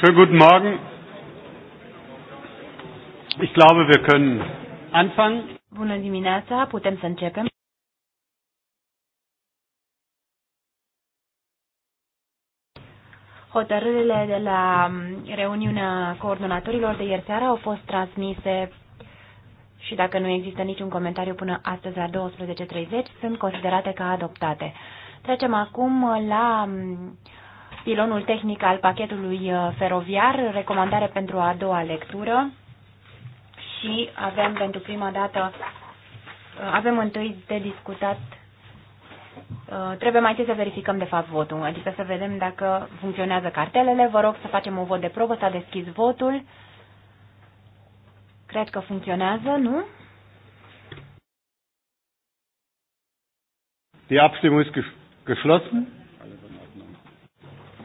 Schönen guten Morgen. Ich glaube, wir können anfangen. Bună dimineața, putem să începem. Hotărârile de la reuniunea coordonatorilor de ieri seara au fost transmise și dacă nu există niciun comentariu până astăzi la 12.30, sunt considerate ca adoptate. Trecem acum la pilonul tehnic al pachetului uh, feroviar, recomandare pentru a doua lectură și avem pentru prima dată, uh, avem întâi de discutat, uh, trebuie mai întâi să verificăm de fapt votul, adică să vedem dacă funcționează cartelele. Vă rog să facem un vot de probă, s-a deschis votul. Cred că funcționează, nu? Die Abstimmung ist geschlossen.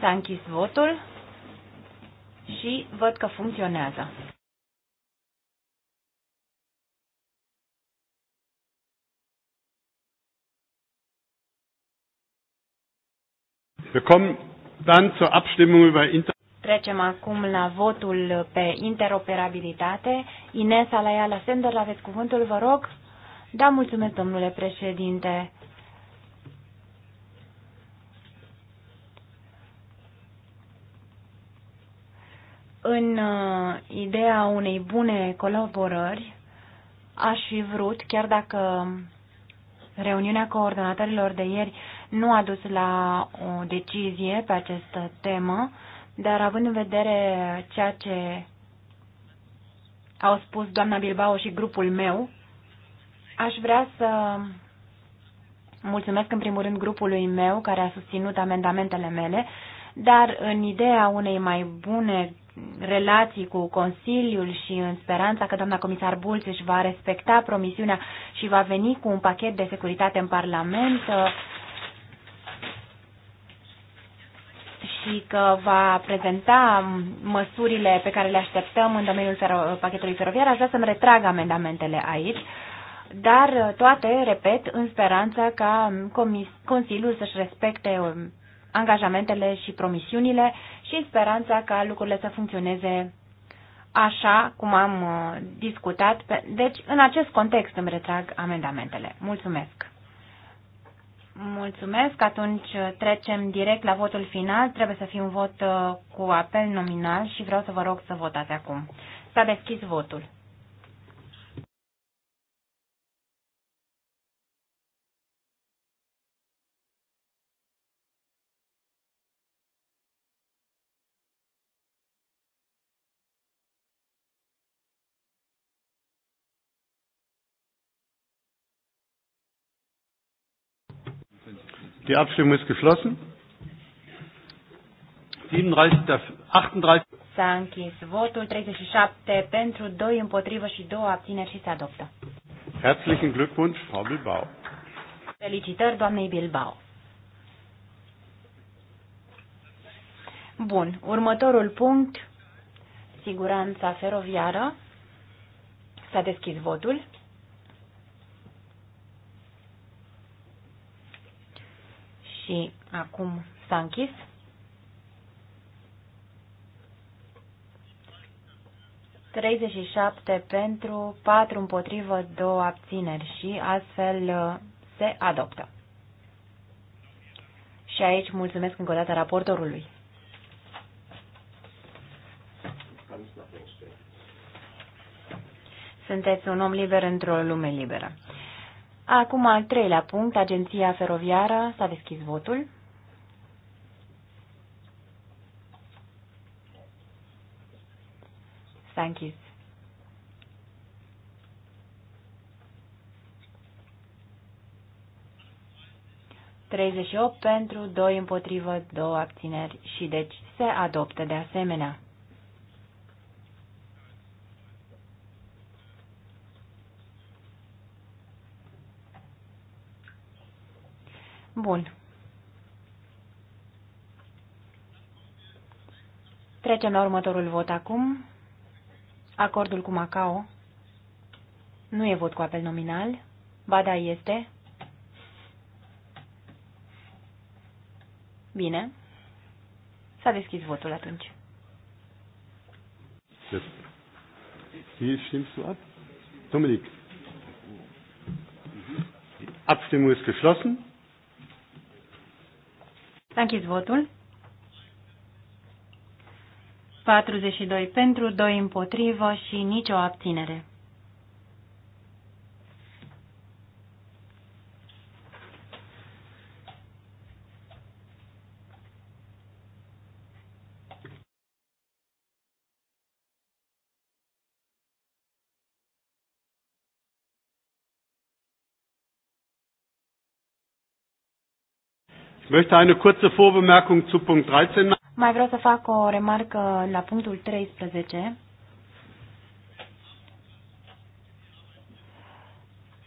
S-a închis votul și văd că funcționează. Trecem acum la votul pe interoperabilitate. Ines Alaiala Sender, aveți cuvântul, vă rog. Da, mulțumesc, domnule președinte. în uh, ideea unei bune colaborări, aș fi vrut, chiar dacă reuniunea coordonatorilor de ieri nu a dus la o decizie pe această temă, dar având în vedere ceea ce au spus doamna Bilbao și grupul meu, aș vrea să mulțumesc în primul rând grupului meu care a susținut amendamentele mele, dar în ideea unei mai bune relații cu Consiliul și în speranța că doamna comisar Bulț își va respecta promisiunea și va veni cu un pachet de securitate în Parlament uh, și că va prezenta măsurile pe care le așteptăm în domeniul fero- pachetului feroviar, aș vrea să-mi retrag amendamentele aici dar uh, toate, repet, în speranța ca um, Consiliul să-și respecte um, angajamentele și promisiunile și speranța ca lucrurile să funcționeze așa cum am uh, discutat. Deci, în acest context îmi retrag amendamentele. Mulțumesc! Mulțumesc. Atunci uh, trecem direct la votul final. Trebuie să fie un vot uh, cu apel nominal și vreau să vă rog să votați acum. S-a deschis votul. Die Abstimmung ist geschlossen. 37, 38. S-a închis votul, 37 pentru, 2 împotrivă și 2 abțineri și se adoptă. Herzlichen Glückwunsch, Frau Bilbao. Felicitări doamnei Bilbao. Bun, următorul punct, siguranța feroviară. S-a deschis votul. și acum s-a închis. Treizeci și șapte pentru, patru împotrivă, două abțineri și astfel uh, se adoptă. Și aici mulțumesc încă o dată raportorului. Sunteți un om liber într-o lume liberă. Acum al treilea punct, Agenția Feroviară, s-a deschis votul. S-a închis. Treizeci și opt pentru, doi împotrivă, două abțineri și deci se adoptă de asemenea. Bun. Trecem la următorul vot acum. Acordul cu Macao. Nu e vot cu apel nominal. Ba da, este. Bine. S-a deschis votul atunci. Dominic. stimmst du mhm. Abstimmung ist geschlossen. Să a votul. 42 pentru, 2 împotrivă și nicio abținere. Ich möchte eine kurze Vorbemerkung zu Punkt 13 machen. Mai vreau să fac o remarcă la punctul 13.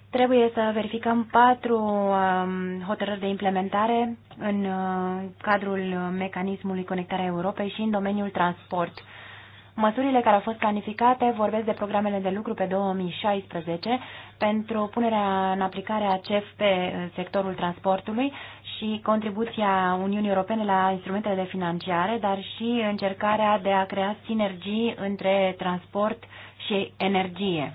Trebuie să verificăm patru um, hotărâri de implementare în uh, cadrul mecanismului Conectarea Europei și în domeniul transport. Măsurile care au fost planificate vorbesc de programele de lucru pe 2016 pentru punerea în aplicare a CEF pe uh, sectorul transportului și contribuția Uniunii Europene la instrumentele de financiare, dar și încercarea de a crea sinergii între transport și energie.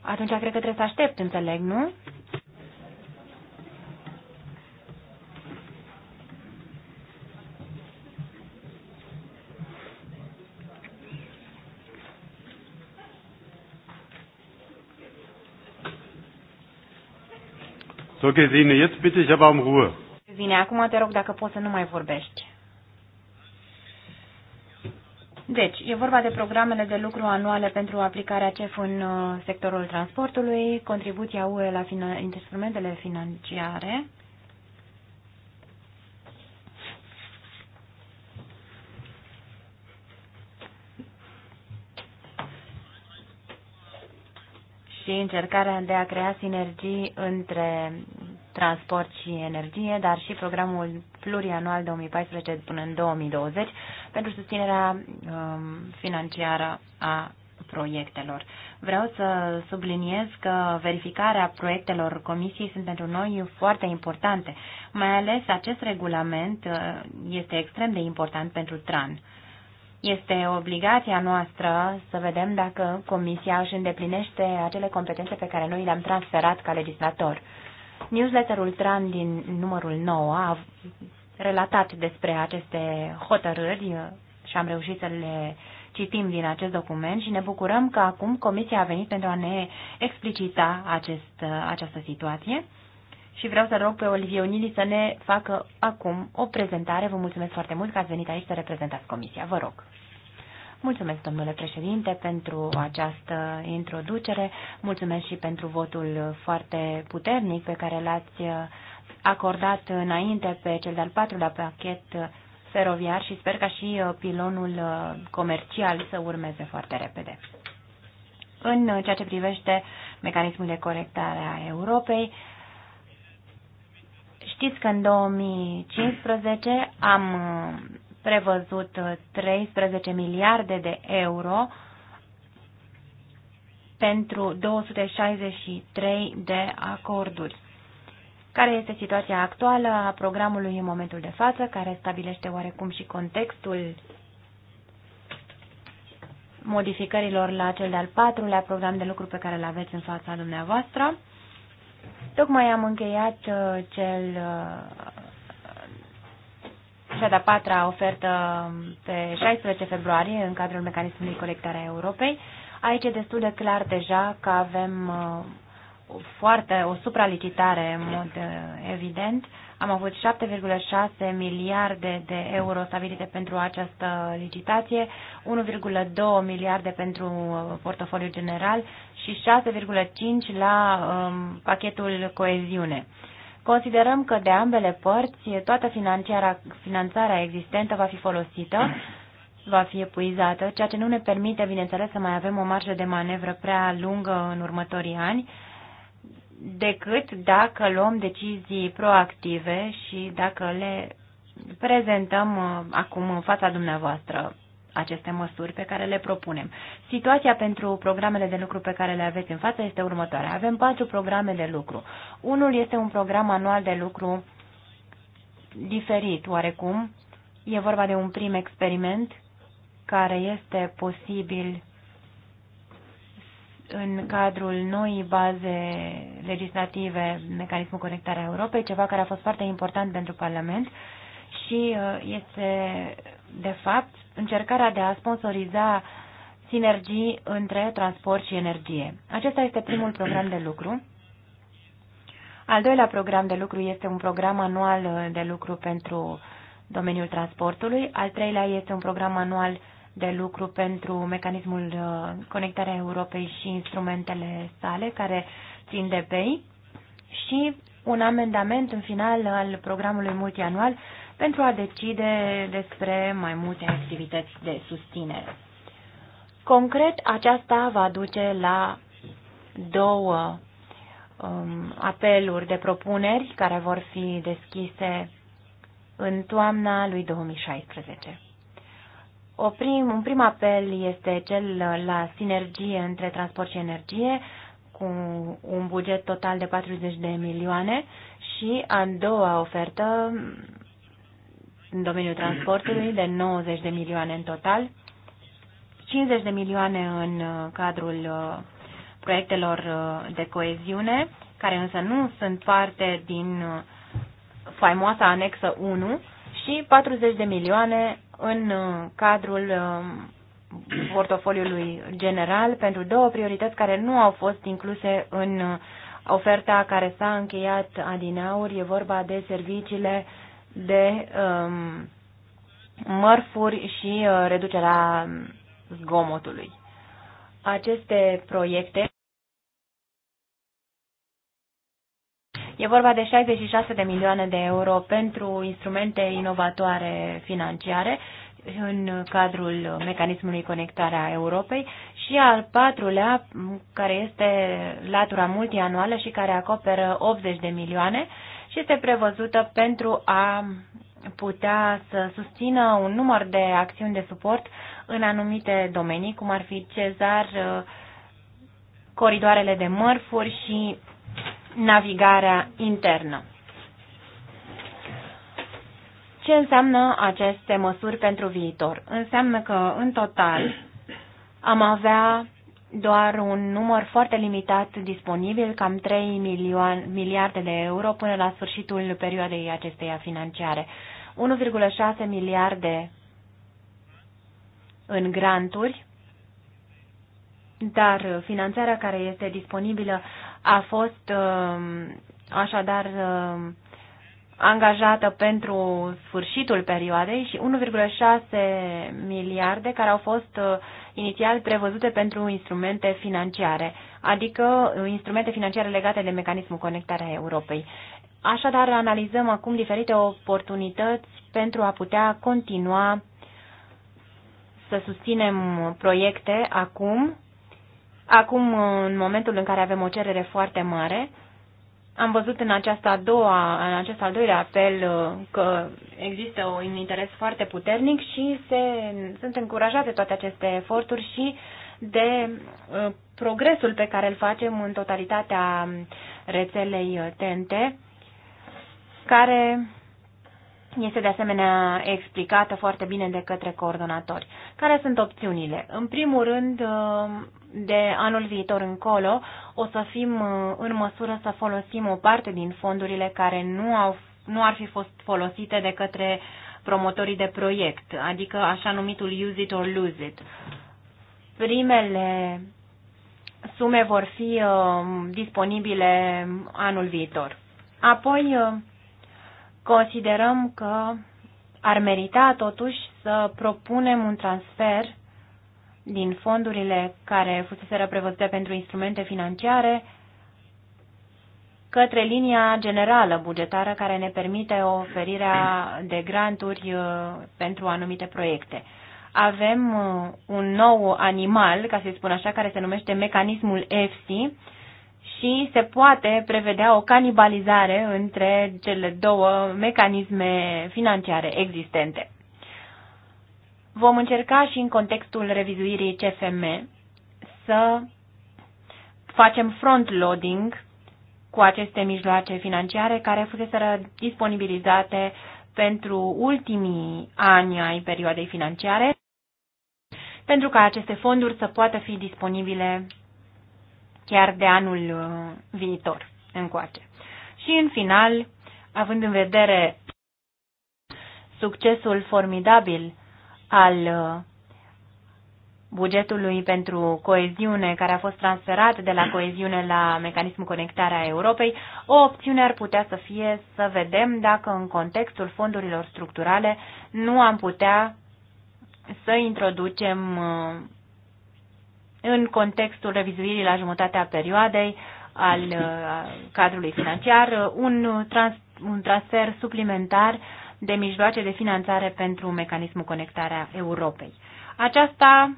Atunci cred că trebuie să aștept, înțeleg, nu? Ok, Zine, jetzt bitte ich aber um Ruhe. Gesine, acum te rog dacă poți să nu mai vorbești. Deci, e vorba de programele de lucru anuale pentru aplicarea CEF în uh, sectorul transportului, contribuția UE la finan instrumentele financiare. și încercarea de a crea sinergii între transport și energie, dar și programul plurianual 2014 până în 2020 pentru susținerea um, financiară a proiectelor. Vreau să subliniez că verificarea proiectelor comisiei sunt pentru noi foarte importante. Mai ales acest regulament uh, este extrem de important pentru TRAN. Este obligația noastră să vedem dacă Comisia își îndeplinește acele competențe pe care noi le-am transferat ca legislator. Newsletterul Tran din numărul 9 a relatat despre aceste hotărâri și am reușit să le citim din acest document și ne bucurăm că acum Comisia a venit pentru a ne explicita acest, această situație și vreau să rog pe Olivier Onili să ne facă acum o prezentare. Vă mulțumesc foarte mult că ați venit aici să reprezentați Comisia. Vă rog. Mulțumesc, domnule președinte, pentru această introducere. Mulțumesc și pentru votul foarte puternic pe care l-ați acordat înainte pe cel de-al patrulea pachet feroviar și sper ca și pilonul comercial să urmeze foarte repede. În ceea ce privește mecanismul de corectare a Europei, știți că în 2015 am prevăzut 13 uh, miliarde de euro pentru 263 de acorduri. Care este situația actuală a programului în momentul de față, care stabilește oarecum și contextul modificărilor la cel de-al patrulea program de lucru pe care îl aveți în fața dumneavoastră. Tocmai am încheiat uh, cel uh, cea de-a patra ofertă pe 16 februarie în cadrul mecanismului a Europei. Aici e destul de clar deja că avem o uh, foarte o supralicitare în mod uh, evident. Am avut 7,6 miliarde de euro stabilite pentru această licitație, 1,2 miliarde pentru uh, portofoliul general și 6,5 la um, pachetul coeziune. Considerăm că de ambele părți toată finanțarea existentă va fi folosită, va fi epuizată, ceea ce nu ne permite, bineînțeles, să mai avem o marjă de manevră prea lungă în următorii ani, decât dacă luăm decizii proactive și dacă le prezentăm uh, acum în fața dumneavoastră aceste măsuri pe care le propunem. Situația pentru programele de lucru pe care le aveți în față este următoarea. Avem patru programe de lucru. Unul este un program anual de lucru diferit, oarecum. E vorba de un prim experiment care este posibil în cadrul noii baze legislative, mecanismul conectarea Europei, ceva care a fost foarte important pentru Parlament și uh, este de fapt, încercarea de a sponsoriza sinergii între transport și energie. Acesta este primul program de lucru. Al doilea program de lucru este un program anual de lucru pentru domeniul transportului. Al treilea este un program anual de lucru pentru mecanismul uh, conectarea Europei și instrumentele sale care țin de pei. și un amendament în final al programului multianual pentru a decide despre mai multe activități de susținere. Concret, aceasta va duce la două um, apeluri de propuneri care vor fi deschise în toamna lui 2016. O prim, un prim apel este cel la sinergie între transport și energie, cu un buget total de 40 de milioane și a doua ofertă în domeniul transportului, de 90 de milioane în total, 50 de milioane în uh, cadrul uh, proiectelor uh, de coeziune, care însă nu sunt parte din faimoasa anexă 1, și 40 de milioane în cadrul portofoliului general pentru două priorități care nu au fost incluse în oferta care s-a încheiat adineauri. E vorba de serviciile uh, de um, mărfuri și uh, reducerea zgomotului. Aceste proiecte E vorba de 66 de milioane de euro pentru instrumente inovatoare financiare în cadrul mecanismului conectarea Europei și al patrulea, care este latura multianuală și care acoperă 80 de milioane și este prevăzută pentru a putea să susțină un număr de acțiuni de suport în anumite domenii, cum ar fi cezar, uh, coridoarele de mărfuri și navigarea internă. Ce înseamnă aceste măsuri pentru viitor? Înseamnă că, în total, am avea doar un număr foarte limitat disponibil, cam 3 milioane, miliarde de euro până la sfârșitul perioadei acesteia financiare. 1,6 miliarde în granturi, dar finanțarea care este disponibilă a fost um, așadar um, angajată pentru sfârșitul perioadei și 1,6 miliarde care au fost uh, inițial prevăzute pentru instrumente financiare, adică uh, instrumente financiare legate de mecanismul conectarea Europei. Așadar, analizăm acum diferite oportunități pentru a putea continua să susținem proiecte acum, acum uh, în momentul în care avem o cerere foarte mare am văzut în, această a doua, în acest al doilea apel uh, că există un interes foarte puternic și se, sunt încurajate toate aceste eforturi și de uh, progresul pe care îl facem în totalitatea rețelei TNT, uh, care este de asemenea explicată foarte bine de către coordonatori. Care sunt opțiunile? În primul rând, de anul viitor încolo o să fim uh, în măsură să folosim o parte din fondurile care nu, au, nu ar fi fost folosite de către promotorii de proiect, adică așa numitul use it or lose it. Primele sume vor fi uh, disponibile anul viitor. Apoi uh, considerăm că ar merita totuși să propunem un transfer din fondurile care fuseseră prevăzute pentru instrumente financiare către linia generală bugetară care ne permite oferirea de granturi uh, pentru anumite proiecte. Avem uh, un nou animal, ca să spun așa, care se numește mecanismul EFSI și se poate prevedea o canibalizare între cele două mecanisme financiare existente. Vom încerca și în contextul revizuirii CFM să facem front-loading cu aceste mijloace financiare care fuseseră disponibilizate pentru ultimii ani ai perioadei financiare, pentru ca aceste fonduri să poată fi disponibile chiar de anul uh, viitor încoace. Și în final, având în vedere succesul formidabil al uh, bugetului pentru coeziune care a fost transferat de la coeziune la mecanismul conectarea Europei, o opțiune ar putea să fie să vedem dacă în contextul fondurilor structurale nu am putea să introducem uh, în contextul revizuirii la jumătatea perioadei al uh, cadrului financiar un, trans, un transfer suplimentar uh, de mijloace de finanțare pentru mecanismul conectarea Europei. Aceasta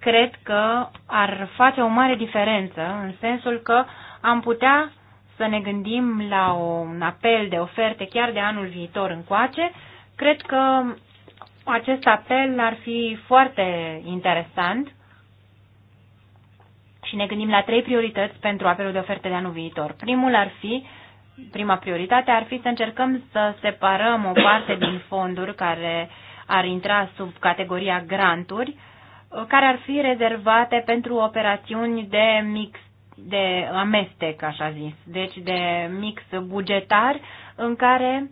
cred că ar face o mare diferență în sensul că am putea să ne gândim la un apel de oferte chiar de anul viitor încoace. Cred că acest apel ar fi foarte interesant și ne gândim la trei priorități pentru apelul de oferte de anul viitor. Primul ar fi uh, prima prioritate ar fi să încercăm să separăm o parte din fonduri care ar intra sub categoria granturi, care ar fi rezervate pentru operațiuni de mix, de amestec, așa zis, deci de mix bugetar, în care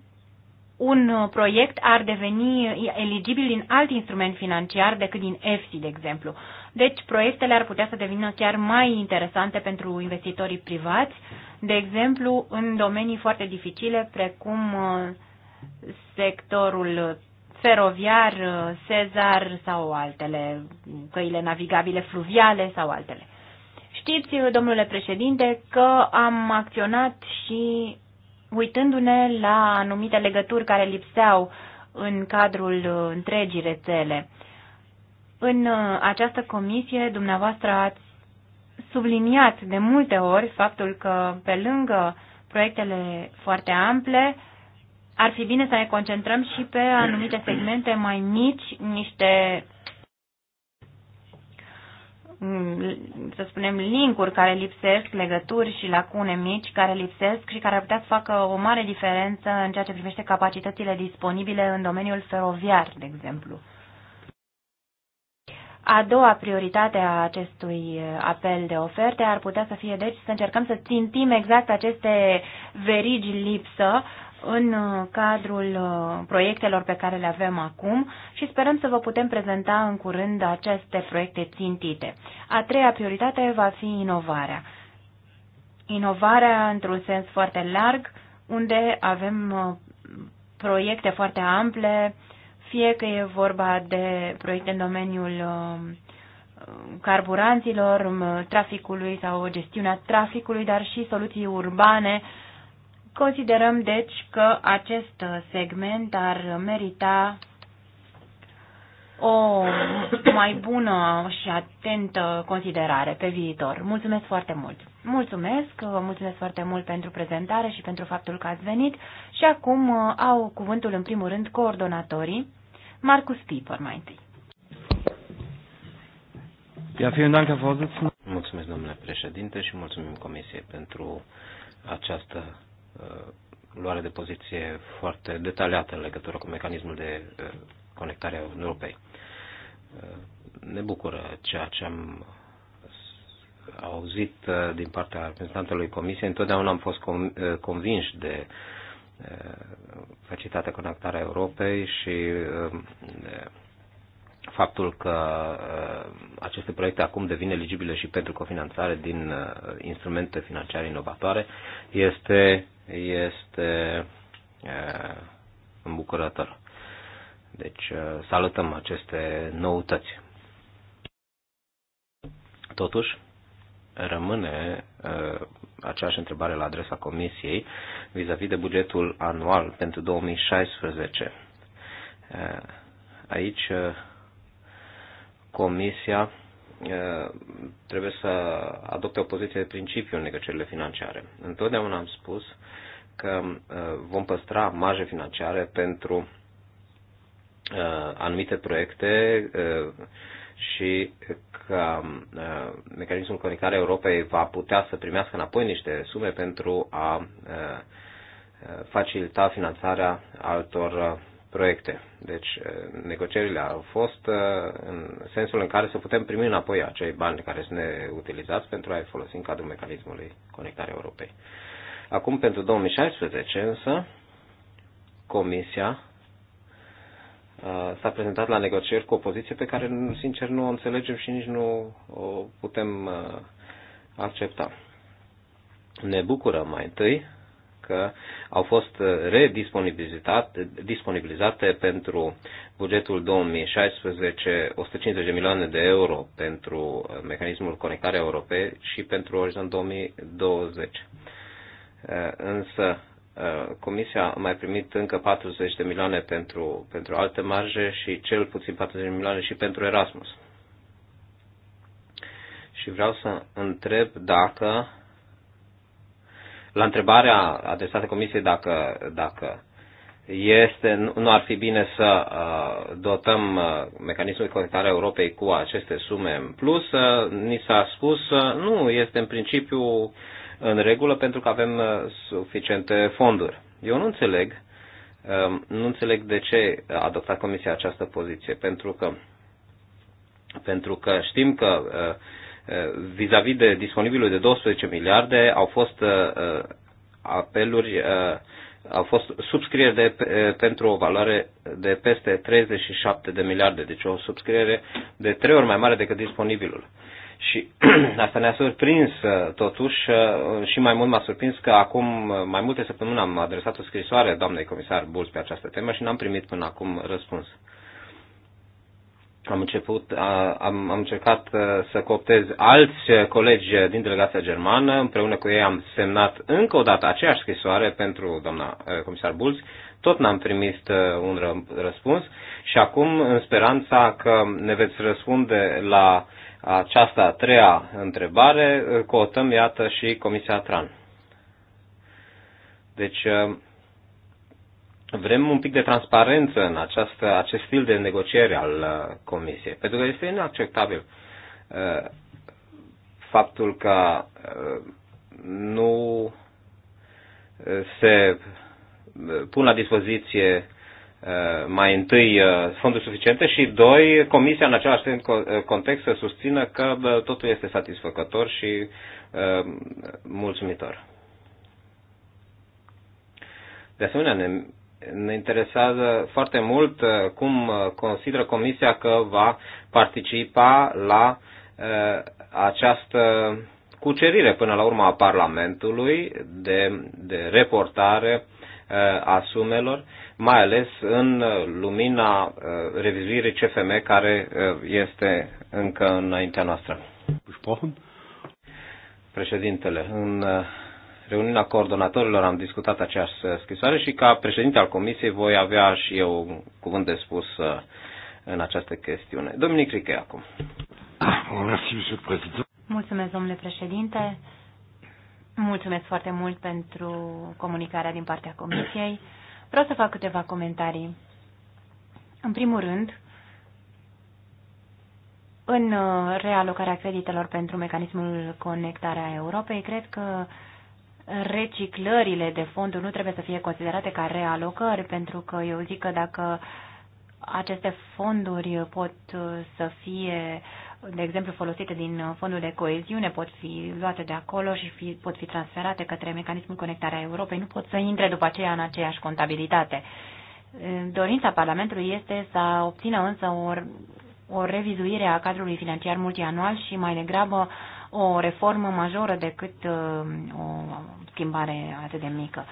un proiect ar deveni eligibil din alt instrument financiar decât din EFSI, de exemplu. Deci, proiectele ar putea să devină chiar mai interesante pentru investitorii privați, de exemplu, în domenii foarte dificile, precum uh, sectorul feroviar, uh, sezar sau altele, căile navigabile fluviale sau altele. Știți, domnule președinte, că am acționat și uitându-ne la anumite legături care lipseau în cadrul uh, întregii rețele. În uh, această comisie, dumneavoastră ați subliniat de multe ori faptul că, pe lângă proiectele foarte ample, ar fi bine să ne concentrăm și pe anumite segmente mai mici, niște mm, să spunem, linkuri care lipsesc, legături și lacune mici care lipsesc și care ar putea să facă o mare diferență în ceea ce privește capacitățile disponibile în domeniul feroviar, de exemplu. A doua prioritate a acestui uh, apel de oferte ar putea să fie, deci, să încercăm să țintim exact aceste verigi lipsă în uh, cadrul uh, proiectelor pe care le avem acum și sperăm să vă putem prezenta în curând aceste proiecte țintite. A treia prioritate va fi inovarea. Inovarea într-un sens foarte larg, unde avem proiecte foarte ample fie că e vorba de proiecte în domeniul um, carburanților, um, traficului sau gestiunea traficului, dar și soluții urbane. Considerăm, deci, că acest segment ar merita o mai bună și atentă considerare pe viitor. Mulțumesc foarte mult! Mulțumesc, mulțumesc foarte mult pentru prezentare și pentru faptul că ați venit și acum uh, au cuvântul în primul rând coordonatorii Marcus Piper mai întâi. Ja, vielen Dank, Herr Mulțumesc, domnule președinte, și mulțumim Comisiei pentru această uh, luare de poziție foarte detaliată în legătură cu mecanismul de uh, conectare a Europei. Uh, ne bucură ceea ce am auzit uh, din partea reprezentantului Comisiei. Întotdeauna am fost com, uh, convinși de uh, Uh, facilitatea conectarea Europei și um, uh, faptul că uh, aceste proiecte acum devin eligibile și pentru cofinanțare din instrumente financiare inovatoare este, este îmbucurător. Deci salutăm aceste noutăți. Totuși, rămâne uh, aceeași întrebare la adresa Comisiei vis-a-vis -vis de bugetul anual pentru 2016. Eh, aici eh, Comisia eh, trebuie să adopte o poziție de principiu în negocierile financiare. Întotdeauna am spus că vom păstra marje financiare pentru anumite proiecte și că uh, mecanismul conectare Europei va putea să primească înapoi niște sume pentru a uh, uh, facilita finanțarea altor proiecte. Deci negocierile au fost în sensul în care să putem primi înapoi acei bani care sunt utilizați pentru a-i folosi în cadrul mecanismului conectare Europei. Acum, pentru 2016, însă, Comisia Uh, s-a prezentat la negocieri cu o poziție pe care, sincer, nu o înțelegem și nici nu o putem uh, accepta. Ne bucură mai întâi că au fost uh, redisponibilizate disponibilizate pentru bugetul 2016 150 de milioane de euro pentru mecanismul conectare europei și pentru orizont 2020. Însă Uh, Comisia a mai primit încă 40 de milioane pentru, pentru alte marje și cel puțin 40 de milioane și pentru Erasmus. Și vreau să întreb dacă, la întrebarea adresată Comisiei, dacă, dacă este, nu ar fi bine să uh, dotăm uh, mecanismul de conectare a Europei cu aceste sume în plus. Ni s-a spus, nu, este în principiu în regulă pentru că avem uh, suficiente fonduri. Eu nu înțeleg, um, nu înțeleg de ce a adoptat Comisia această poziție, pentru că, pentru că știm că uh, uh, vis-a-vis -vis de disponibilul de 12 miliarde au fost apeluri, au fost subscrieri de, pentru o valoare de peste 37 de miliarde, deci o subscriere de trei ori mai mare decât disponibilul. Și asta ne-a surprins, uh, totuși, uh, și mai mult m-a surprins că acum uh, mai multe săptămâni am adresat o scrisoare doamnei comisar Bulls pe această temă și n-am primit până acum răspuns. Am, început, am, am încercat să cooptez alți colegi din delegația germană, împreună cu ei am semnat încă o dată aceeași scrisoare pentru doamna comisar Bulls, tot n-am primit un răspuns și acum, în speranța că ne veți răspunde la aceasta a treia întrebare, cotăm, iată, și Comisia Tran. Deci, uh, vrem un pic de transparență în această, acest stil de negociere al uh, Comisiei, pentru că este inacceptabil uh, faptul că nu se pun la dispoziție Uh, mai întâi uh, fonduri suficiente și doi, comisia în același uh, context să susțină că totul este satisfăcător și mulțumitor. De asemenea, ne, ne interesează foarte mult cum consideră comisia că va participa la această cucerire până la urmă a Parlamentului de, de reportare a sumelor mai ales în uh, lumina uh, revizuirii CFM care uh, este încă înaintea noastră. Președintele, în reuniunea coordonatorilor am discutat această scrisoare și ca președinte al comisiei voi avea și eu un cuvânt de spus în această chestiune. Dominic Riche acum. Mulțumesc, domnule președinte. Mulțumesc foarte mult pentru comunicarea din partea comisiei. Vreau să fac câteva comentarii. În primul rând, în uh, realocarea creditelor pentru mecanismul conectarea Europei, cred că reciclările de fonduri nu trebuie să fie considerate ca realocări, pentru că eu zic că dacă aceste fonduri pot uh, să fie de exemplu, folosite din fondul de coeziune pot fi luate de acolo și fi, pot fi transferate către mecanismul conectarea Europei, nu pot să intre după aceea în aceeași contabilitate. Dorința Parlamentului este să obțină însă o, o revizuire a cadrului financiar multianual și mai degrabă o reformă majoră decât uh, o schimbare atât de mică.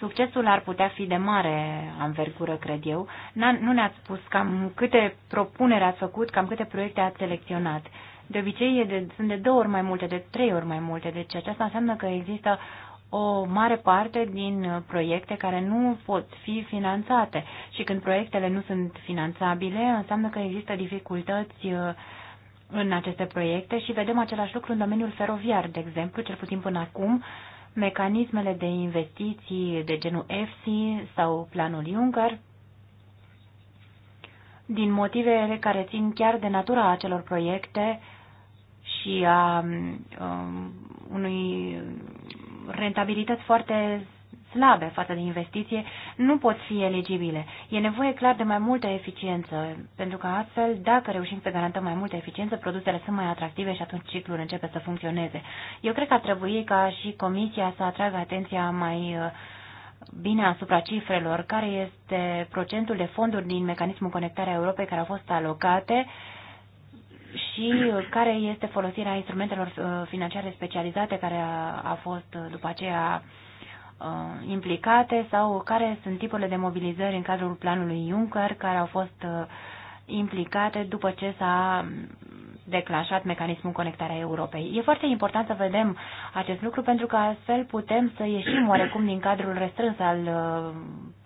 Succesul ar putea fi de mare anvergură, cred eu. Nu ne-ați spus cam câte propuneri ați făcut, cam câte proiecte ați selecționat. De obicei e de, sunt de două ori mai multe, de trei ori mai multe, deci aceasta înseamnă că există o mare parte din proiecte care nu pot fi finanțate și când proiectele nu sunt finanțabile, înseamnă că există dificultăți uh, în aceste proiecte și vedem același lucru în domeniul feroviar, de exemplu, cel puțin până acum, mecanismele de investiții de genul EFSI sau planul Juncker, din motivele care țin chiar de natura acelor proiecte și a um, unui rentabilități foarte slabe față de investiție nu pot fi eligibile. E nevoie clar de mai multă eficiență, pentru că astfel, dacă reușim să garantăm mai multă eficiență, produsele sunt mai atractive și atunci ciclul începe să funcționeze. Eu cred că ar trebui ca și Comisia să atragă atenția mai uh, bine asupra cifrelor, care este procentul de fonduri din mecanismul conectarea Europei care au fost alocate și uh, care este folosirea instrumentelor uh, financiare specializate care a, a fost după aceea uh, implicate sau care sunt tipurile de mobilizări în cadrul planului Juncker care au fost uh, implicate după ce s-a declanșat mecanismul conectarea Europei. E foarte important să vedem acest lucru pentru că astfel putem să ieșim oarecum din cadrul restrâns al uh,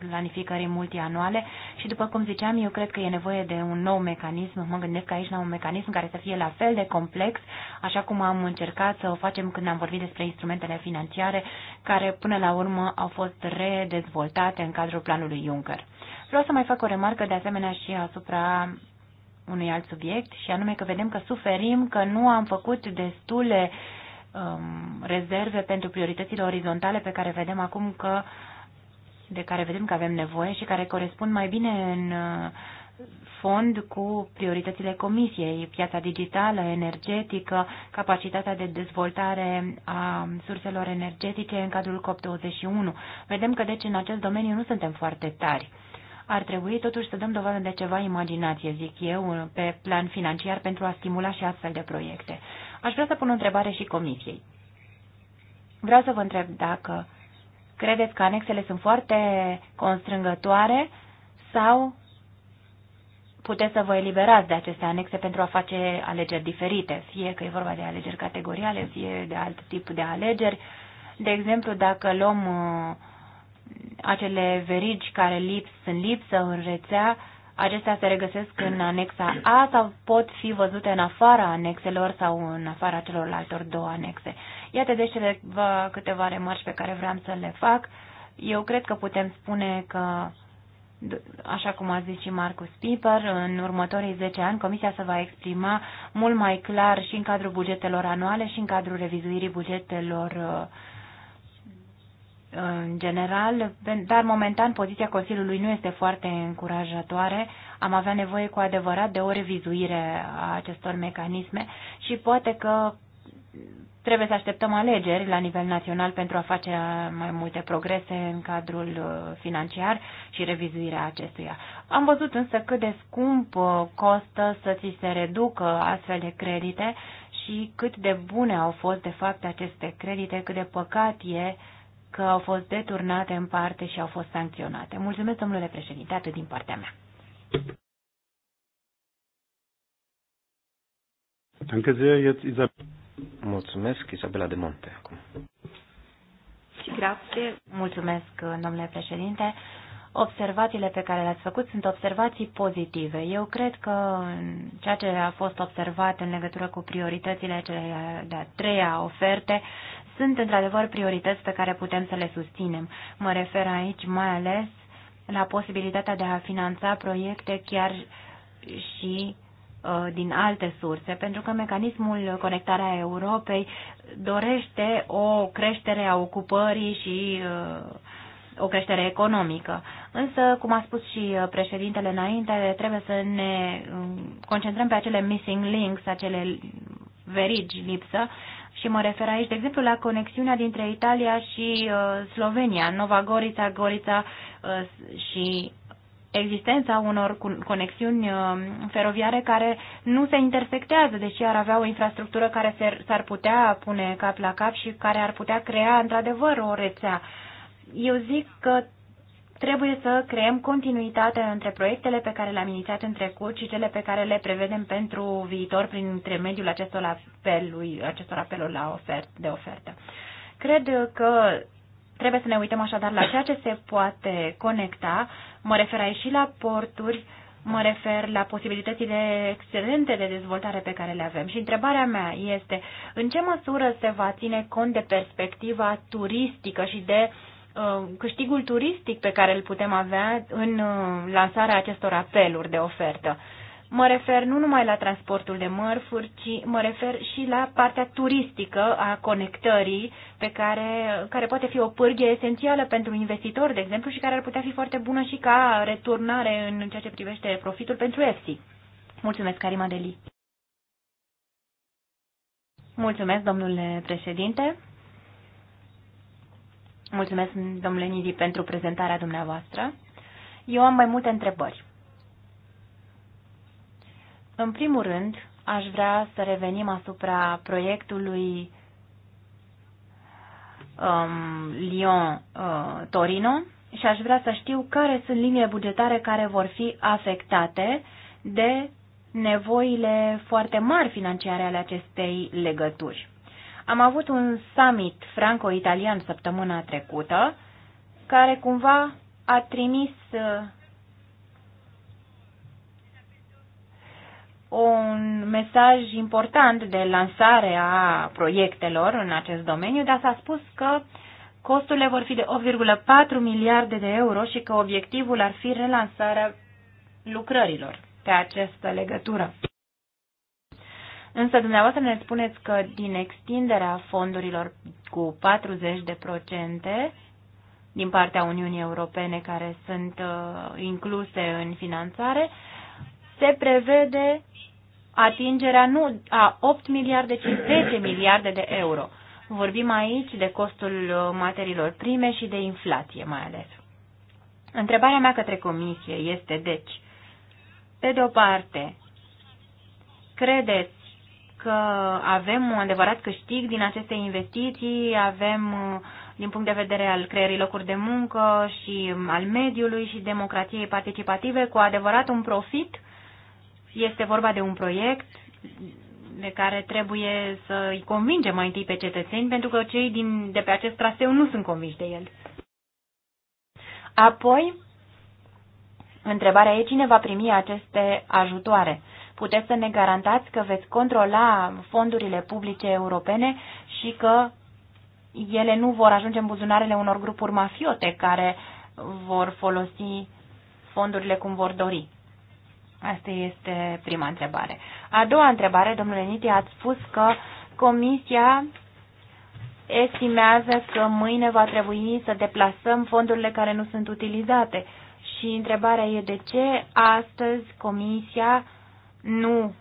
planificării multianuale și după cum ziceam, eu cred că e nevoie de un nou mecanism. Mă gândesc aici la un mecanism care să fie la fel de complex, așa cum am încercat să o facem când am vorbit despre instrumentele financiare care până la urmă au fost redezvoltate în cadrul planului Juncker. Vreau să mai fac o remarcă de asemenea și asupra unui alt subiect și anume că vedem că suferim, că nu am făcut destule um, rezerve pentru prioritățile orizontale pe care vedem acum că de care vedem că avem nevoie și care corespund mai bine în uh, fond cu prioritățile Comisiei, piața digitală, energetică, capacitatea de dezvoltare a surselor energetice în cadrul COP21. Vedem că, deci, în acest domeniu nu suntem foarte tari. Ar trebui totuși să dăm dovadă de ceva imaginație, zic eu, pe plan financiar pentru a stimula și astfel de proiecte. Aș vrea să pun o întrebare și comisiei. Vreau să vă întreb dacă credeți că anexele sunt foarte constrângătoare sau puteți să vă eliberați de aceste anexe pentru a face alegeri diferite, fie că e vorba de alegeri categoriale, fie de alt tip de alegeri. De exemplu, dacă luăm uh, acele verigi care lips, sunt lipsă în rețea, acestea se regăsesc în anexa A sau pot fi văzute în afara anexelor sau în afara celorlaltor două anexe. Iată deci câteva, câteva remarci pe care vreau să le fac. Eu cred că putem spune că, așa cum a zis și Marcus Piper, în următorii 10 ani Comisia se va exprima mult mai clar și în cadrul bugetelor anuale și în cadrul revizuirii bugetelor uh, în general, dar momentan poziția Consiliului nu este foarte încurajatoare. Am avea nevoie cu adevărat de o revizuire a acestor mecanisme și poate că trebuie să așteptăm alegeri la nivel național pentru a face mai multe progrese în cadrul uh, financiar și revizuirea acestuia. Am văzut însă cât de scump uh, costă să ți se reducă astfel de credite și cât de bune au fost de fapt aceste credite, cât de păcat e uh, că au fost deturnate în parte și au fost sancționate. Mulțumesc, domnule președinte, atât din partea mea. Mulțumesc, Isabela de Monte, acum. Mulțumesc, domnule președinte. Observațiile pe care le-ați făcut sunt observații pozitive. Eu cred că ceea ce a fost observat în legătură cu prioritățile cele de-a treia oferte sunt într-adevăr priorități pe care putem să le susținem. Mă refer aici mai ales la posibilitatea de a finanța proiecte chiar și uh, din alte surse, pentru că mecanismul Conectarea Europei dorește o creștere a ocupării și uh, o creștere economică. Însă, cum a spus și uh, președintele înainte, trebuie să ne concentrăm pe acele missing links, acele verigi lipsă, și mă refer aici, de exemplu, la conexiunea dintre Italia și uh, Slovenia, Nova Gorița, Gorița uh, și existența unor conexiuni uh, feroviare care nu se intersectează, deși ar avea o infrastructură care s-ar putea pune cap la cap și care ar putea crea într-adevăr o rețea. Eu zic că Trebuie să creăm continuitate între proiectele pe care le-am inițiat în trecut și cele pe care le prevedem pentru viitor prin intermediul acestor, apelui, acestor apeluri la ofert, de ofertă. Cred că trebuie să ne uităm așadar la ceea ce se poate conecta. Mă refer aici și la porturi, mă refer la posibilitățile excelente de dezvoltare pe care le avem. Și întrebarea mea este, în ce măsură se va ține cont de perspectiva turistică și de uh, Uh, câștigul turistic pe care îl putem avea în uh, lansarea acestor apeluri de ofertă. Mă refer nu numai la transportul de mărfuri, ci mă refer și la partea turistică a conectării, pe care, care poate fi o pârghie esențială pentru investitori, de exemplu, și care ar putea fi foarte bună și ca returnare în ceea ce privește profitul pentru EFSI. Mulțumesc, Karima Deli. Mulțumesc, domnule președinte. Mulțumesc, domnule Nidi, pentru prezentarea dumneavoastră. Eu am mai multe întrebări. În primul rând, aș vrea să revenim asupra proiectului um, Lyon-Torino uh, și aș vrea să știu care sunt liniile bugetare care vor fi afectate de nevoile foarte mari financiare ale acestei legături. Am avut un summit franco-italian săptămâna trecută care cumva a trimis uh, un mesaj important de lansare a proiectelor în acest domeniu, dar s-a spus că costurile vor fi de 8,4 miliarde de euro și că obiectivul ar fi relansarea lucrărilor pe această legătură. Însă dumneavoastră ne spuneți că din extinderea fondurilor cu 40% din partea Uniunii Europene care sunt uh, incluse în finanțare, se prevede atingerea nu a 8 miliarde, ci 10 miliarde de euro. Vorbim aici de costul uh, materiilor prime și de inflație mai ales. Întrebarea mea către comisie este deci, pe de o parte, credeți că avem un adevărat câștig din aceste investiții, avem uh, din punct de vedere al creierii locuri de muncă și um, al mediului și democrației participative cu adevărat un profit. Este vorba de un proiect de care trebuie să îi convingem mai întâi pe cetățeni, pentru că cei din, de pe acest traseu nu sunt convinși de el. Apoi, întrebarea e cine va primi aceste ajutoare puteți să ne garantați că veți controla fondurile publice europene și că ele nu vor ajunge în buzunarele unor grupuri mafiote care vor folosi fondurile cum vor dori? Asta este prima întrebare. A doua întrebare, domnule Niti, ați spus că Comisia estimează că mâine va trebui să deplasăm fondurile care nu sunt utilizate. Și întrebarea e de ce astăzi Comisia nu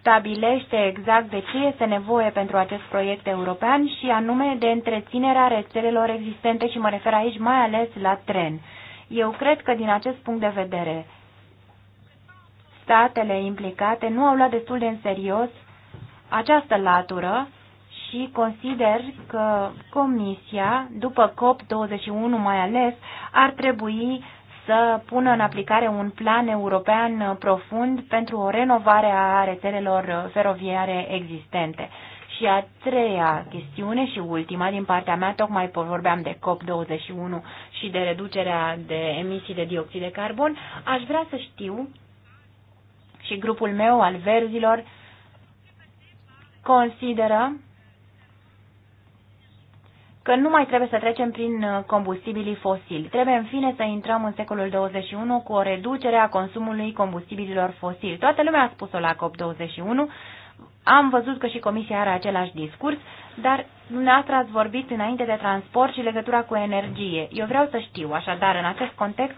stabilește exact de ce este nevoie pentru acest proiect european și anume de întreținerea rețelelor existente și mă refer aici mai ales la tren. Eu cred că din acest punct de vedere statele implicate nu au luat destul de în serios această latură și consider că Comisia, după COP21 mai ales, ar trebui să pună în aplicare un plan european profund pentru o renovare a rețelelor feroviare existente. Și a treia chestiune și ultima din partea mea, tocmai vorbeam de COP21 și de reducerea de emisii de dioxid de carbon, aș vrea să știu și grupul meu al verzilor consideră că nu mai trebuie să trecem prin uh, combustibilii fosili. Trebuie în fine să intrăm în secolul 21 cu o reducere a consumului combustibililor fosili. Toată lumea a spus-o la COP21, am văzut că și Comisia are același discurs, dar dumneavoastră ați vorbit înainte de transport și legătura cu energie. Eu vreau să știu, așadar, în acest context,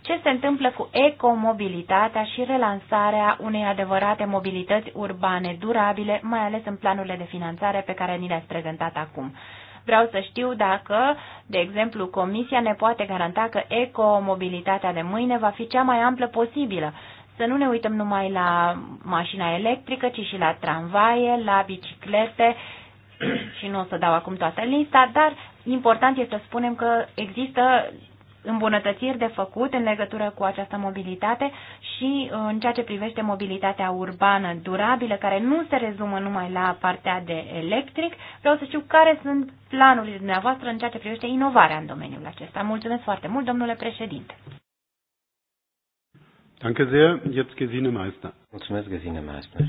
ce se întâmplă cu ecomobilitatea și relansarea unei adevărate mobilități urbane durabile, mai ales în planurile de finanțare pe care ni le-ați prezentat acum. Vreau să știu dacă, de exemplu, Comisia ne poate garanta că ecomobilitatea de mâine va fi cea mai amplă posibilă. Să nu ne uităm numai la mașina electrică, ci și la tramvaie, la biciclete și nu o să dau acum toată lista, dar important este să spunem că există îmbunătățiri de făcut în legătură cu această mobilitate și uh, în ceea ce privește mobilitatea urbană durabilă, care nu se rezumă numai la partea de electric. Vreau să știu care sunt planurile dumneavoastră în ceea ce privește inovarea în domeniul acesta. Mulțumesc foarte mult, domnule președinte. Danke sehr. Jetzt Gesine Meister. Mulțumesc, Gesine Meister.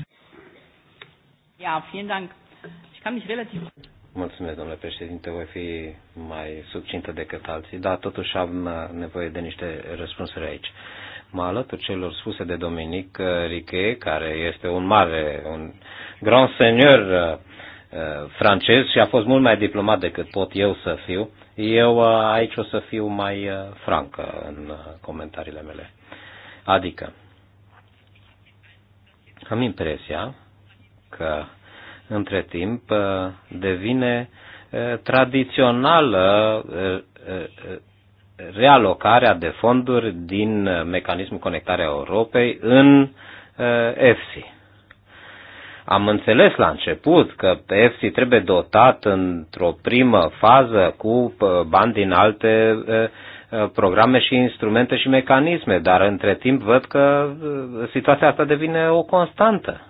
Ja, vielen Dank. Ich kann mich relativ Mulțumesc, domnule președinte, voi fi mai subțintă decât alții, dar totuși am uh, nevoie de niște răspunsuri aici. Mă alătur celor spuse de Dominic uh, Riche, care este un mare, un grand seigneur uh, francez și a fost mult mai diplomat decât pot eu să fiu. Eu aici o să fiu mai francă în comentariile mele. Adică, am impresia că între timp uh, devine uh, tradițională uh, realocarea de fonduri din mecanismul conectarea Europei în EFSI. Am înțeles la început că EFSI trebuie dotat într-o primă fază cu bani din alte programe și instrumente și mecanisme, dar între timp văd că situația asta devine o constantă.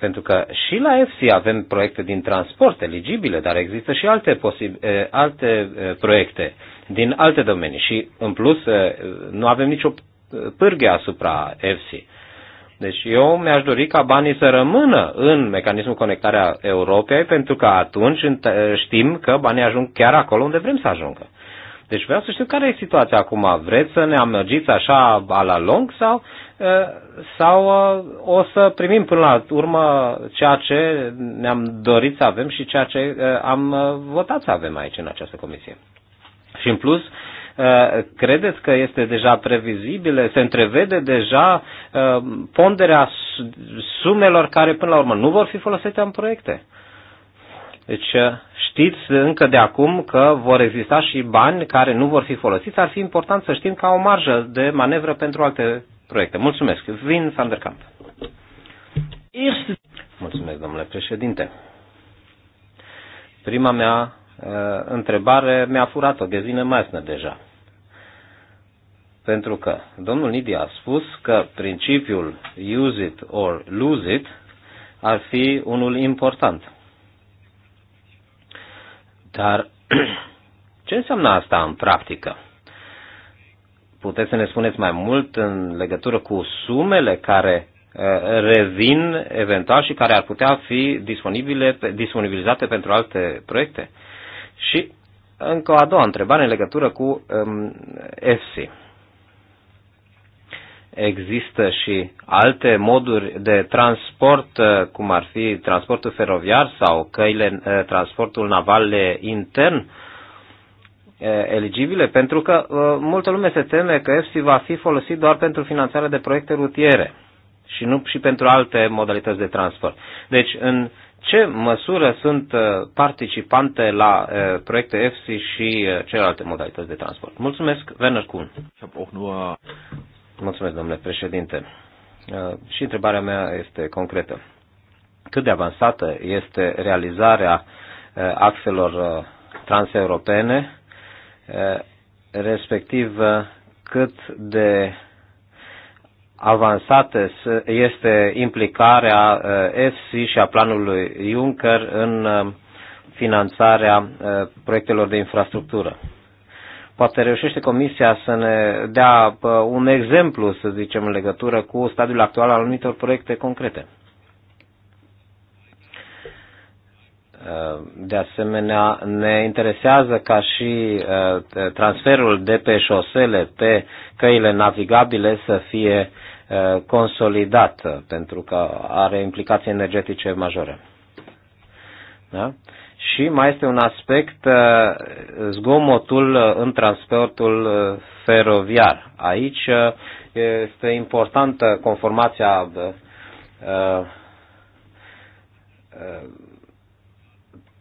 Pentru că și la EFSI avem proiecte din transport eligibile, dar există și alte, eh, alte eh, proiecte din alte domenii și, în plus, eh, nu avem nicio pârghie asupra EFSI. Deci eu mi-aș dori ca banii să rămână în mecanismul conectarea Europei, pentru că atunci știm că banii ajung chiar acolo unde vrem să ajungă. Deci vreau să știu care e situația acum. Vreți să ne amăgiți așa a la lung sau sau o să primim până la urmă ceea ce ne-am dorit să avem și ceea ce am votat să avem aici în această comisie. Și în plus, credeți că este deja previzibilă, se întrevede deja ponderea sumelor care până la urmă nu vor fi folosite în proiecte? Deci știți încă de acum că vor exista și bani care nu vor fi folosiți, ar fi important să știm ca o marjă de manevră pentru alte proiecte. Mulțumesc. Vin van der Kamp. Mulțumesc, domnule președinte. Prima mea uh, întrebare mi-a furat-o mai Meissner deja. Pentru că domnul Nidi a spus că principiul use it or lose it ar fi unul important. Dar ce înseamnă asta în practică? puteți să ne spuneți mai mult în legătură cu sumele care uh, revin eventual și care ar putea fi disponibile, disponibilizate pentru alte proiecte? Și încă o a doua întrebare în legătură cu um, EFSI. Există și alte moduri de transport, uh, cum ar fi transportul feroviar sau căile, uh, transportul naval intern eligibile, pentru că multă lume se teme că EFSI va fi folosit doar pentru finanțarea de proiecte rutiere și nu și pentru alte modalități de transport. Deci, în ce măsură sunt participante la proiecte EFSI și celelalte modalități de transport? Mulțumesc, Werner Kuhn. Mulțumesc, domnule președinte. Și întrebarea mea este concretă. Cât de avansată este realizarea axelor transeuropene respectiv cât de avansată este implicarea EFSI eh, și a planului Juncker în eh, finanțarea eh, proiectelor de infrastructură. Poate reușește Comisia să ne dea un exemplu, să zicem, în legătură cu stadiul actual al anumitor proiecte concrete. De asemenea, ne interesează ca și eh, transferul de pe șosele pe căile navigabile să fie eh, consolidat, eh, pentru că are implicații energetice majore. Da? Și mai este un aspect, zgomotul în transportul feroviar. Aici este importantă conformația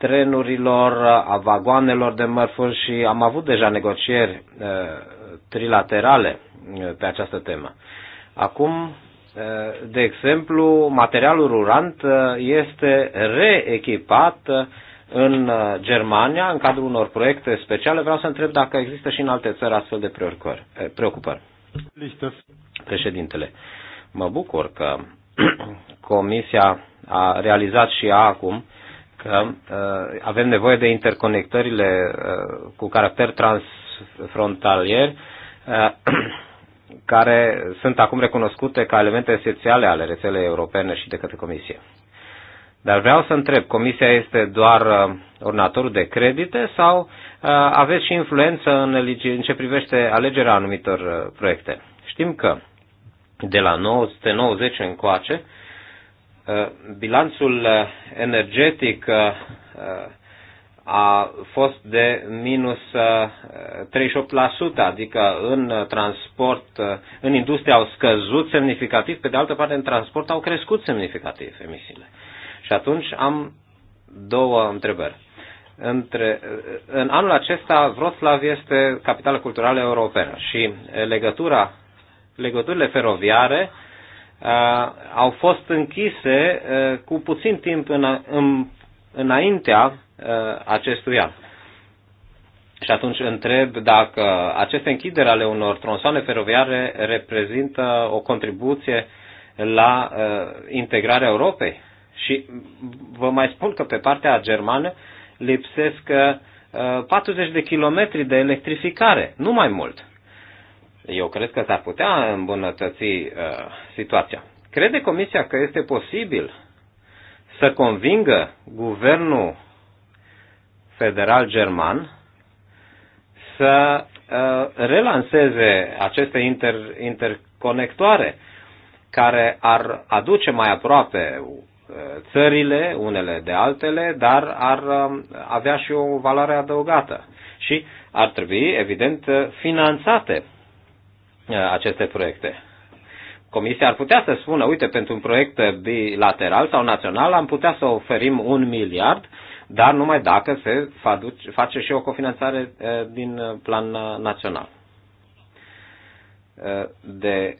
trenurilor, a vagoanelor de mărfuri și am avut deja negocieri uh, trilaterale uh, pe această temă. Acum, uh, de exemplu, materialul rurant este reechipat în Germania, în cadrul unor proiecte speciale. Vreau să întreb dacă există și în alte țări astfel de eh, preocupări. Președintele, mă bucur că Comisia a realizat și ea acum că uh, avem nevoie de interconectările uh, cu caracter transfrontalier uh, care sunt acum recunoscute ca elemente esențiale ale rețelei europene și de către Comisie. Dar vreau să întreb, Comisia este doar ordonatorul de credite sau aveți și influență în, în ce privește alegerea anumitor proiecte? Știm că de la 1990 încoace, Eh, bilanțul eh, energetic eh, a fost de minus 38%, adică în transport, în industrie au scăzut semnificativ, pe de altă parte în transport au crescut semnificativ emisiile. Și atunci am două întrebări. Între, în anul acesta Wroclaw este capitală culturală europeană și legătura, legăturile feroviare uh, Uh, au fost închise uh, cu puțin timp în, în, înaintea uh, acestui an. Și atunci întreb dacă aceste închideri ale unor tronsoane feroviare reprezintă o contribuție la integrarea Europei. Și vă mai spun că pe partea germană lipsesc 40 de kilometri de electrificare, nu mai mult. Eu cred că s-ar putea îmbunătăți uh, situația. Crede Comisia că este posibil să convingă guvernul federal german să uh, relanseze aceste inter, interconectoare care ar aduce mai aproape uh, țările unele de altele, dar ar um, avea și o valoare adăugată și ar trebui, evident, finanțate Uh, aceste proiecte. Comisia ar putea să spună, uite, pentru un proiect bilateral sau național am putea să oferim un miliard, dar numai dacă se face și o cofinanțare uh, din uh, plan național. De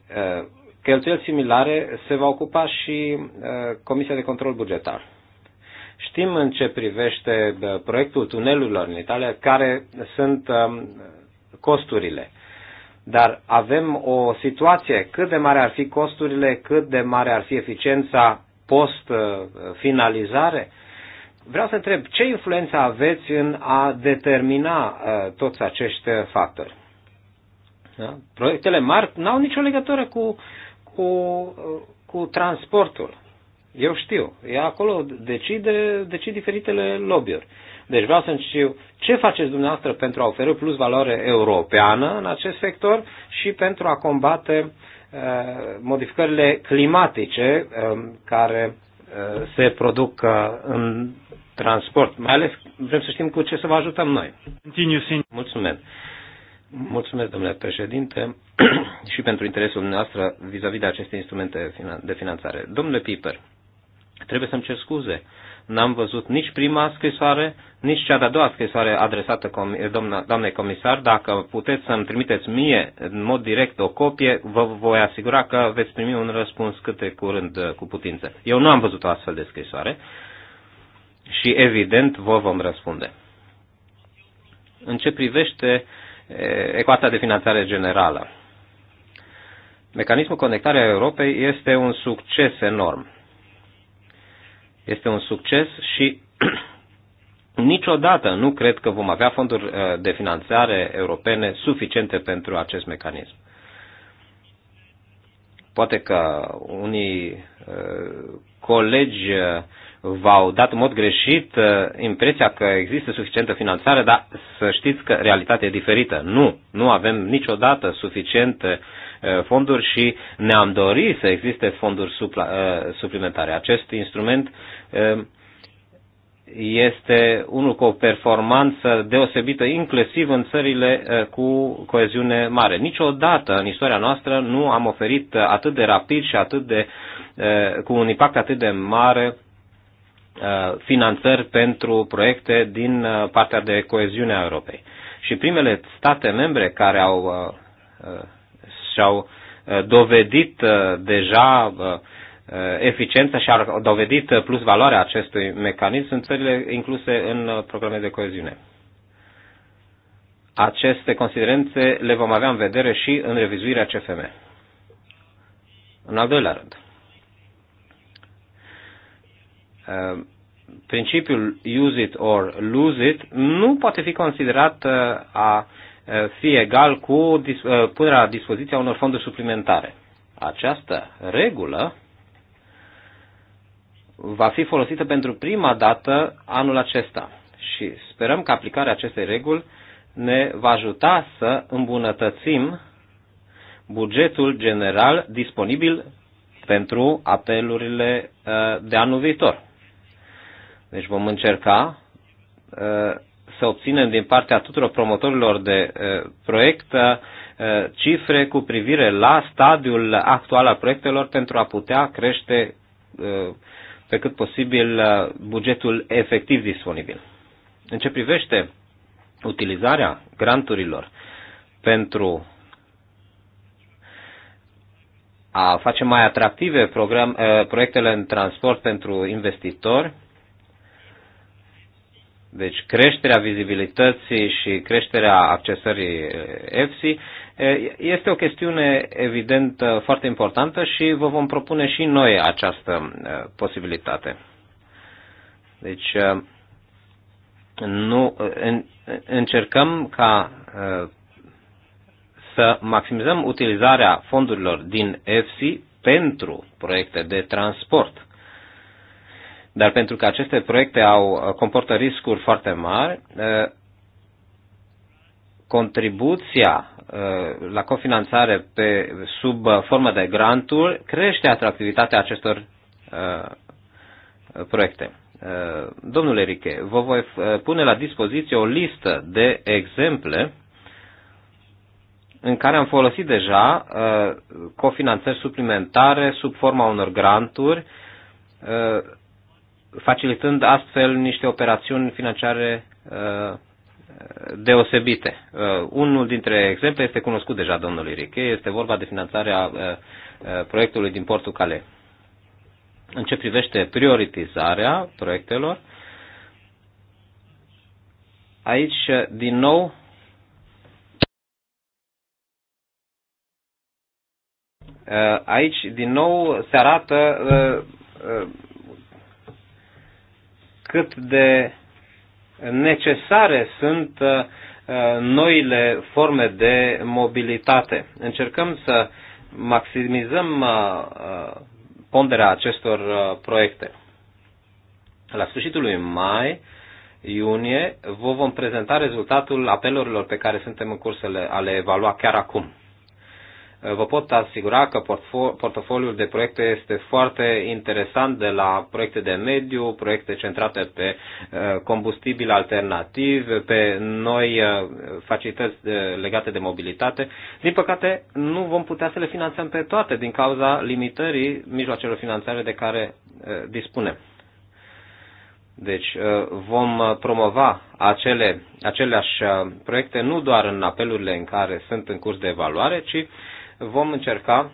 cheltuieli similare se va ocupa și Comisia de Control Bugetar. Știm în ce privește proiectul tunelurilor în Italia care sunt um, costurile. Dar avem o situație, cât de mare ar fi costurile, cât de mare ar fi eficiența post-finalizare. Vreau să întreb, ce influență aveți în a determina uh, toți acești uh, factori? Da? Proiectele mari n-au nicio legătură cu, cu, uh, cu transportul. Eu știu, e acolo decide, decide diferitele lobby-uri. Deci vreau să știu ce faceți dumneavoastră pentru a oferi plus valoare europeană în acest sector și pentru a combate uh, modificările climatice um, care uh, se produc uh, în transport. Mai ales vrem să știm cu ce să vă ajutăm noi. Mulțumesc. Mulțumesc, domnule președinte, și pentru interesul dumneavoastră vis-a-vis de aceste instrumente de finanțare. Domnule Piper, trebuie să-mi cer scuze N-am văzut nici prima scrisoare, nici cea de-a doua scrisoare adresată doamnei comisar. Dacă puteți să-mi trimiteți mie în mod direct o copie, vă voi asigura că veți primi un răspuns cât de curând uh, cu putință. Eu nu am văzut o astfel de scrisoare și evident vă vom răspunde. În ce privește eh, ecuația de finanțare generală, mecanismul a Europei este un succes enorm este un succes și niciodată nu cred că vom avea fonduri uh, de finanțare europene suficiente pentru acest mecanism. Poate că unii uh, colegi uh, v-au dat în mod greșit impresia că există suficientă finanțare, dar să știți că realitatea e diferită. Nu, nu avem niciodată suficiente Uh, fonduri și ne-am dorit să existe fonduri supla, uh, suplimentare. Acest instrument uh, este unul cu o performanță deosebită, inclusiv în țările cu coeziune mare. Niciodată în istoria noastră nu am oferit atât de rapid și atât de, cu un impact atât de mare finanțări pentru proiecte din partea de coeziune a Europei. Și primele state membre care au și-au uh, dovedit uh, deja uh, eficiența și au dovedit plus valoarea acestui mecanism în țările incluse în programe de coeziune. Aceste considerențe le vom avea în vedere și în revizuirea CFM. În al doilea rând, principiul use it or lose it nu poate fi considerat a fie egal cu uh, punerea la dispoziția unor fonduri suplimentare. Această regulă va fi folosită pentru prima dată anul acesta și sperăm că aplicarea acestei reguli ne va ajuta să îmbunătățim bugetul general disponibil pentru apelurile uh, de anul viitor. Deci vom încerca uh, să obținem din partea tuturor promotorilor de eh, proiect eh, cifre cu privire la stadiul actual al proiectelor pentru a putea crește eh, pe cât posibil bugetul efectiv disponibil. În ce privește utilizarea granturilor pentru a face mai atractive program, proiectele în transport pentru investitori, deci creșterea vizibilității și creșterea accesării EFSI eh, eh, este o chestiune evident eh, foarte importantă și vă vom propune și noi această posibilitate. Deci nu, în, încercăm ca să maximizăm utilizarea fondurilor din EFSI pentru proiecte de transport. Dar pentru că aceste proiecte au, comportă riscuri foarte mari, contribuția la cofinanțare pe, sub formă de granturi crește atractivitatea acestor proiecte. Domnule Riche, vă voi pune la dispoziție o listă de exemple în care am folosit deja cofinanțări suplimentare sub forma unor granturi facilitând astfel niște operațiuni financiare uh, deosebite. Uh, unul dintre exemple este cunoscut deja domnului Riche, este vorba de finanțarea uh, proiectului din Portul Cale. În ce privește prioritizarea proiectelor, aici din nou aici din nou se arată cât de necesare sunt uh, uh, noile forme de mobilitate. Încercăm să maximizăm uh, ponderea acestor proiecte. La sfârșitul lui mai, iunie, vă vom prezenta rezultatul apelurilor pe care suntem în curs să le, a le evalua chiar acum. Vă pot asigura că portofoliul de proiecte este foarte interesant de la proiecte de mediu, proiecte centrate pe uh, combustibil alternativ, pe noi uh, facilități uh, legate de mobilitate. Din păcate, nu vom putea să le finanțăm pe toate din cauza limitării mijloacelor financiare de care dispunem. Deci vom promova acele, aceleași proiecte nu doar în apelurile în care sunt în curs de evaluare, ci vom încerca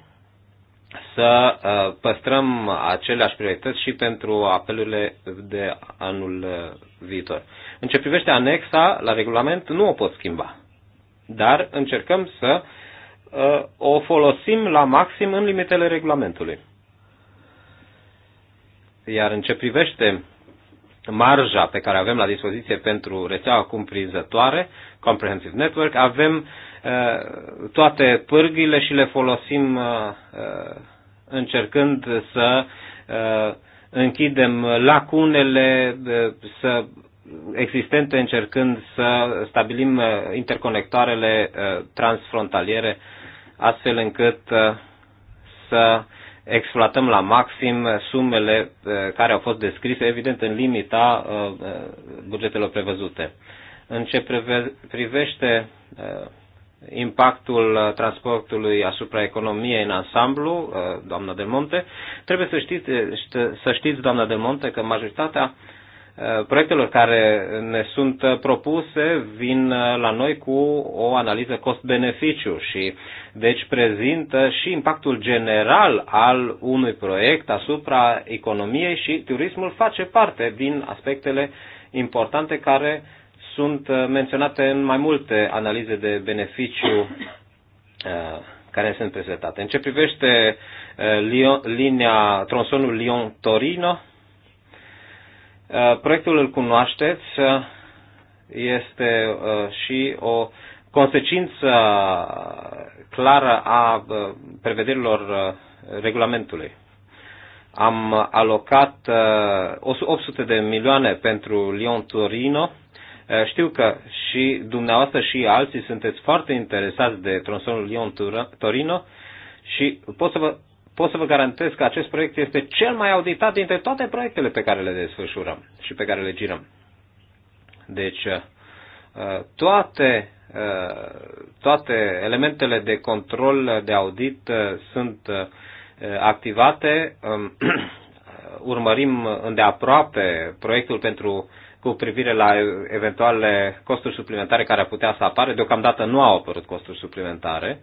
să uh, păstrăm aceleași priorități și pentru apelurile de anul uh, viitor. În ce privește anexa la regulament, nu o pot schimba, dar încercăm să uh, o folosim la maxim în limitele regulamentului. Iar în ce privește marja pe care avem la dispoziție pentru rețeaua cumprinzătoare, Comprehensive Network, avem uh, toate pârghile și le folosim uh, uh, încercând să închidem lacunele să existente încercând să stabilim interconectoarele transfrontaliere astfel încât să exploatăm la maxim sumele eh, care au fost descrise, evident în limita eh, bugetelor prevăzute. În ce privește eh, impactul transportului asupra economiei în ansamblu, doamna Del Monte, trebuie să știți, să știți, doamna Del Monte, că majoritatea proiectelor care ne sunt propuse vin la noi cu o analiză cost-beneficiu și deci prezintă și impactul general al unui proiect asupra economiei și turismul face parte din aspectele importante care sunt menționate în mai multe analize de beneficiu uh, care sunt prezentate. În ce privește uh, linia tronsonul Lyon-Torino, Uh, proiectul îl cunoașteți, uh, este uh, și o consecință clară a prevederilor regulamentului. Am alocat 800 de milioane pentru Lyon-Torino. Știu că și dumneavoastră și alții sunteți foarte interesați de tronsonul Lyon-Torino și pot să vă pot să vă garantez că acest proiect este cel mai auditat dintre toate proiectele pe care le desfășurăm și pe care le girăm. Deci, uh, toate, uh, toate elementele de control, de audit uh, sunt activate. Um, urmărim îndeaproape proiectul pentru cu privire la eventuale costuri suplimentare care ar putea să apare. Deocamdată nu au apărut costuri suplimentare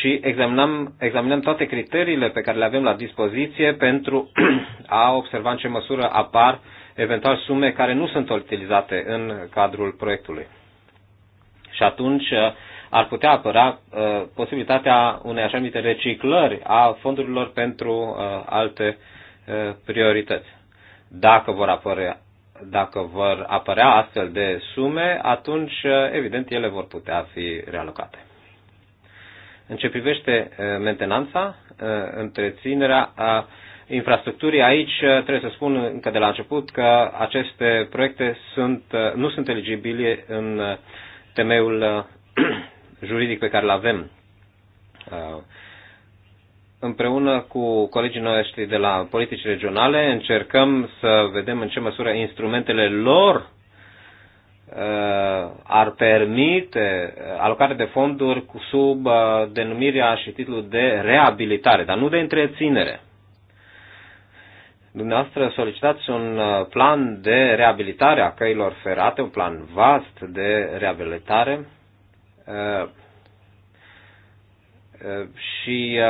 și examinăm, examinăm toate criteriile pe care le avem la dispoziție pentru a observa în ce măsură apar eventual sume care nu sunt utilizate în cadrul proiectului. Și atunci uh, ar putea apăra uh, posibilitatea unei așa numite reciclări a fondurilor pentru uh, alte uh, priorități. Dacă vor apărea dacă vor apărea astfel de sume, atunci, uh, evident, ele vor putea fi realocate. În ce privește mentenanța, întreținerea a infrastructurii, aici trebuie să spun încă de la început că aceste proiecte sunt, nu sunt eligibile în temeiul juridic pe care îl avem. Împreună cu colegii noștri de la politici regionale încercăm să vedem în ce măsură instrumentele lor Uh, ar permite uh, alocarea de fonduri sub uh, denumirea și titlul de reabilitare, dar nu de întreținere. Dumneavoastră solicitați un plan de reabilitare a căilor ferate, un plan vast de reabilitare și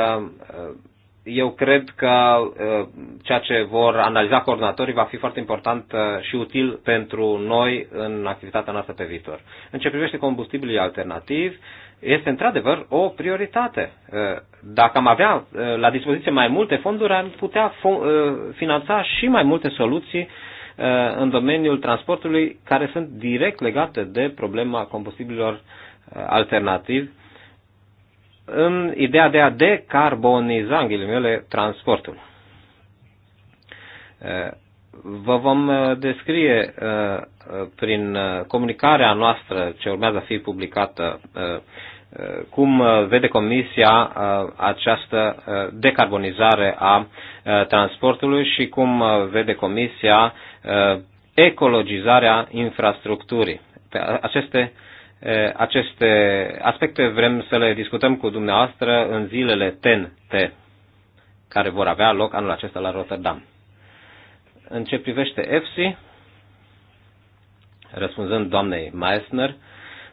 eu cred că uh, ceea ce vor analiza coordonatorii va fi foarte important uh, și util pentru noi în activitatea noastră pe viitor. În ce privește combustibilii alternativi, este într-adevăr o prioritate. Uh, dacă am avea la dispoziție mai multe fonduri, am putea finanța și mai multe soluții în domeniul transportului care sunt direct legate de problema combustibililor alternativi în ideea de a decarboniza, în ghilimele, transportul. Eh, vă vom eh, descrie eh, prin comunicarea noastră ce urmează a fi publicată cum vede Comisia această decarbonizare a transportului și cum vede Comisia ecologizarea infrastructurii. Aceste aceste aspecte vrem să le discutăm cu dumneavoastră în zilele TEN-T, care vor avea loc anul acesta la Rotterdam. În ce privește EFSI, răspunzând doamnei Meissner,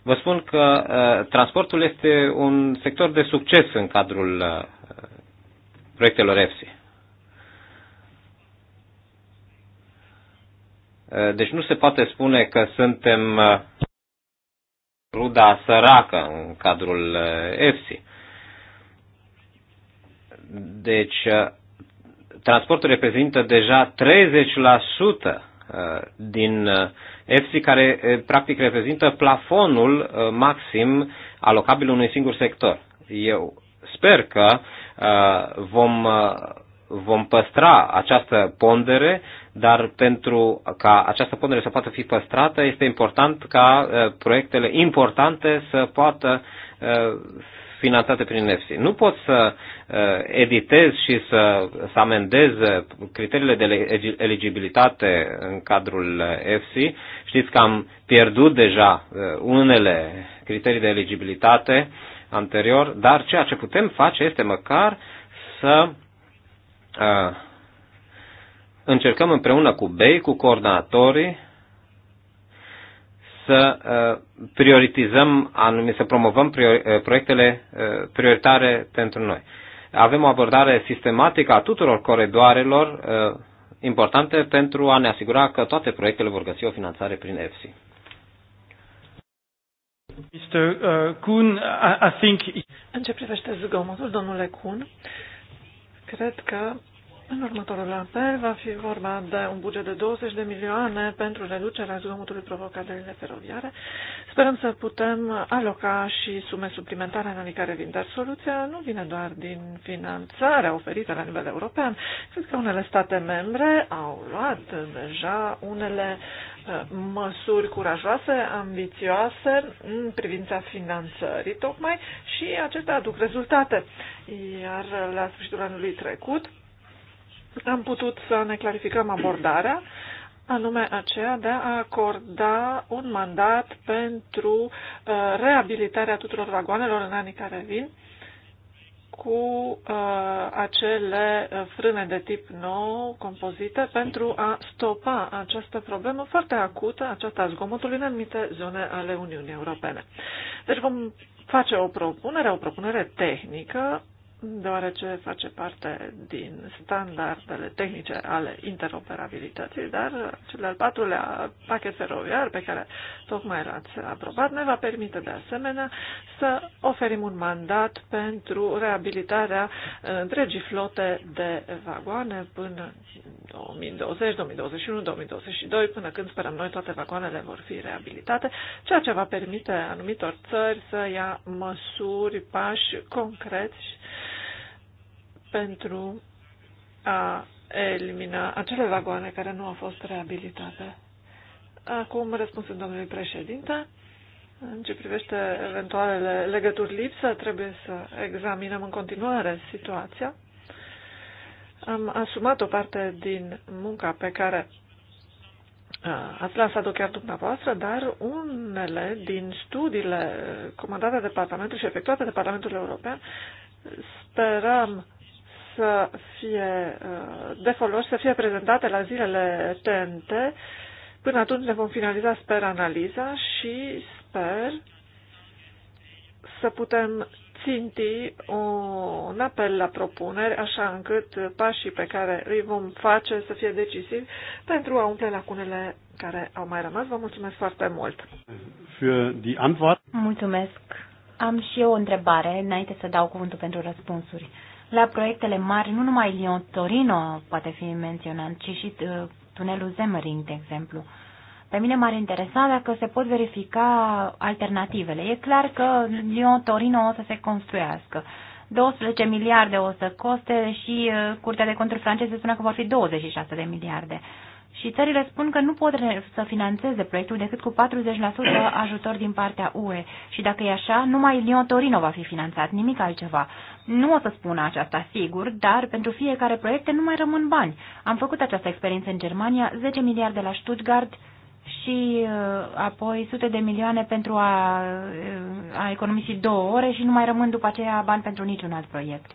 vă spun că transportul este un sector de succes în cadrul proiectelor EFSI. Deci nu se poate spune că suntem ruda săracă în cadrul EFSI. Eh, deci, eh, transportul reprezintă deja 30% eh, din EFSI, care practic reprezintă plafonul maxim alocabil unui singur sector. Eu sper că vom vom păstra această pondere, dar pentru ca această pondere să poată fi păstrată, este important ca uh, proiectele importante să poată uh, finanțate prin EFSI. Nu pot să uh, editez și să, să amendez criteriile de eligibilitate în cadrul EFSI. Știți că am pierdut deja unele criterii de eligibilitate anterior, dar ceea ce putem face este măcar să uh, încercăm împreună cu BEI, cu coordonatorii, să prioritizăm, anumite, să promovăm priori, proiectele prioritare pentru noi. Avem o abordare sistematică a tuturor coridoarelor importante pentru a ne asigura că toate proiectele vor găsi o finanțare prin EFSI. Mr. Uh, Kuhn, I, I think... În ce privește zgomotul, domnule Kuhn, cred că în următorul apel va fi vorba de un buget de 20 de milioane pentru reducerea zgomotului provocat de linie feroviare. Sperăm să putem aloca și sume suplimentare în anii care vin, dar soluția nu vine doar din finanțarea oferită la nivel european. Cred că unele state membre au luat deja unele uh, măsuri curajoase, ambițioase în privința finanțării tocmai și acestea aduc rezultate. Iar la sfârșitul anului trecut, am putut să ne clarificăm abordarea, anume aceea de a acorda un mandat pentru uh, reabilitarea tuturor vagoanelor în anii care vin cu uh, acele frâne de tip nou compozite pentru a stopa această problemă foarte acută, aceasta a zgomotului în anumite zone ale Uniunii Europene. Deci vom face o propunere, o propunere tehnică deoarece face parte din standardele tehnice ale interoperabilității, dar cel de-al patrulea pachet feroviar pe care tocmai l-ați aprobat ne va permite de asemenea să oferim un mandat pentru reabilitarea întregii flote de vagoane până 2020, 2021, 2022, până când sperăm noi toate vagoanele vor fi reabilitate, ceea ce va permite anumitor țări să ia măsuri, pași concreți pentru a elimina acele vagoane care nu au fost reabilitate. Acum, răspunsul domnului președinte, în ce privește eventualele legături lipsă, trebuie să examinăm în continuare situația. Am asumat o parte din munca pe care ați lansat-o chiar dumneavoastră, dar unele din studiile comandate de Parlamentul și efectuate de Parlamentul European sperăm să fie uh, de folos, să fie prezentate la zilele TNT. Până atunci ne vom finaliza, sper, analiza și sper să putem ținti un apel la propuneri, așa încât pașii pe care îi vom face să fie decisivi pentru a umple lacunele care au mai rămas. Vă mulțumesc foarte mult! Mulțumesc! Am și eu o întrebare înainte să dau cuvântul pentru răspunsuri la proiectele mari, nu numai Lyon-Torino poate fi menționat, ci și uh, tunelul Zemmering, de exemplu. Pe mine m-ar interesa dacă se pot verifica alternativele. E clar că Lyon-Torino o să se construiască. 12 miliarde o să coste și uh, Curtea de Conturi franceze spune că vor fi 26 de miliarde. Și țările spun că nu pot să financeze proiectul decât cu 40% ajutor din partea UE. Și dacă e așa, numai Lyon-Torino va fi finanțat, nimic altceva. Nu o să spun aceasta, sigur, dar pentru fiecare proiecte nu mai rămân bani. Am făcut această experiență în Germania, 10 miliarde la Stuttgart și uh, apoi sute de milioane pentru a, uh, a economisi două ore și nu mai rămân după aceea bani pentru niciun alt proiect.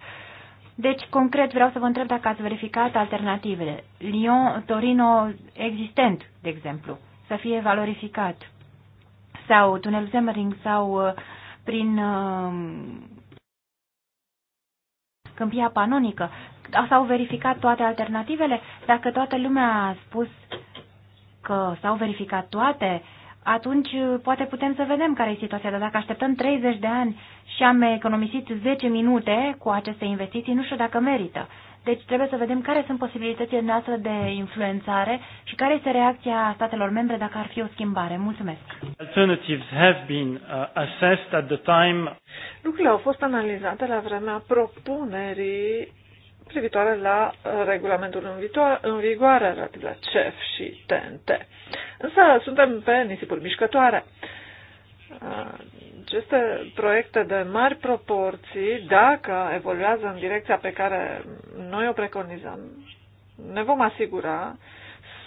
Deci, concret, vreau să vă întreb dacă ați verificat alternativele. Lyon, Torino existent, de exemplu, să fie valorificat. Sau tunelul Zemmering, sau uh, prin Câmpia Panonică. S-au verificat toate alternativele? Dacă toată lumea a spus că s-au verificat toate, atunci poate putem să vedem care e situația. Dar dacă așteptăm 30 de ani și am economisit 10 minute cu aceste investiții, nu știu dacă merită. Deci trebuie să vedem care sunt posibilitățile noastre de influențare și care este reacția statelor membre dacă ar fi o schimbare. Mulțumesc. Alternatives have been uh, assessed at the time. Lucrurile au fost analizate la vremea propunerii privitoare la uh, regulamentul în, vitoare, în vigoare relativ la CEF și TNT. Însă suntem pe nisipuri mișcătoare. Uh, aceste proiecte de mari proporții, dacă evoluează în direcția pe care noi o preconizăm, ne vom asigura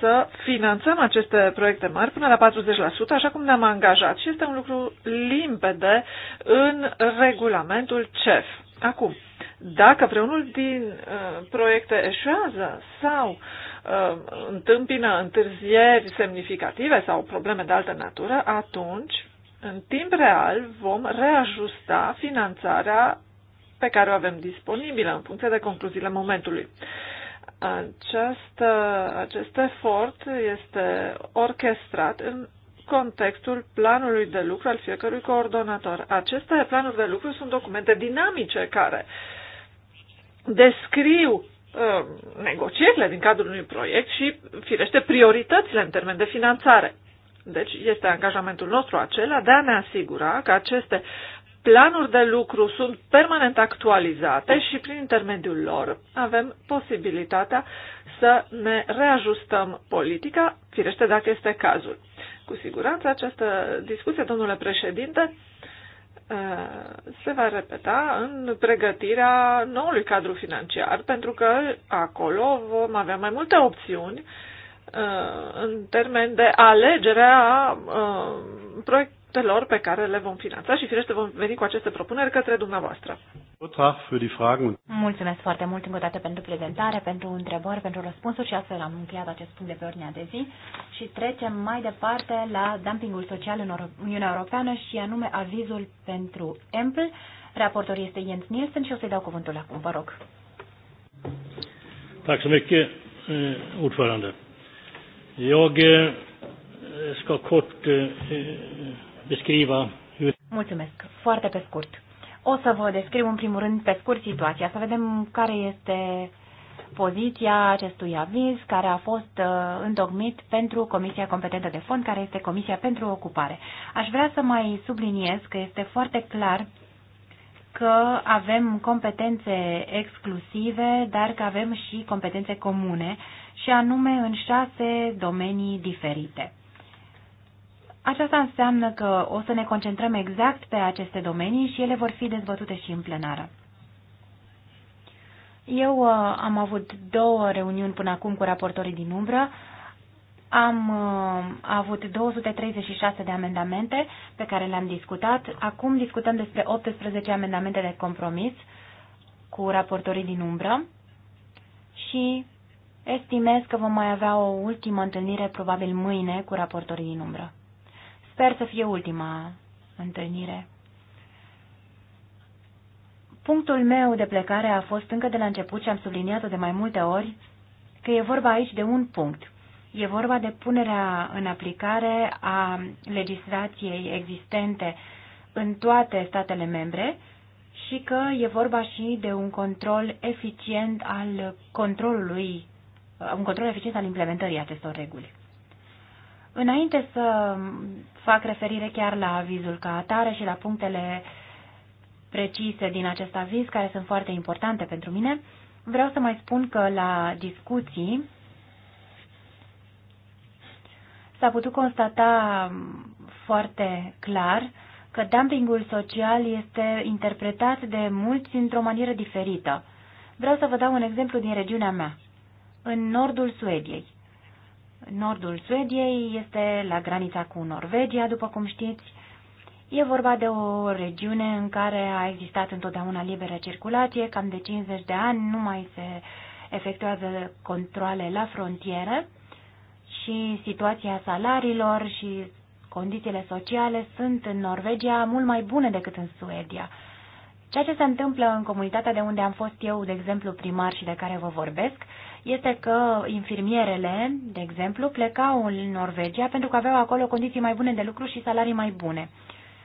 să finanțăm aceste proiecte mari până la 40%, așa cum ne-am angajat. Și este un lucru limpede în regulamentul CEF. Acum, dacă vreunul din uh, proiecte eșuează sau uh, întâmpină întârzieri semnificative sau probleme de altă natură, atunci în timp real vom reajusta finanțarea pe care o avem disponibilă în funcție de concluziile momentului. Acest, acest efort este orchestrat în contextul planului de lucru al fiecărui coordonator. Aceste planuri de lucru sunt documente dinamice care descriu uh, negocierile din cadrul unui proiect și, firește, prioritățile în termen de finanțare. Deci este angajamentul nostru acela de a ne asigura că aceste planuri de lucru sunt permanent actualizate și prin intermediul lor avem posibilitatea să ne reajustăm politica, firește dacă este cazul. Cu siguranță această discuție, domnule președinte, uh, se va repeta în pregătirea noului cadru financiar, pentru că acolo vom avea mai multe opțiuni Uh, în termen de alegerea uh, proiectelor pe care le vom finanța și firește vom veni cu aceste propuneri către dumneavoastră. Mulțumesc foarte mult încă o dată pentru prezentare, pentru întrebări, pentru răspunsuri și astfel am încheiat acest punct de pe ordinea de zi și trecem mai departe la dumpingul social în Uniunea Europeană și anume avizul pentru EMPL. Raportor este Jens Nielsen și o să-i dau cuvântul acum, vă rog. Tack så mycket, eh, ordförande. Jag eh, ska kort eh, beskriva hur... Mulțumesc. Foarte pe scurt. O să vă descriu în primul rând pe scurt situația, să vedem care este poziția acestui aviz care a fost uh, întocmit pentru Comisia Competentă de Fond, care este Comisia pentru Ocupare. Aș vrea să mai subliniez că este foarte clar că avem competențe exclusive, dar că avem și competențe comune și anume în șase domenii diferite. Aceasta înseamnă că o să ne concentrăm exact pe aceste domenii și ele vor fi dezbătute și în plenară. Eu uh, am avut două reuniuni până acum cu raportorii din umbră. Am uh, avut 236 de amendamente pe care le-am discutat. Acum discutăm despre 18 amendamente de compromis cu raportorii din umbră și Estimez că vom mai avea o ultimă întâlnire probabil mâine cu raportorii din umbră. Sper să fie ultima întâlnire. Punctul meu de plecare a fost încă de la început și am subliniat-o de mai multe ori că e vorba aici de un punct. E vorba de punerea în aplicare a legislației existente în toate statele membre și că e vorba și de un control eficient al controlului un control eficient al implementării acestor reguli. Înainte să fac referire chiar la avizul ca atare și la punctele precise din acest aviz, care sunt foarte importante pentru mine, vreau să mai spun că la discuții s-a putut constata foarte clar că dumpingul social este interpretat de mulți într-o manieră diferită. Vreau să vă dau un exemplu din regiunea mea în nordul Suediei. Nordul Suediei este la granița cu Norvegia, după cum știți. E vorba de o regiune în care a existat întotdeauna liberă circulație, cam de 50 de ani nu mai se efectuează controle la frontieră și situația salariilor și condițiile sociale sunt în Norvegia mult mai bune decât în Suedia. Ceea ce se întâmplă în comunitatea de unde am fost eu, de exemplu, primar și de care vă vorbesc, este că infirmierele, de exemplu, plecau în Norvegia pentru că aveau acolo condiții mai bune de lucru și salarii mai bune,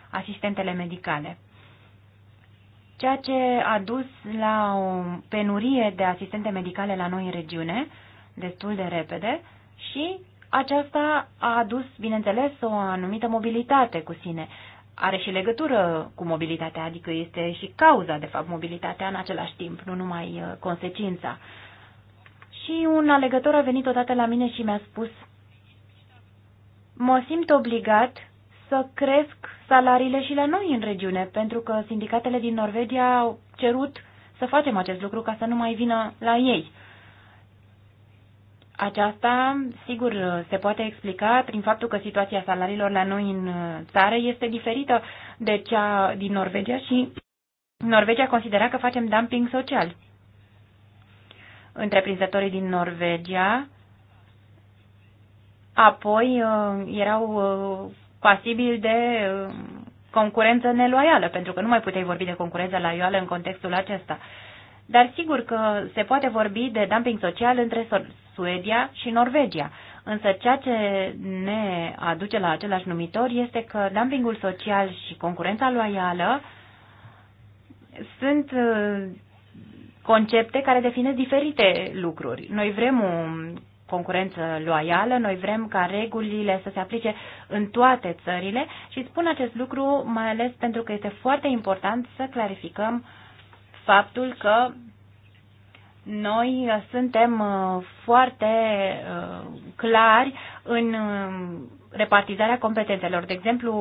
asistentele medicale. Ceea ce a dus la o penurie de asistente medicale la noi în regiune, destul de repede, și aceasta a adus, bineînțeles, o anumită mobilitate cu sine. Are și legătură cu mobilitatea, adică este și cauza, de fapt, mobilitatea în același timp, nu numai uh, consecința. Și un alegător a venit odată la mine și mi-a spus, mă simt obligat să cresc salariile și la noi în regiune, pentru că sindicatele din Norvegia au cerut să facem acest lucru ca să nu mai vină la ei. Aceasta, sigur, se poate explica prin faptul că situația salariilor la noi în țară este diferită de cea din Norvegia și Norvegia considera că facem dumping social întreprinzătorii din Norvegia, apoi uh, erau uh, pasibili de uh, concurență neloială, pentru că nu mai puteai vorbi de concurență loială în contextul acesta. Dar sigur că se poate vorbi de dumping social între Suedia și Norvegia. Însă ceea ce ne aduce la același numitor este că dumpingul social și concurența loială sunt concepte care definesc diferite lucruri. Noi vrem o concurență loială, noi vrem ca regulile să se aplice în toate țările și spun acest lucru mai ales pentru că este foarte important să clarificăm faptul că noi suntem uh, foarte uh, clari în uh, repartizarea competențelor. De exemplu,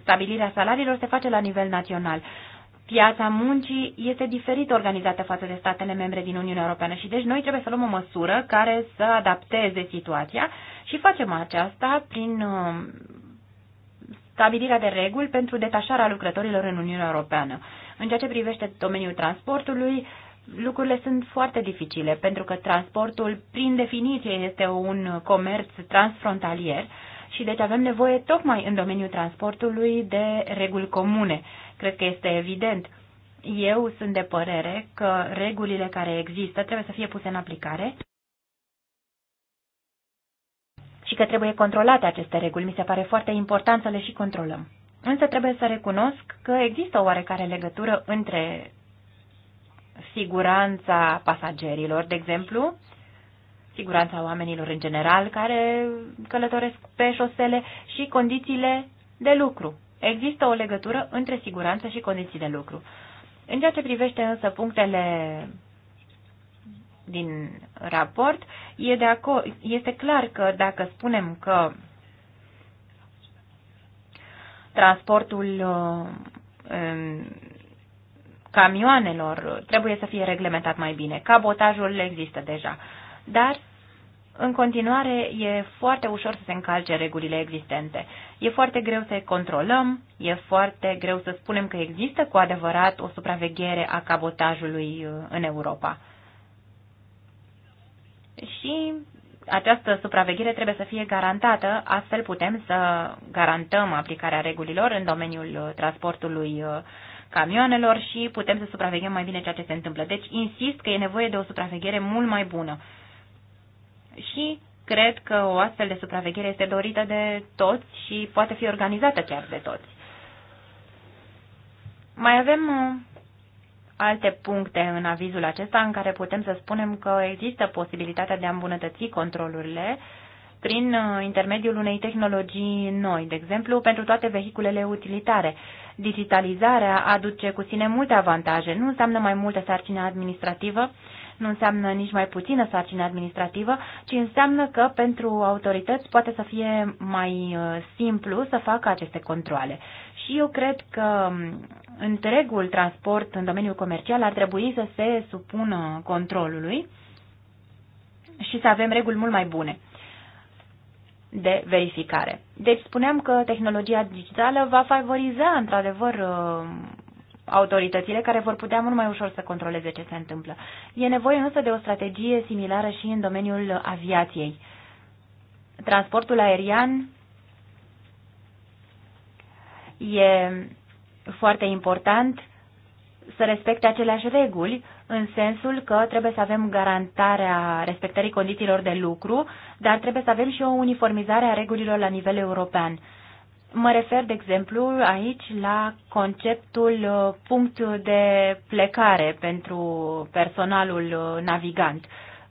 stabilirea salariilor se face la nivel național piața muncii este diferit organizată față de statele membre din Uniunea Europeană și deci noi trebuie să luăm o măsură care să adapteze situația și facem aceasta prin um, stabilirea de reguli pentru detașarea lucrătorilor în Uniunea Europeană. În ceea ce privește domeniul transportului, lucrurile sunt foarte dificile pentru că transportul, prin definiție, este un comerț transfrontalier și deci avem nevoie tocmai în domeniul transportului de reguli comune. Cred că este evident. Eu sunt de părere că regulile care există trebuie să fie puse în aplicare și că trebuie controlate aceste reguli. Mi se pare foarte important să le și controlăm. Însă trebuie să recunosc că există o oarecare legătură între siguranța pasagerilor, de exemplu, siguranța oamenilor în general care călătoresc pe șosele și condițiile de lucru. Există o legătură între siguranță și condiții de lucru. În ceea ce privește însă punctele din raport, e de este clar că dacă spunem că transportul um, camioanelor trebuie să fie reglementat mai bine. Cabotajul există deja. Dar în continuare, e foarte ușor să se încalce regulile existente. E foarte greu să controlăm, e foarte greu să spunem că există cu adevărat o supraveghere a cabotajului uh, în Europa. Și această supraveghere trebuie să fie garantată, astfel putem să garantăm aplicarea regulilor în domeniul uh, transportului uh, camioanelor și putem să supraveghem mai bine ceea ce se întâmplă. Deci insist că e nevoie de o supraveghere mult mai bună și cred că o astfel de supraveghere este dorită de toți și poate fi organizată chiar de toți. Mai avem uh, alte puncte în avizul acesta în care putem să spunem că există posibilitatea de a îmbunătăți controlurile prin uh, intermediul unei tehnologii noi, de exemplu, pentru toate vehiculele utilitare. Digitalizarea aduce cu sine multe avantaje, nu înseamnă mai multă sarcină administrativă, nu înseamnă nici mai puțină sarcină administrativă, ci înseamnă că pentru autorități poate să fie mai uh, simplu să facă aceste controle. Și eu cred că um, întregul transport în domeniul comercial ar trebui să se supună controlului și să avem reguli mult mai bune de verificare. Deci spuneam că tehnologia digitală va favoriza într-adevăr uh, autoritățile care vor putea mult mai ușor să controleze ce se întâmplă. E nevoie însă de o strategie similară și în domeniul aviației. Transportul aerian e foarte important să respecte aceleași reguli, în sensul că trebuie să avem garantarea respectării condițiilor de lucru, dar trebuie să avem și o uniformizare a regulilor la nivel european. Mă refer, de exemplu, aici la conceptul uh, punct de plecare pentru personalul uh, navigant,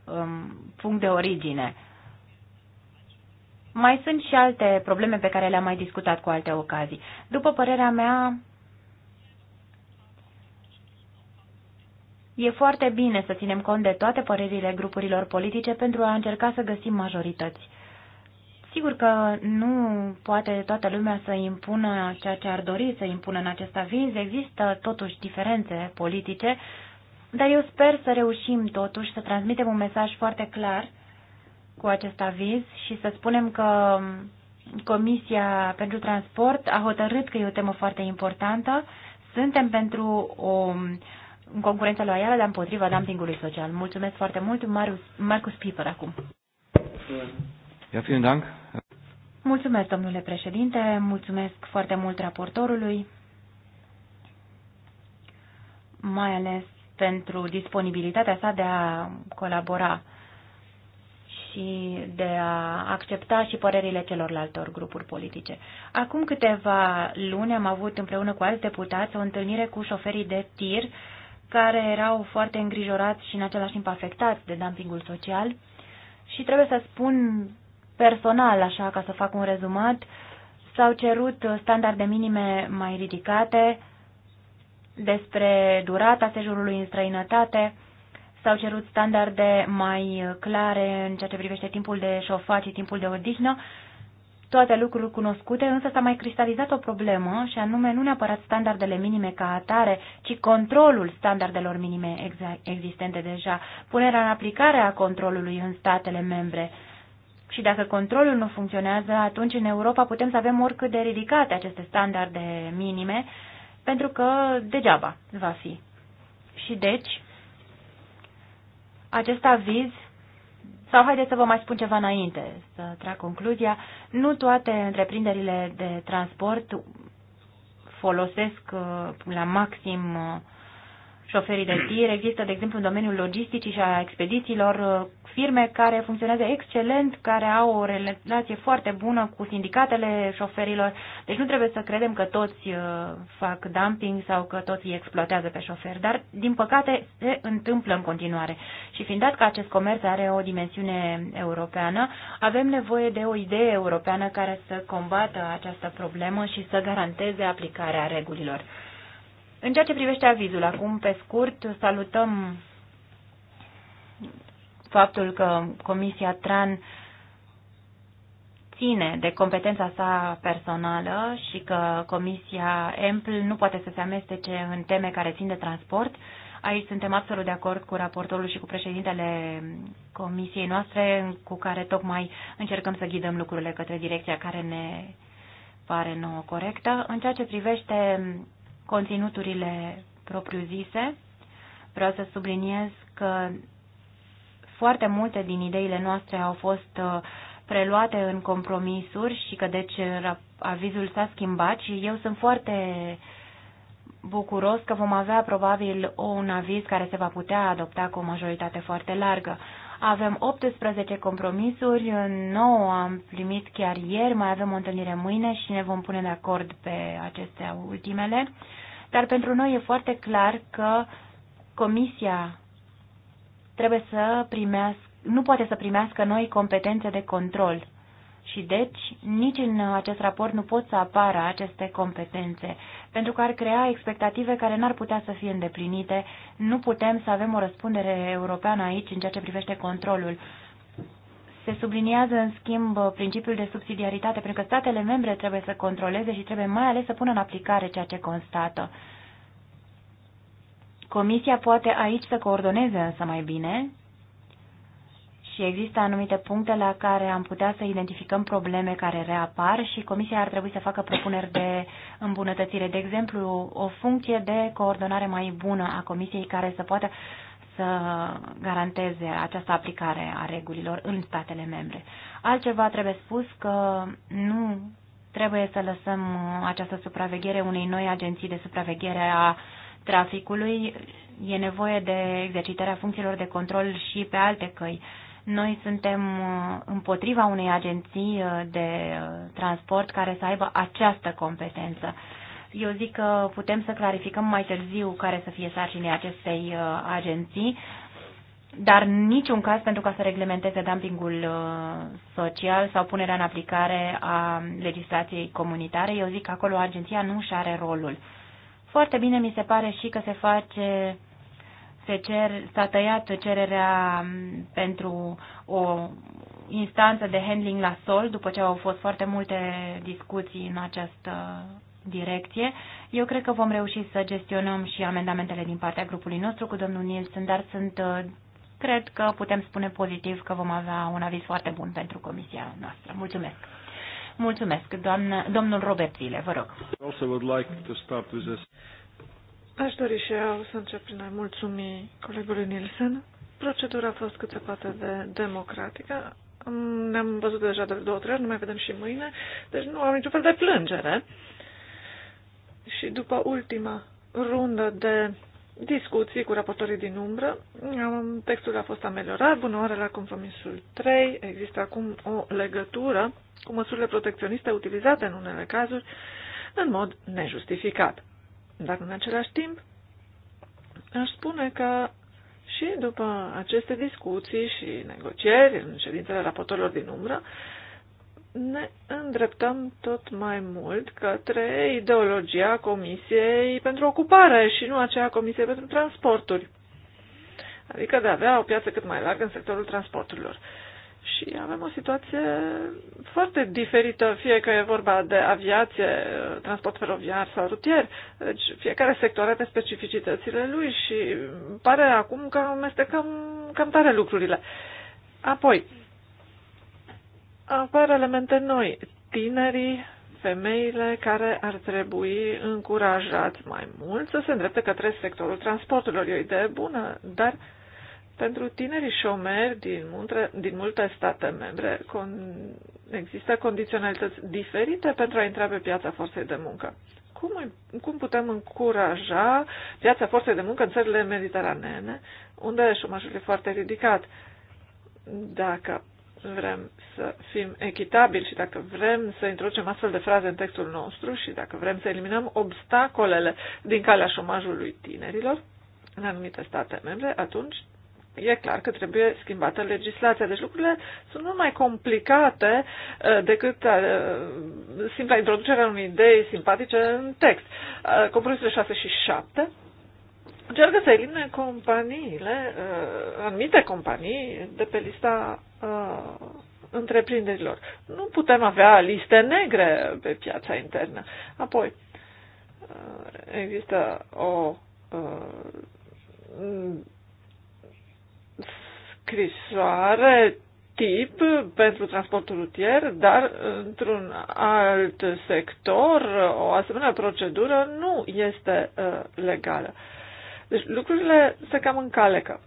um, punct de origine. Mai sunt și alte probleme pe care le-am mai discutat cu alte ocazii. După părerea mea, e foarte bine să ținem cont de toate părerile grupurilor politice pentru a încerca să găsim majorități. Sigur că nu poate toată lumea să impună ceea ce ar dori să impună în acest aviz. Există totuși diferențe politice, dar eu sper să reușim totuși să transmitem un mesaj foarte clar cu acest aviz și să spunem că Comisia pentru Transport a hotărât că e o temă foarte importantă. Suntem pentru o concurență loială, dar împotriva dumpingului social. Mulțumesc foarte mult, Marcus, Marcus Piper, acum. Ja, vielen Dank. Mulțumesc, domnule președinte, mulțumesc foarte mult raportorului, mai ales pentru disponibilitatea sa de a colabora și de a accepta și părerile celorlaltor grupuri politice. Acum câteva luni am avut împreună cu alți deputați o întâlnire cu șoferii de tir care erau foarte îngrijorați și în același timp afectați de dumpingul social și trebuie să spun personal, așa ca să fac un rezumat, s-au cerut standarde minime mai ridicate despre durata sejurului în străinătate, s-au cerut standarde mai clare în ceea ce privește timpul de șofat și timpul de odihnă, toate lucruri cunoscute, însă s-a mai cristalizat o problemă și anume nu neapărat standardele minime ca atare, ci controlul standardelor minime existente deja, punerea în aplicare a controlului în statele membre. Și dacă controlul nu funcționează, atunci în Europa putem să avem oricât de ridicate aceste standarde minime, pentru că degeaba va fi. Și deci, acest aviz, sau haideți să vă mai spun ceva înainte, să trag concluzia, nu toate întreprinderile de transport folosesc uh, la maxim uh, șoferii de tir. Există, de exemplu, în domeniul logisticii și a expedițiilor uh, firme care funcționează excelent, care au o relație foarte bună cu sindicatele șoferilor. Deci nu trebuie să credem că toți uh, fac dumping sau că toți îi exploatează pe șoferi, dar, din păcate, se întâmplă în continuare. Și fiind dat că acest comerț are o dimensiune europeană, avem nevoie de o idee europeană care să combată această problemă și să garanteze aplicarea regulilor. În ceea ce privește avizul, acum, pe scurt, salutăm faptul că Comisia TRAN ține de competența sa personală și că Comisia EMPL nu poate să se amestece în teme care țin de transport. Aici suntem absolut de acord cu raportorul și cu președintele comisiei noastre, cu care tocmai încercăm să ghidăm lucrurile către direcția care ne pare nouă corectă. În ceea ce privește conținuturile propriu-zise. Vreau să subliniez că foarte multe din ideile noastre au fost uh, preluate în compromisuri și că deci avizul s-a schimbat și eu sunt foarte bucuros că vom avea probabil un aviz care se va putea adopta cu o majoritate foarte largă. Avem 18 compromisuri, 9 am primit chiar ieri, mai avem o întâlnire mâine și ne vom pune de acord pe acestea ultimele. Dar pentru noi e foarte clar că Comisia trebuie să primească, nu poate să primească noi competențe de control și deci, nici în acest raport nu pot să apară aceste competențe, pentru că ar crea expectative care n-ar putea să fie îndeplinite. Nu putem să avem o răspundere europeană aici în ceea ce privește controlul. Se subliniază, în schimb, principiul de subsidiaritate, pentru că statele membre trebuie să controleze și trebuie mai ales să pună în aplicare ceea ce constată. Comisia poate aici să coordoneze însă mai bine și există anumite puncte la care am putea să identificăm probleme care reapar și Comisia ar trebui să facă propuneri de îmbunătățire. De exemplu, o funcție de coordonare mai bună a Comisiei care să poată să garanteze această aplicare a regulilor în statele membre. Altceva trebuie spus că nu trebuie să lăsăm această supraveghere unei noi agenții de supraveghere a traficului. E nevoie de exercitarea funcțiilor de control și pe alte căi noi suntem uh, împotriva unei agenții uh, de uh, transport care să aibă această competență. Eu zic că putem să clarificăm mai târziu care să fie sarcinile acestei agenții, dar niciun caz pentru ca să reglementeze dumpingul social sau punerea în aplicare a legislației comunitare. Eu zic că acolo agenția nu și are rolul. Foarte bine mi se pare și că se face se cer, s-a tăiat cererea pentru o instanță de handling la sol, după ce au fost foarte multe discuții în această direcție. Eu cred că vom reuși să gestionăm și amendamentele din partea grupului nostru cu domnul Nielsen, dar sunt, uh, cred că putem spune pozitiv că vom avea un aviz foarte bun pentru comisia noastră. Mulțumesc! Mulțumesc, doamnă, domnul Robert Zile, vă rog. Aș dori și eu să încep prin a mulțumi colegului Nielsen. Procedura a fost cât se poate de democratică. Ne-am văzut deja de două, trei ori, nu mai vedem și mâine, deci nu am niciun fel de plângere. Și după ultima rundă de discuții cu raportorii din umbră. Textul a fost ameliorat, bună oare la compromisul 3. Există acum o legătură cu măsurile protecționiste utilizate în unele cazuri în mod nejustificat. Dar în același timp, aș spune că și după aceste discuții și negocieri în ședințele raportorilor din umbră, ne îndreptăm tot mai mult către ideologia Comisiei pentru Ocupare și nu aceea comisie pentru Transporturi. Adică de a avea o piață cât mai largă în sectorul transporturilor. Uh, și avem o situație foarte diferită, fie că e vorba de aviație, transport feroviar sau rutier. Deci fiecare sector are specificitățile lui și pare acum că amestecăm cam tare lucrurile. Apoi, apar elemente noi. Tinerii, femeile care ar trebui încurajați mai mult să se îndrepte către sectorul transporturilor. E o idee bună, dar uh, pentru tinerii șomeri din, muntre, din multe state membre con, există condiționalități diferite pentru a intra pe piața forței de muncă. Cum, cum putem încuraja piața forței de muncă în țările mediteranene, unde șomajul e foarte ridicat? Dacă vrem să fim echitabili și dacă vrem să introducem astfel de fraze în textul nostru și dacă vrem să eliminăm obstacolele din calea șomajului tinerilor în anumite state membre, atunci e clar că trebuie schimbată legislația. Deci lucrurile sunt mult mai complicate uh, decât uh, simpla introducerea unei idei simpatice în text. Uh, Compromisurile 6 și 7 încearcă să elimine companiile, anumite companii, de pe lista întreprinderilor. Nu putem avea liste negre pe piața internă. Apoi, există o scrisoare tip pentru transportul rutier, dar într-un alt sector o asemenea procedură nu este uh, legală. Deci lucrurile se cam încalecă.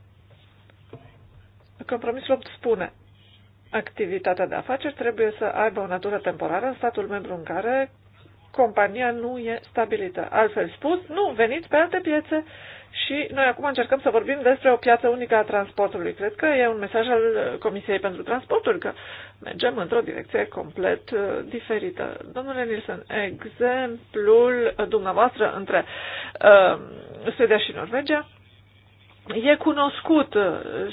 Compromisul 8 spune activitatea de afaceri trebuie să aibă o natură temporară în statul membru în care compania nu e stabilită. Altfel spus, nu, veniți pe alte piețe și noi acum încercăm să vorbim despre o piață unică a transportului. Cred că e un mesaj al Comisiei pentru transporturi că mergem într-o direcție complet uh, diferită. Domnule Nilsson, exemplul dumneavoastră între uh, Suedia și Norvegia e cunoscut uh,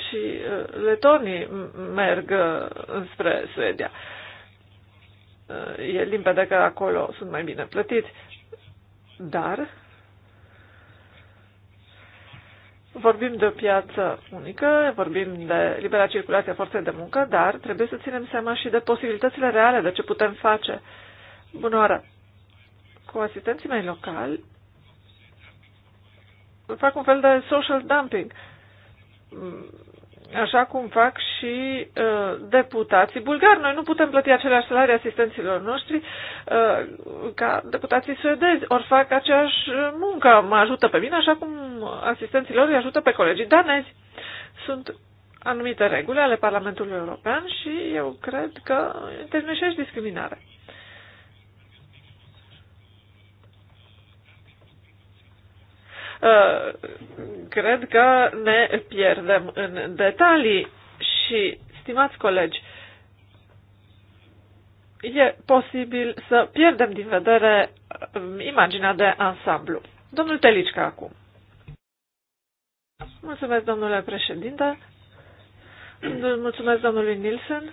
și uh, letonii merg înspre Suedia. Uh, Eh, e limpede că acolo sunt mai bine plătiți, dar vorbim de o piață unică, vorbim de libera circulație a forței de muncă, dar trebuie să ținem seama și de posibilitățile reale, de ce putem face. Bună oară! Cu asistenții mei locali fac un fel de social dumping așa cum fac și uh, deputații bulgari. Noi nu putem plăti aceleași salarii asistenților noștri uh, ca deputații suedezi. Ori fac aceeași muncă, mă ajută pe mine așa cum asistenților îi ajută pe colegii danezi. Sunt anumite reguli ale Parlamentului European și eu cred că intermișești discriminare. Uh, cred că ne pierdem în detalii și, stimați colegi, e posibil să pierdem din vedere um, imaginea de ansamblu. Domnul Telicca acum. Mulțumesc, domnule președinte. Mulțumesc, domnului Nilsen.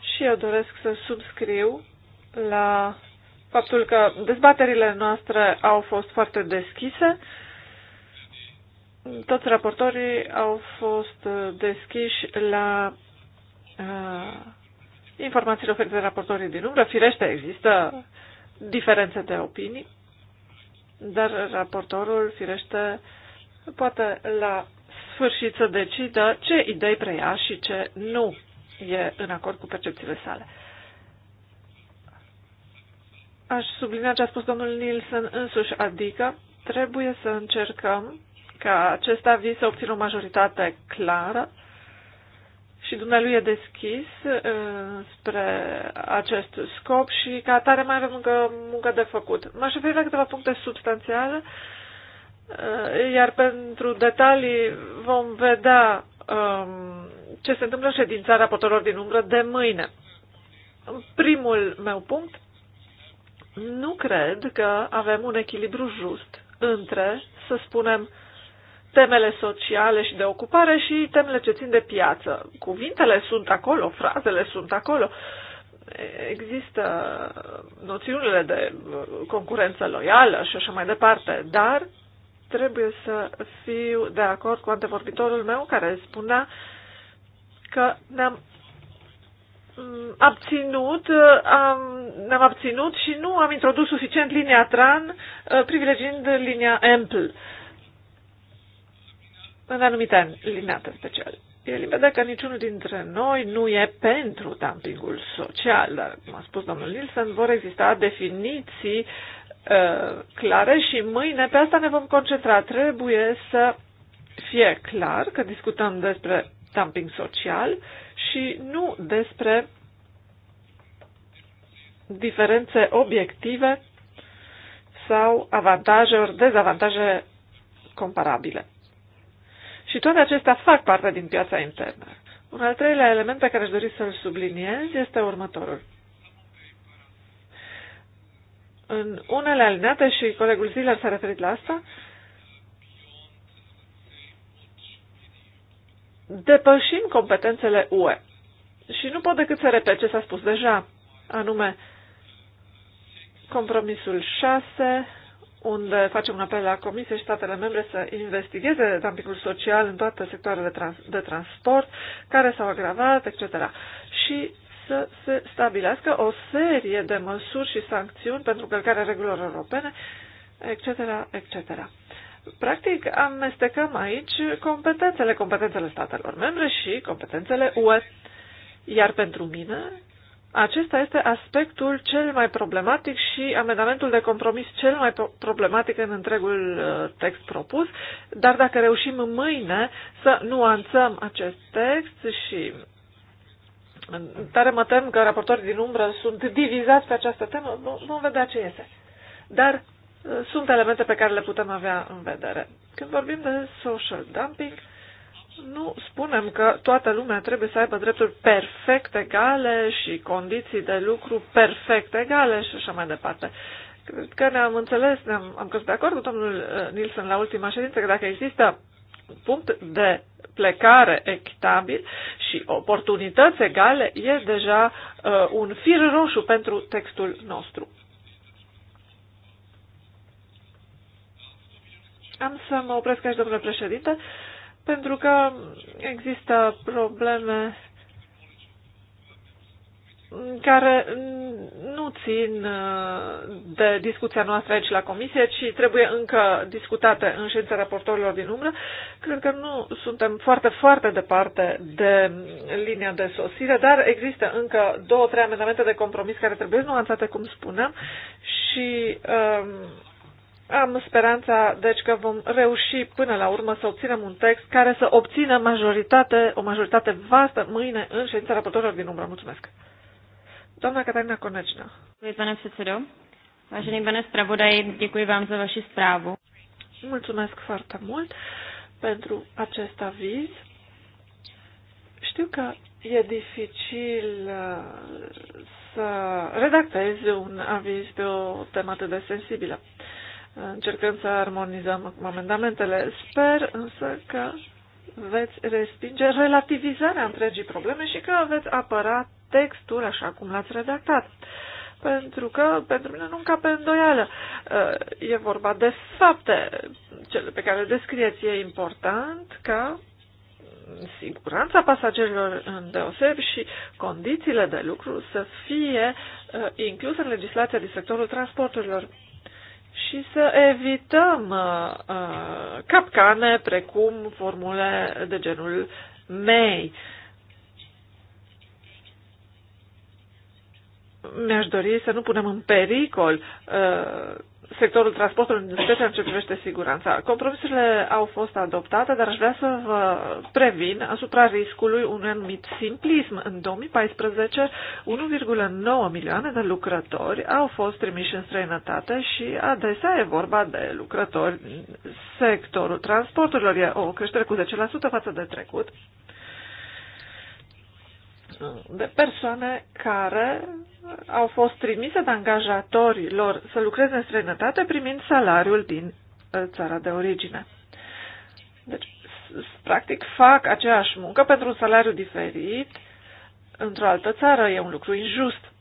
Și eu doresc să subscriu la faptul că dezbaterile noastre au fost foarte deschise. Toți raportorii au fost uh, deschiși la uh, informațiile oferite de raportorii din umbră. Firește, există diferențe de opinii, dar raportorul, firește, poate la sfârșit să decidă ce idei preia și ce nu e în acord cu percepțiile sale. Aș sublinia ce a spus domnul Nielsen însuși, adică trebuie să încercăm ca acest aviz să obțină o majoritate clară și dumnealui e deschis uh, spre acest scop și ca atare mai avem încă muncă de făcut. M-aș referi la câteva puncte substanțiale, uh, iar pentru detalii vom vedea um, ce se întâmplă în ședința raportorilor din umbră de mâine. Primul meu punct nu cred că avem un echilibru just între, să spunem, temele sociale și de ocupare și temele ce țin de piață. Cuvintele sunt acolo, frazele sunt acolo. Există noțiunile de concurență loială și așa mai departe, dar trebuie să fiu de acord cu antevorbitorul meu care spunea că ne-am Mm, abținut, uh, am, ne-am abținut și nu am introdus suficient linia TRAN, uh, privilegiind linia ample. în anumite ani, linia special. E limpede că niciunul dintre noi nu e pentru dumpingul social, dar, cum a spus domnul Nilsson, vor exista definiții uh, clare și mâine pe asta ne vom concentra. Trebuie să fie clar că discutăm despre dumping social și nu despre diferențe obiective sau avantaje ori dezavantaje comparabile. Și toate acestea fac parte din piața internă. Un al treilea element pe care aș dori să-l subliniez este următorul. În unele alineate, și colegul Ziller s-a referit la asta, depășim competențele UE. Și nu pot decât să repet ce s-a spus deja, anume compromisul 6, unde facem un apel la Comisie și statele membre să investigheze dumpingul social în toate sectoarele de, trans- de transport care s-au agravat, etc. Și să se stabilească o serie de măsuri și sancțiuni pentru călcarea regulilor europene, etc., etc. Practic, amestecăm aici competențele, competențele statelor membre și competențele UE. Iar pentru mine, acesta este aspectul cel mai problematic și amendamentul de compromis cel mai problematic în întregul uh, text propus, dar dacă reușim mâine să nuanțăm acest text și tare mă tem că raportorii din umbră sunt divizați pe această temă, vom vedea ce este. Dar sunt elemente pe care le putem avea în vedere. Când vorbim de social dumping, nu spunem că toată lumea trebuie să aibă drepturi perfect egale și condiții de lucru perfect egale și așa mai departe. Cred că ne-am înțeles, ne-am am căzut de acord cu domnul uh, Nilsson la ultima ședință că dacă există punct de plecare echitabil și oportunități egale e deja uh, un fir roșu pentru textul nostru. Am să mă opresc aici, domnule președinte, pentru că există probleme care nu țin uh, de discuția noastră aici la comisie, ci trebuie încă discutate în ședința raportorilor din umbră. Cred că nu suntem foarte, foarte departe de linia de sosire, dar există încă două, trei amendamente de compromis care trebuie nuanțate, cum spuneam, și um, am speranța, deci, că vom reuși până la urmă să obținem un text care să obțină majoritate, o majoritate vastă mâine în ședința raportorilor din umbră. Mulțumesc. Doamna Catarina Conecina. Mulțumesc, pane předsedo. Vážený pane zpravodaj, děkuji vám za vaši zprávu. Mulțumesc foarte mult pentru acest aviz. Știu că e dificil uh, să redactezi un aviz pe o temă atât de sensibilă. Încercăm să armonizăm acum amendamentele. Sper însă că veți respinge relativizarea întregii probleme și că veți apăra textul așa cum l-ați redactat. Pentru că pentru mine nu pe îndoială. E vorba de fapte, cele pe care le descrieți. E important ca siguranța pasagerilor în deoseb și condițiile de lucru să fie uh, incluse în legislația din sectorul transporturilor și să evităm uh, uh, capcane precum formule de genul MEI. Mi-aș dori să nu punem în pericol uh, sectorul transportului, în special în ce privește siguranța. Compromisurile au fost adoptate, dar aș vrea să vă previn asupra riscului unui anumit simplism. În 2014, 1,9 milioane de lucrători au fost trimiși în străinătate și adesea e vorba de lucrători sectorul transporturilor. E o creștere cu 10% față de trecut de persoane care au fost trimise de angajatorii lor să lucreze în străinătate primind salariul din uh, țara de origine. Deci, practic, fac aceeași muncă pentru un salariu diferit într-o altă țară. E un lucru injust.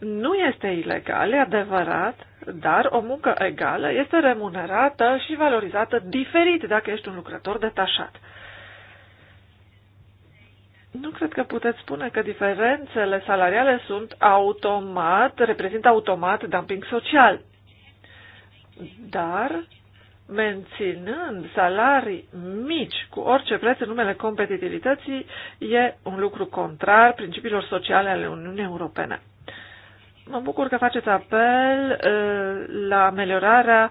Nu este ilegal, e adevărat, dar o muncă egală este remunerată și valorizată diferit dacă ești un lucrător detașat. Nu cred că puteți spune că diferențele salariale sunt automat, reprezintă automat dumping social. Dar menținând salarii mici cu orice preț în numele competitivității e un lucru contrar principiilor sociale ale Uniunii Europene. Mă bucur că faceți apel uh, la ameliorarea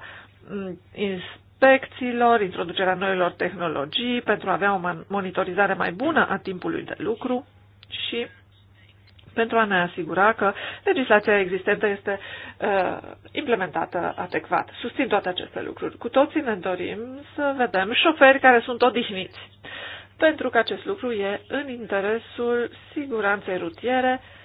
mm, inspecțiilor, introducerea noilor tehnologii pentru a avea o monitorizare mai bună a timpului de lucru și pentru a ne asigura că legislația existentă este uh, implementată adecvat. Susțin toate aceste lucruri. Cu toții ne dorim să vedem șoferi care sunt odihniți, pentru că acest lucru e în interesul siguranței rutiere uh,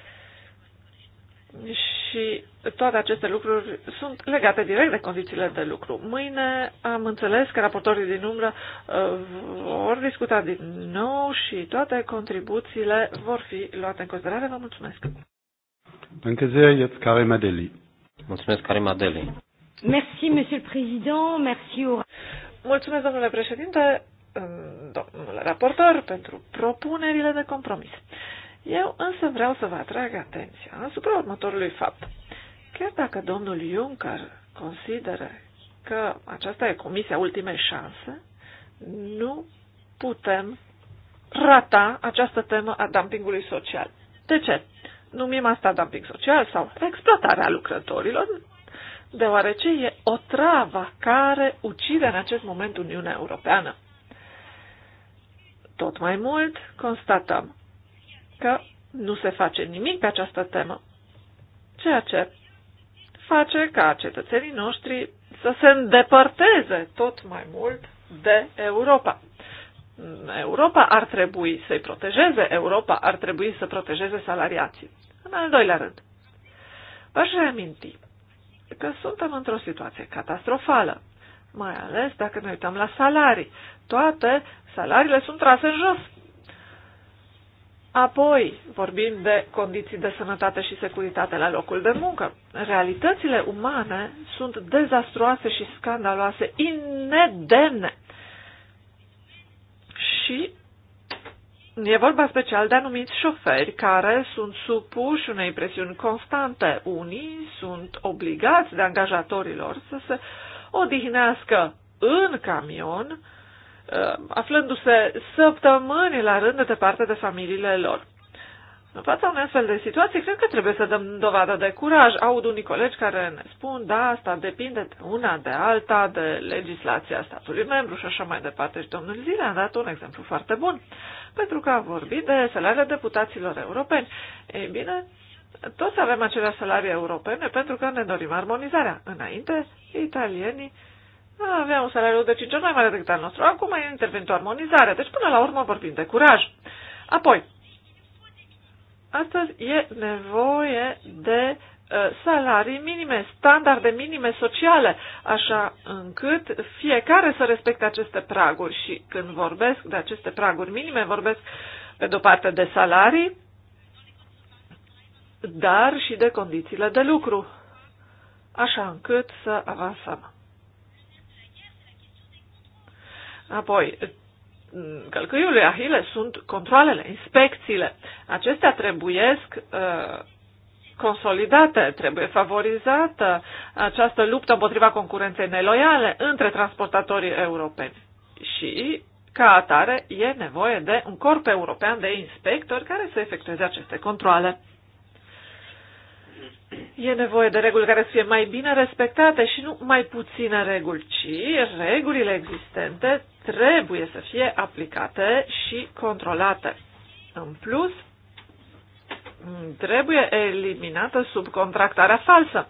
și toate aceste lucruri sunt legate direct de condițiile de lucru. Mâine am înțeles că raportorii din umbră uh, vor discuta din nou și toate contribuțiile vor fi luate în considerare. Vă mulțumesc! Încă sehr, jetzt Karim Madeli. Mulțumesc, care Madeli. Merci, Monsieur le Président, merci. Mulțumesc, domnule președinte, domnule raportor, pentru propunerile de compromis. Eu însă vreau să vă atrag atenția asupra următorului fapt. Chiar dacă domnul Juncker consideră că aceasta e comisia ultimei șanse, nu putem rata această temă a dumpingului social. De ce? Numim asta dumping social sau exploatarea lucrătorilor, deoarece e o travă care ucide în acest moment Uniunea Europeană. Tot mai mult constatăm că nu se face nimic pe această temă, ceea ce face ca cetățenii noștri să se îndepărteze tot mai mult de Europa. Europa ar trebui să-i protejeze, Europa ar trebui să protejeze salariații. În al doilea rând, v-aș reaminti că suntem într-o situație catastrofală, mai ales dacă ne uităm la salarii. Toate salariile sunt trase în jos. Apoi vorbim de condiții de sănătate și securitate la locul de muncă. Realitățile umane sunt dezastruoase și scandaloase, inedemne. Și e vorba special de anumiți șoferi care sunt supuși unei presiuni constante. Unii sunt obligați de angajatorilor să se odihnească în camion, Uh, aflându-se săptămâni la rând de departe de familiile lor. În fața unei astfel de situații, cred că trebuie să dăm dovadă de curaj. Aud unii colegi care ne spun, da, asta depinde de una, de alta, de legislația statului membru și așa mai departe. Și domnul Zile a dat un exemplu foarte bun, pentru că a vorbit de salariile deputaților europeni. Ei bine, toți avem aceleași salarii europene pentru că ne dorim armonizarea. Înainte, italienii avea un salariu de 5 ori mai mare decât al nostru. Acum e intervenit o armonizare, deci până la urmă vorbim de curaj. Apoi, astăzi e nevoie de uh, salarii minime, standarde minime sociale, așa încât fiecare să respecte aceste praguri. Și când vorbesc de aceste praguri minime, vorbesc pe de-o parte de salarii, dar și de condițiile de lucru, așa încât să avansăm. Apoi, călcâiul lui Ahile sunt controlele, inspecțiile. Acestea trebuiesc uh, consolidate, trebuie favorizată această luptă împotriva concurenței neloiale între transportatorii europeni. Și, ca atare, e nevoie de un corp european de inspectori care să efectueze aceste controle. E nevoie de reguli care să fie mai bine respectate și nu mai puține reguli, ci regulile existente trebuie să fie aplicate și controlate. În plus, trebuie eliminată subcontractarea falsă.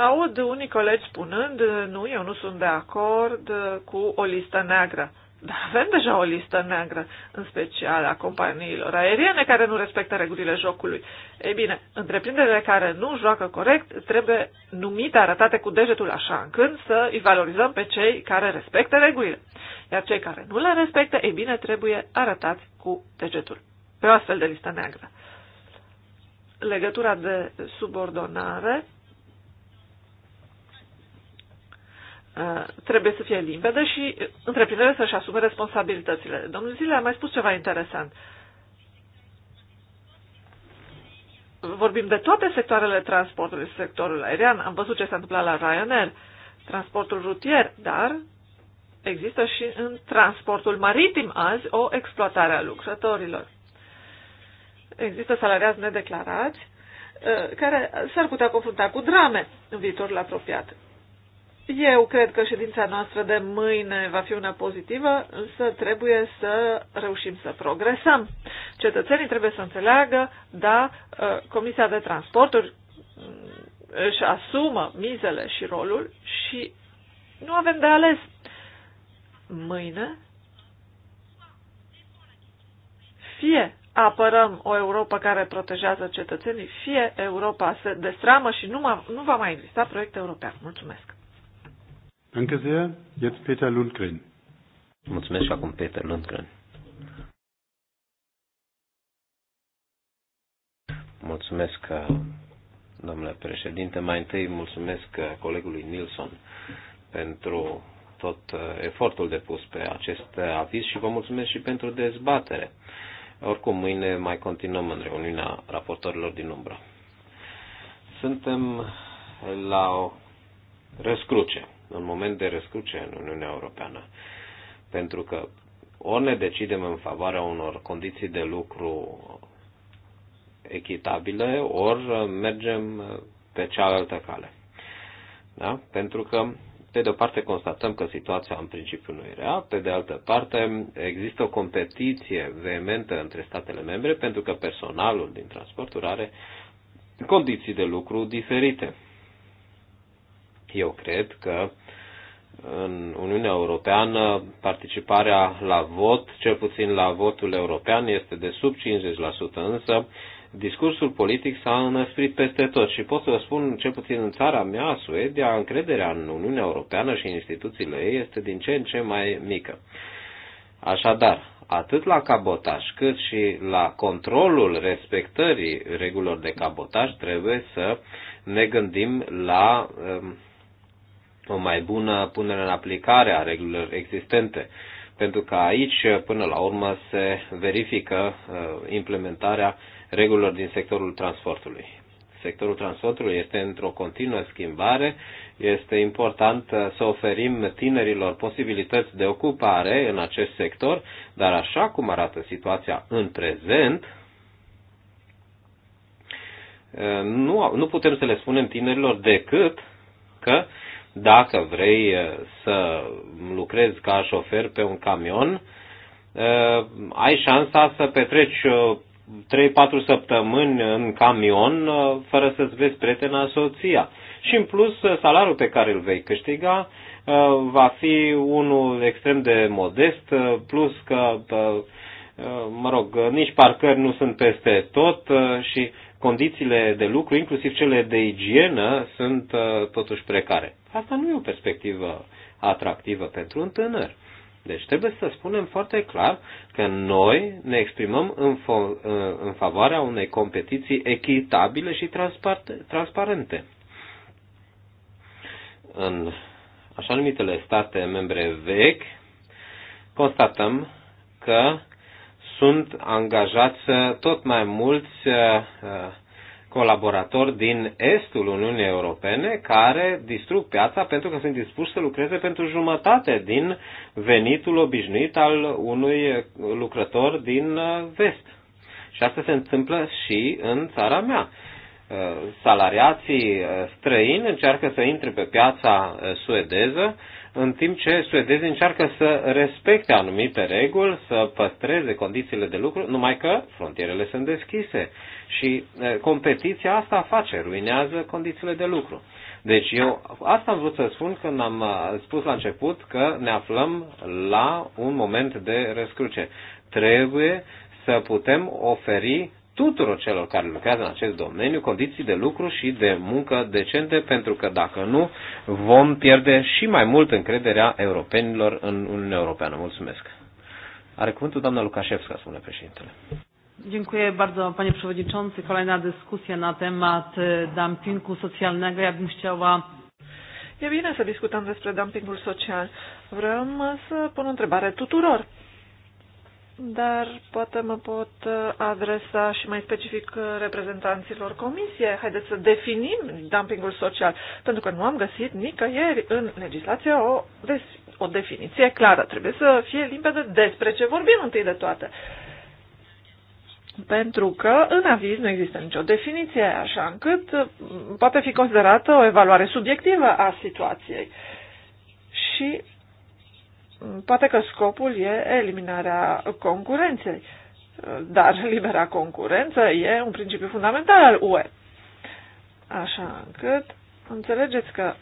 Aud unii colegi spunând, nu, eu nu sunt de acord cu o listă neagră. Da, avem deja o listă neagră, în special a companiilor aeriene care nu respectă regulile jocului. Ei bine, întreprinderile care nu joacă corect trebuie numite, arătate cu degetul așa încât să îi valorizăm pe cei care respectă regulile. Iar cei care nu le respectă, ei bine, trebuie arătați cu degetul. Pe o astfel de listă neagră. Legătura de subordonare trebuie să fie limpede și întreprinderile să-și asume responsabilitățile. Domnul Zile a mai spus ceva interesant. Vorbim de toate sectoarele transportului, sectorul aerian, am văzut ce s-a întâmplat la Ryanair, transportul rutier, dar există și în transportul maritim azi o exploatare a lucrătorilor. Există salariați nedeclarați uh, care s-ar putea confrunta cu drame în viitorul apropiat. Eu cred că ședința noastră de mâine va fi una pozitivă, însă trebuie să reușim să progresăm. Cetățenii trebuie să înțeleagă, da, ă, Comisia de Transporturi mm, își asumă mizele și rolul și nu avem de ales. Mâine, fie apărăm o Europa care protejează cetățenii, fie Europa se destramă și nu, nu va mai exista proiect european. Mulțumesc! Danke sehr. Jetzt Peter Lundgren. Mulțumesc și acum Peter Lundgren. Mulțumesc, uh, domnule președinte. Mai întâi mulțumesc uh, colegului Nilsson pentru tot uh, efortul depus pe acest aviz și vă mulțumesc și pentru dezbatere. Oricum, mâine mai continuăm în reuniunea raportorilor din umbră. Suntem la o răscruce un moment de răscruce în Uniunea Europeană. Pentru că ori ne decidem în favoarea unor condiții de lucru echitabile, ori mergem pe cealaltă cale. Da? Pentru că, pe de o parte, constatăm că situația în principiu nu e rea, pe de altă parte, există o competiție vehementă între statele membre pentru că personalul din transporturi are condiții de lucru diferite. Eu cred că în Uniunea Europeană participarea la vot, cel puțin la votul european, este de sub 50%, însă discursul politic s-a înăsprit peste tot și pot să vă spun, cel puțin în țara mea, Suedia, încrederea în Uniunea Europeană și în instituțiile ei este din ce în ce mai mică. Așadar, atât la cabotaj cât și la controlul respectării regulilor de cabotaj trebuie să ne gândim la uh, o mai bună punere în aplicare a regulilor existente, pentru că aici, până la urmă, se verifică uh, implementarea regulilor din sectorul transportului. Sectorul transportului este într-o continuă schimbare, este important uh, să oferim tinerilor posibilități de ocupare în acest sector, dar așa cum arată situația în prezent, uh, nu, nu putem să le spunem tinerilor decât că dacă vrei eh, să lucrezi ca șofer pe un camion, eh, ai șansa să petreci 3-4 eh, săptămâni în camion fără să-ți vezi prietena soția. Și în plus, salariul pe care îl vei câștiga va fi unul extrem de modest, plus că, mă rog, nici parcări nu sunt peste tot și condițiile de lucru, inclusiv cele de igienă, sunt uh, totuși precare. Asta nu e o perspectivă atractivă pentru un tânăr. Deci trebuie să spunem foarte clar că noi ne exprimăm în, fo- uh, în favoarea unei competiții echitabile și transparente. În așa numitele state membre vechi, constatăm că sunt angajați uh, tot mai mulți uh, uh, colaboratori din estul Uniunii Europene care distrug piața pentru că sunt dispuși să lucreze pentru jumătate din venitul obișnuit al unui lucrător din vest. Și asta se întâmplă și în țara mea. Salariații străini încearcă să intre pe piața suedeză în timp ce suedezii încearcă să respecte anumite reguli, să păstreze condițiile de lucru, numai că frontierele sunt deschise și competiția asta face, ruinează condițiile de lucru. Deci eu asta am vrut să spun când am spus la început că ne aflăm la un moment de răscruce. Trebuie să putem oferi tuturor celor care lucrează în acest domeniu condiții de lucru și de muncă decente, pentru că dacă nu, vom pierde și mai mult încrederea europenilor în Uniunea Europeană. Mulțumesc. Are cuvântul doamna Lukaszewska, spune președintele. Dziękuję bardzo panie przewodniczący. Kolejna dyskusja na temat dumpingu socjalnego. Ja bym chciała Ja bine să discutăm despre dumpingul social. Vrem să pun o întrebare tuturor dar poate mă pot uh, adresa și mai specific uh, reprezentanților comisiei. Haideți să definim dumpingul social, pentru că nu am găsit nicăieri în legislație o, o definiție clară. Trebuie să fie limpede despre ce vorbim întâi de toate. Pentru că în aviz nu există nicio definiție, așa încât uh, poate fi considerată o evaluare subiectivă a situației. Și Poate că scopul e eliminarea concurenței, dar libera concurență e un principiu fundamental al UE. Așa încât înțelegeți că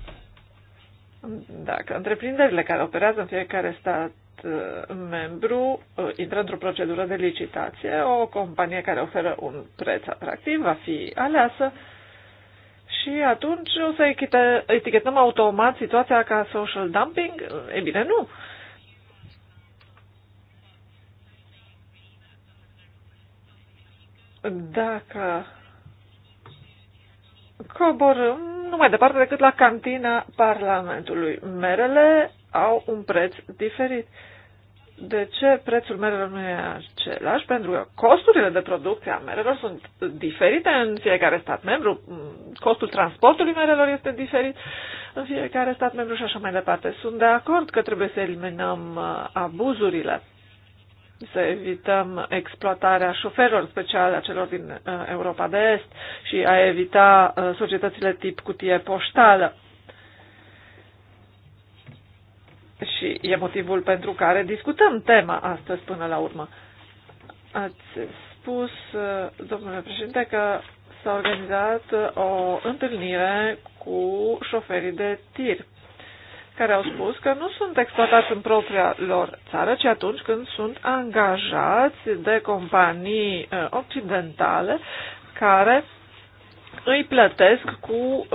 dacă întreprinderile care operează în fiecare stat uh, membru uh, intră într-o procedură de licitație, o companie care oferă un preț atractiv va fi aleasă și atunci o să etichetăm automat situația ca social dumping? Uh, e bine, nu. dacă coborâm nu mai departe decât la cantina Parlamentului. Merele au un preț diferit. De ce prețul merelor nu e același? Pentru că costurile de producție a merelor sunt diferite în fiecare stat membru, costul transportului merelor este diferit în fiecare stat membru și așa mai departe. Sunt de acord că trebuie să eliminăm uh, abuzurile să evităm exploatarea șoferilor, special a celor din uh, Europa de Est și a evita uh, societățile tip cutie poștală. Și e motivul pentru care discutăm tema astăzi până la urmă. Ați spus, uh, domnule președinte, că s-a organizat o întâlnire cu șoferii de tir care au spus că nu sunt exploatați în propria lor țară, ci atunci când sunt angajați de companii uh, occidentale care îi plătesc cu uh,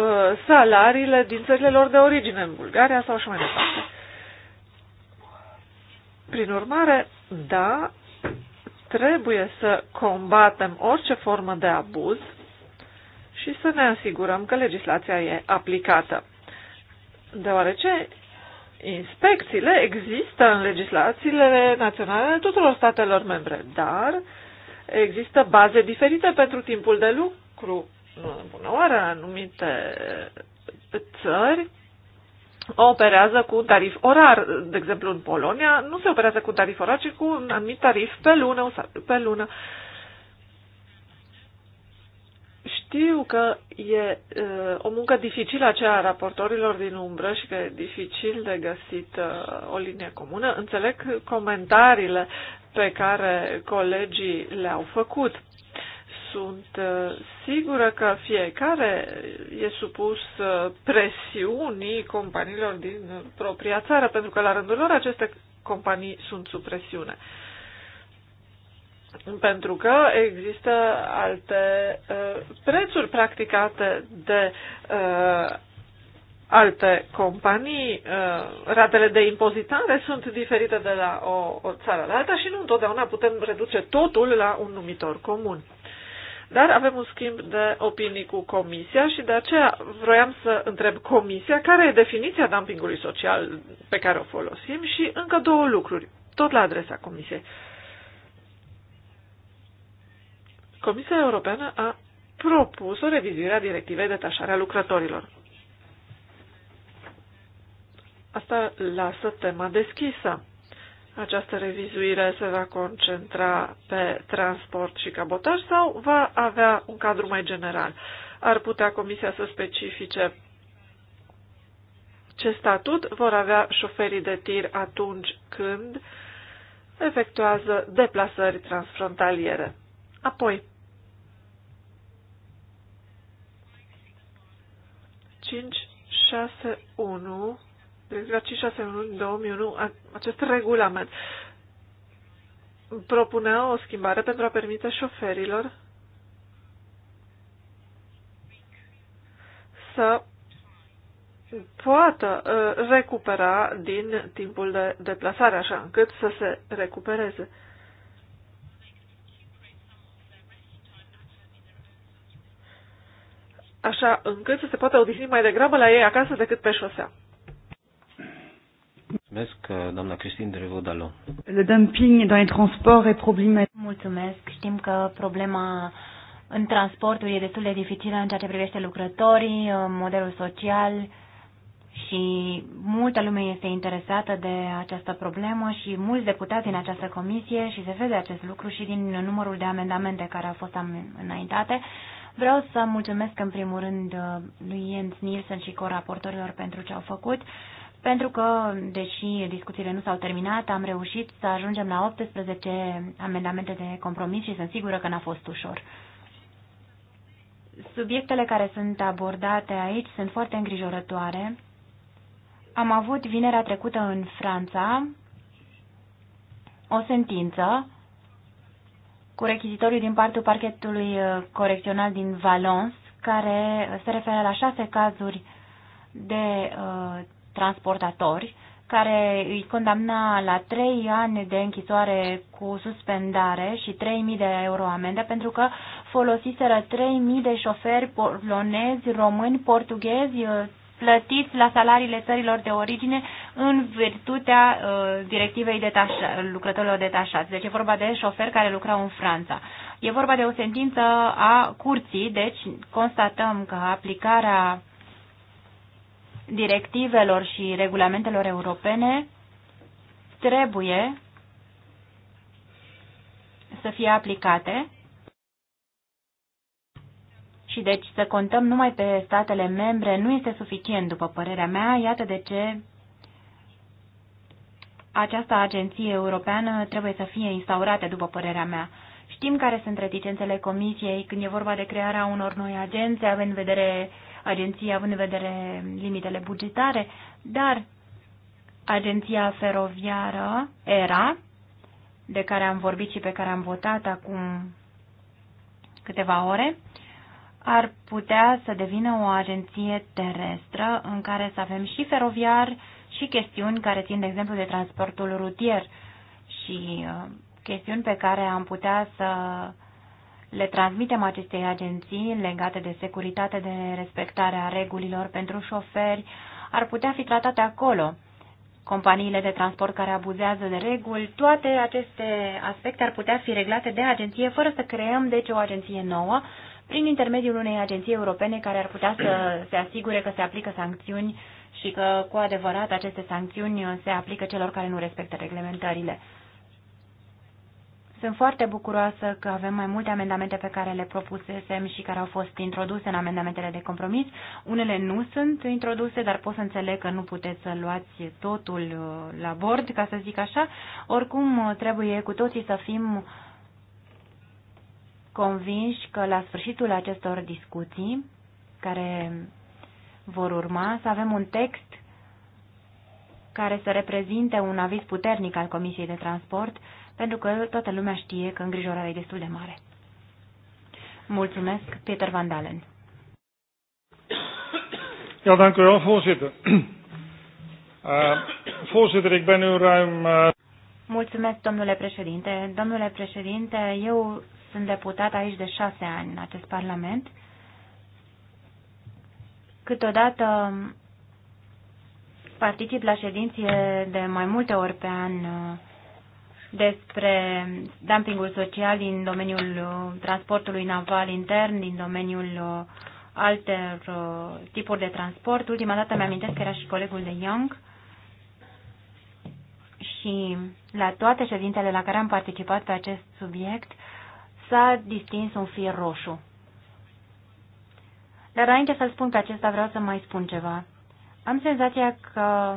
salariile din țările lor de origine, în Bulgaria sau așa mai departe. Prin urmare, da, trebuie să combatem orice formă de abuz și să ne asigurăm că legislația e aplicată deoarece inspecțiile există în legislațiile naționale ale tuturor statelor membre, dar există baze diferite pentru timpul de lucru. Bună oară, anumite țări operează cu un tarif orar. De exemplu, în Polonia nu se operează cu un tarif orar, ci cu un anumit tarif pe lună, pe lună. Uh, știu că e uh, o muncă dificilă aceea a raportorilor din umbră și că e dificil de găsit uh, o linie comună. Înțeleg comentariile pe care colegii le-au făcut. Sunt sigură că fiecare e supus presiunii companiilor din propria țară, pentru că la rândul lor aceste companii sunt sub presiune. Uh, pentru că există alte uh, prețuri practicate de uh, alte companii, uh, ratele de impozitare sunt diferite de la o, o țară la alta și nu întotdeauna putem reduce totul la un numitor comun. Dar avem un schimb de opinii cu Comisia și de aceea vroiam să întreb Comisia care e definiția dumpingului social pe care o folosim și încă două lucruri, tot la adresa Comisiei. Uh, Comisia Europeană a propus o revizuire a directivei de a lucrătorilor. Asta lasă tema deschisă. Această revizuire se va concentra pe transport și cabotaj sau va avea un cadru mai general? Ar putea Comisia să specifice ce statut vor avea șoferii de tir atunci când efectuează deplasări transfrontaliere. Apoi, 561, directiva 561 din 2001, acest regulament propunea o schimbare pentru a permite șoferilor să poată ă, recupera din timpul de deplasare, așa încât să se recupereze. așa încât să se poată odihni mai degrabă la ei acasă decât pe șosea. Mulțumesc, doamna Cristin Revodalo. Le dumping dans les transports est problème. Mulțumesc. Știm că problema în transportul e destul de dificilă în ceea ce privește lucrătorii, modelul social și multă lume este interesată de această problemă și mulți deputați în această comisie și se vede acest lucru și din numărul de amendamente care au fost înaintate. Vreau să mulțumesc în primul rând lui Jens Nielsen și coraportorilor pentru ce au făcut, pentru că, deși discuțiile nu s-au terminat, am reușit să ajungem la 18 amendamente de compromis și sunt sigură că n-a fost ușor. Subiectele care sunt abordate aici sunt foarte îngrijorătoare. Am avut vinerea trecută în Franța o sentință cu rechizitoriu din partea parchetului uh, corecțional din Valence, care se referă la șase cazuri de uh, transportatori, care îi condamna la trei ani de închisoare cu suspendare și 3.000 de euro amendă pentru că folosiseră 3.000 de șoferi polonezi, români, portughezi, uh, plătiți la salariile țărilor de origine în virtutea uh, directivei detașa, lucrătorilor detașați. Deci e vorba de șoferi care lucrau în Franța. E vorba de o sentință a curții, deci constatăm că aplicarea directivelor și regulamentelor europene trebuie să fie aplicate și deci să contăm numai pe statele membre nu este suficient, după părerea mea. Iată de ce această agenție europeană trebuie să fie instaurată, după părerea mea. Știm care sunt reticențele comisiei când e vorba de crearea unor noi agențe, având în vedere agenții, având în vedere limitele bugetare, dar agenția feroviară ERA, de care am vorbit și pe care am votat acum câteva ore, ar putea să devină o agenție terestră în care să avem și feroviar și chestiuni care țin, de exemplu, de transportul rutier și uh, chestiuni pe care am putea să le transmitem acestei agenții legate de securitate, de respectarea regulilor pentru șoferi, ar putea fi tratate acolo. Companiile de transport care abuzează de reguli, toate aceste aspecte ar putea fi reglate de agenție fără să creăm deci o agenție nouă, prin intermediul unei agenții europene care ar putea să se asigure că se aplică sancțiuni și că cu adevărat aceste sancțiuni se aplică celor care nu respectă reglementările. Sunt foarte bucuroasă că avem mai multe amendamente pe care le propusesem și care au fost introduse în amendamentele de compromis. Unele nu sunt introduse, dar pot să înțeleg că nu puteți să luați totul uh, la bord, ca să zic așa. Oricum, uh, trebuie cu toții să fim uh, convinși că la sfârșitul acestor discuții care vor urma să avem un text care să reprezinte un aviz puternic al Comisiei de Transport, pentru că toată lumea știe că îngrijorarea e destul de mare. Mulțumesc, Peter Van Dalen. Ja, dank u wel, voorzitter. Uh, voorzitter, ik ben nu ruim... Uh... Mulțumesc, domnule președinte. Domnule președinte, eu sunt deputat aici de șase ani în acest Parlament. Câteodată particip la ședințe de mai multe ori pe an uh, despre dumpingul social din domeniul uh, transportului naval intern, din domeniul uh, altor tipuri de transport. Ultima dată mi-amintesc că era și colegul de Young și la toate ședințele la care am participat pe acest subiect s-a distins un fir roșu. Dar înainte să spun pe acesta, vreau să mai spun ceva. Am senzația că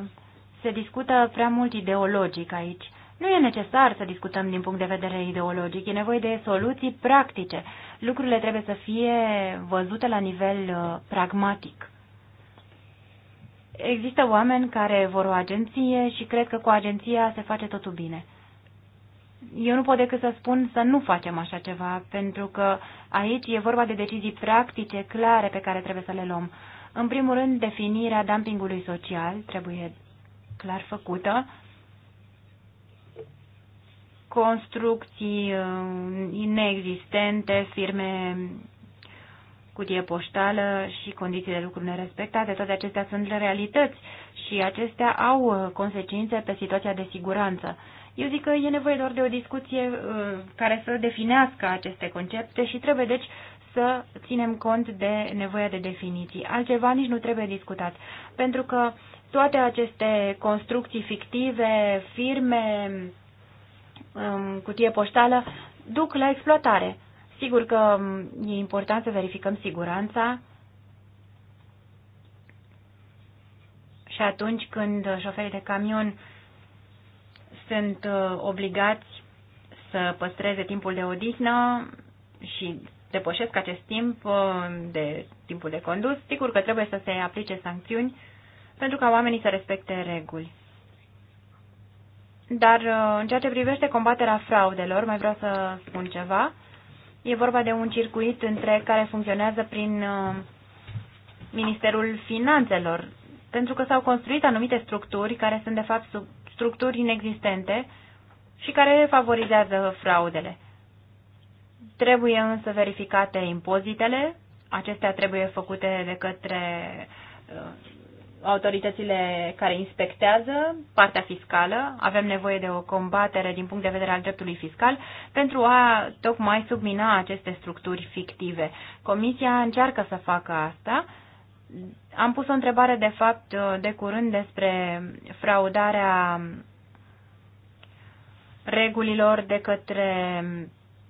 se discută prea mult ideologic aici. Nu e necesar să discutăm din punct de vedere ideologic, e nevoie de soluții practice. Lucrurile trebuie să fie văzute la nivel uh, pragmatic. Există oameni care vor o agenție și cred că cu agenția se face totul bine eu nu pot decât să spun să nu facem așa ceva, pentru că aici e vorba de decizii practice, clare, pe care trebuie să le luăm. În primul rând, definirea dumpingului social trebuie clar făcută. Construcții uh, inexistente, firme cutie poștală și condiții de lucru nerespectate, toate acestea sunt realități și acestea au uh, consecințe pe situația de siguranță. Eu zic că e nevoie doar de o discuție uh, care să definească aceste concepte și trebuie deci să ținem cont de nevoia de definiții. Altceva nici nu trebuie discutat, pentru că toate aceste construcții fictive, firme, um, cutie poștală, duc la exploatare. Sigur că um, e important să verificăm siguranța și atunci când șoferii de camion uh, sunt uh, obligați să păstreze timpul de odihnă și depășesc acest timp uh, de timpul de condus, sigur că trebuie să se aplice sancțiuni pentru ca oamenii să respecte reguli. Dar uh, în ceea ce privește combaterea fraudelor, mai vreau să spun ceva. E vorba de un circuit între care funcționează prin Ministerul Finanțelor, pentru că s-au construit anumite structuri care sunt de fapt sub structuri inexistente și care favorizează fraudele. Trebuie însă verificate impozitele, acestea trebuie făcute de către uh, autoritățile care inspectează partea fiscală. Avem nevoie de o combatere din punct de vedere al dreptului fiscal pentru a tocmai submina aceste structuri fictive. Comisia încearcă să facă asta am pus o întrebare, de fapt, de curând despre fraudarea regulilor de către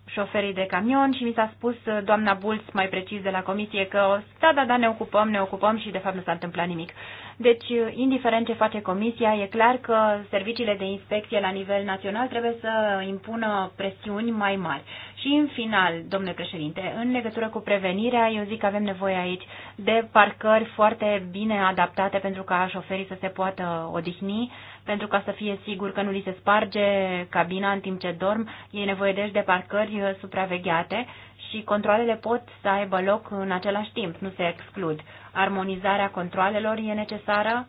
șoferii de camion și mi s-a spus doamna Bulț, mai precis de la comisie, că da, da, da, ne ocupăm, ne ocupăm și de fapt nu s-a întâmplat nimic. Deci, indiferent ce face comisia, e clar că serviciile de inspecție la nivel național trebuie să impună presiuni mai mari. Și în final, domnule președinte, în legătură cu prevenirea, eu zic că avem nevoie aici de parcări foarte bine adaptate pentru ca șoferii să se poată odihni, pentru ca să fie sigur că nu li se sparge cabina în timp ce dorm. E nevoie deci de parcări supravegheate și controlele pot să aibă loc în același timp, nu se exclud. Armonizarea controlelor e necesară.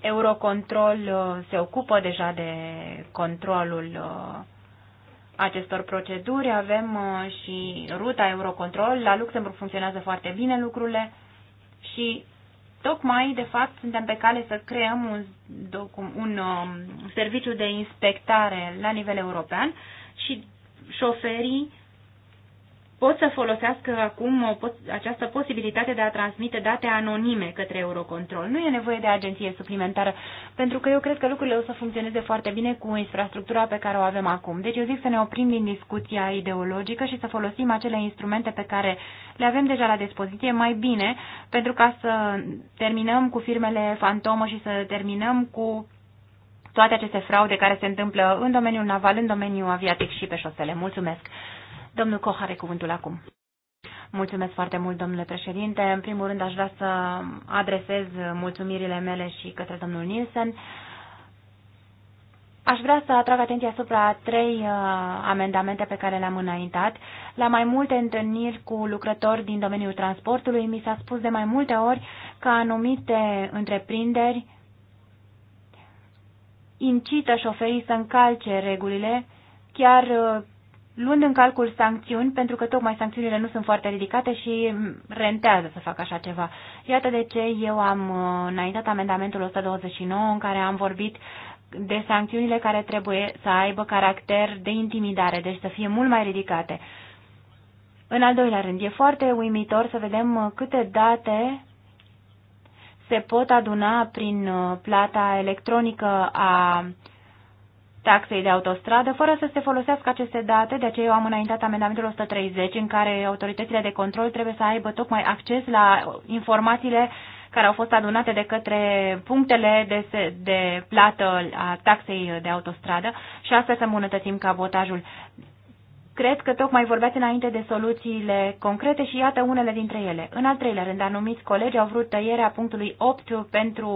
Eurocontrol uh, se ocupă deja de controlul uh, acestor proceduri. Avem uh, și ruta Eurocontrol. La Luxemburg funcționează foarte bine lucrurile și tocmai, de fapt, suntem pe cale să creăm un, un un um, serviciu de inspectare la nivel european și șoferii pot să folosească acum o, această posibilitate de a transmite date anonime către Eurocontrol. Nu e nevoie de agenție suplimentară, pentru că eu cred că lucrurile o să funcționeze foarte bine cu infrastructura pe care o avem acum. Deci eu zic să ne oprim din discuția ideologică și să folosim acele instrumente pe care le avem deja la dispoziție mai bine, pentru ca să terminăm cu firmele fantomă și să terminăm cu toate aceste fraude care se întâmplă în domeniul naval, în domeniul aviatic și pe șosele. Mulțumesc! Domnul Koch are cuvântul acum. Mulțumesc foarte mult, domnule președinte. În primul rând, aș vrea să adresez mulțumirile mele și către domnul Nielsen. Aș vrea să atrag atenția asupra trei uh, amendamente pe care le-am înaintat. La mai multe întâlniri cu lucrători din domeniul transportului, mi s-a spus de mai multe ori că anumite întreprinderi incită șoferii să încalce regulile, chiar uh, luând în calcul sancțiuni, pentru că tocmai sancțiunile nu sunt foarte ridicate și rentează să facă așa ceva. Iată de ce eu am uh, înaintat amendamentul 129 în care am vorbit de sancțiunile care trebuie să aibă caracter de intimidare, deci să fie mult mai ridicate. În al doilea rând, e foarte uimitor să vedem uh, câte date se pot aduna prin uh, plata electronică a uh, taxei de autostradă, fără să se folosească aceste date, de aceea eu am înaintat amendamentul 130, în care autoritățile de control trebuie să aibă tocmai acces la informațiile care au fost adunate de către punctele de, se, de plată a taxei de autostradă și astfel să îmbunătățim cabotajul. Cred că tocmai vorbeați înainte de soluțiile concrete și iată unele dintre ele. În al treilea rând, anumiți colegi au vrut tăierea punctului 8 pentru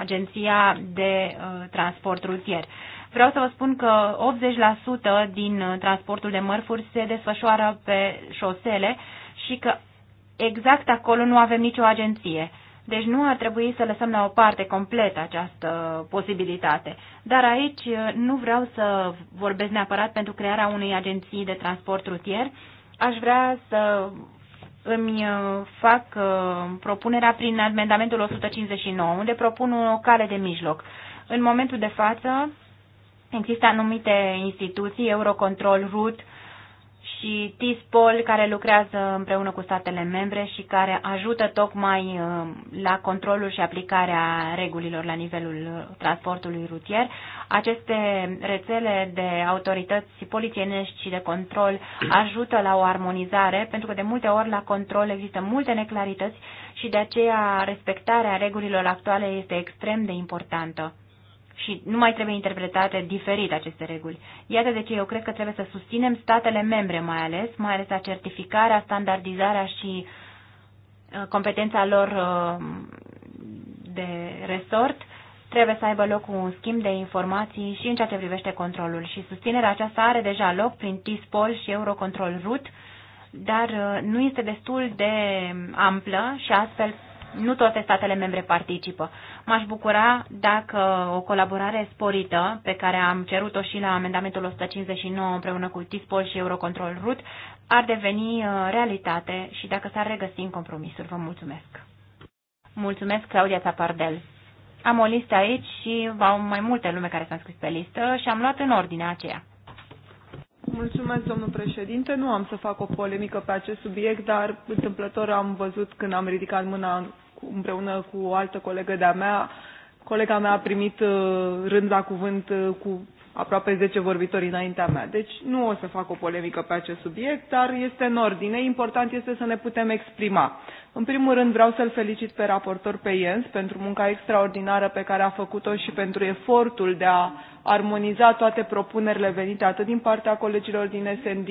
Agenția de uh, Transport Rutier. Vreau să vă spun că 80% din uh, transportul de mărfuri se desfășoară pe șosele și că exact acolo nu avem nicio agenție. Deci nu ar trebui să lăsăm la o parte complet această posibilitate. Dar aici uh, nu vreau să vorbesc neapărat pentru crearea unei agenții de transport rutier. Aș vrea să îmi uh, fac propunerea prin amendamentul 159, unde propun o cale de mijloc. În momentul de față, Există anumite instituții, Eurocontrol, RUT și TISPOL, care lucrează împreună cu statele membre și care ajută tocmai uh, la controlul și aplicarea regulilor la nivelul uh, transportului rutier. Aceste rețele de autorități polițienești și de control ajută la o armonizare, pentru că de multe ori la control există multe neclarități și de aceea respectarea regulilor actuale este extrem de importantă și nu mai trebuie interpretate diferit aceste reguli. Iată de ce eu cred că trebuie să susținem statele membre mai ales, mai ales la certificarea, standardizarea și uh, competența lor uh, de resort, trebuie să aibă loc un schimb de informații și în ceea ce privește controlul. Și susținerea aceasta are deja loc prin TISPOL și Eurocontrol RUT, dar uh, nu este destul de amplă și astfel nu toate statele membre participă. M-aș bucura dacă o colaborare sporită, pe care am cerut-o și la amendamentul 159 împreună cu TISPOL și Eurocontrol RUT, ar deveni uh, realitate și dacă s-ar regăsi în compromisuri. Vă mulțumesc! Mulțumesc, Claudia Tapardel! Am o listă aici și au mai multe lume care s au scris pe listă și am luat în ordine aceea. Mulțumesc, domnul președinte. Nu am să fac o polemică pe acest subiect, dar întâmplător am văzut când am ridicat mâna împreună cu o altă colegă de-a mea. Colega mea a primit uh, rând la cuvânt uh, cu aproape 10 vorbitori înaintea mea. Deci nu o să fac o polemică pe acest subiect, dar este în ordine. Important este să ne putem exprima. În primul rând vreau să-l felicit pe raportor pe Jens pentru munca extraordinară pe care a făcut-o și pentru efortul de a armoniza toate propunerile venite atât din partea colegilor din SND,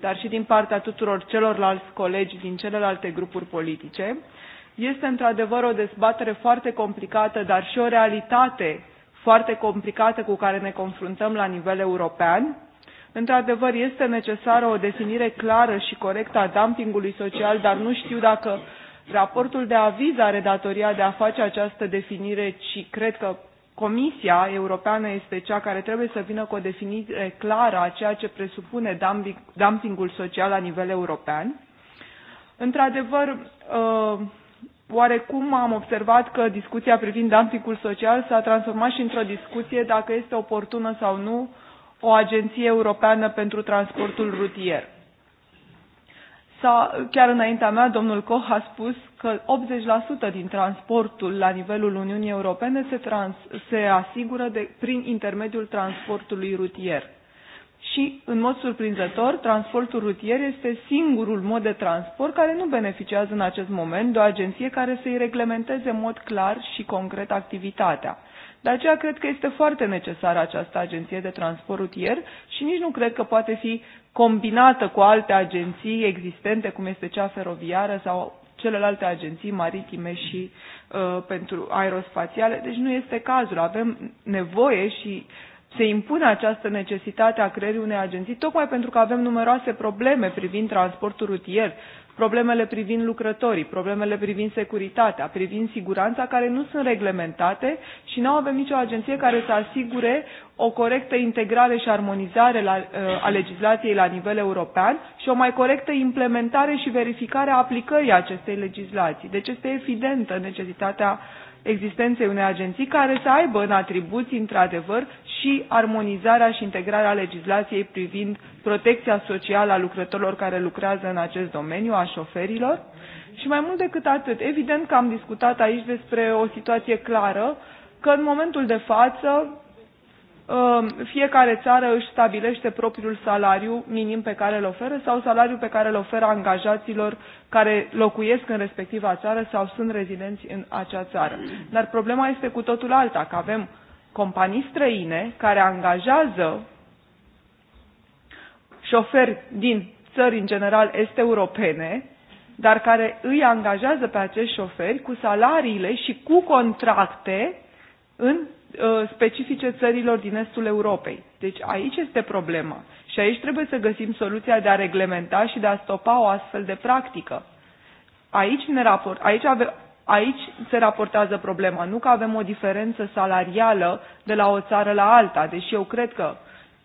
dar și din partea tuturor celorlalți colegi din celelalte grupuri politice. Este într-adevăr o dezbatere foarte complicată, dar și o realitate foarte complicată cu care ne confruntăm la nivel european. Într-adevăr, este necesară o definire clară și corectă a dumpingului social, dar nu știu dacă raportul de aviz are datoria de a face această definire, ci cred că Comisia Europeană este cea care trebuie să vină cu o definire clară a ceea ce presupune dumpingul social la nivel european. Într-adevăr, uh, Oarecum am observat că discuția privind dumpingul social s-a transformat și într-o discuție dacă este oportună sau nu o agenție europeană pentru transportul rutier. Sau, chiar înaintea mea, domnul Koch a spus că 80% din transportul la nivelul Uniunii Europene se, trans, se asigură de, prin intermediul transportului rutier și, în mod surprinzător, transportul rutier este singurul mod de transport care nu beneficiază în acest moment de o agenție care să-i reglementeze în mod clar și concret activitatea. De aceea cred că este foarte necesară această agenție de transport rutier și nici nu cred că poate fi combinată cu alte agenții existente, cum este cea feroviară sau celelalte agenții maritime și uh, pentru aerospațiale. Deci nu este cazul. Avem nevoie și uh, se impune această necesitate a creării unei agenții, tocmai pentru că avem numeroase probleme privind transportul rutier, problemele privind lucrătorii, problemele privind securitatea, privind siguranța, care nu sunt reglementate și nu avem nicio agenție care să asigure o corectă integrare și armonizare la, ă, a legislației la nivel european și o mai corectă implementare și verificare a aplicării acestei legislații. Deci este evidentă necesitatea uh, existenței unei agenții care să aibă în atribuții, într-adevăr, și armonizarea și integrarea legislației privind protecția socială a lucrătorilor care lucrează în acest domeniu, a șoferilor. Și mai mult decât atât, evident că am discutat aici despre o situație clară, că în momentul de față Um, fiecare țară își stabilește propriul salariu minim pe care îl oferă sau salariul pe care îl oferă angajaților care locuiesc în respectiva țară sau sunt rezidenți în acea țară. Dar problema este cu totul alta, că avem companii străine care angajează șoferi din țări în general este europene, dar care îi angajează pe acești șoferi cu salariile și cu contracte în Uh, specifice țărilor din estul Europei. Deci aici este problema și aici trebuie să găsim soluția de a reglementa și de a stopa o astfel de practică. Aici, ne raport, aici, ave, aici se raportează problema, nu că avem o diferență salarială de la o țară la alta, deși eu cred că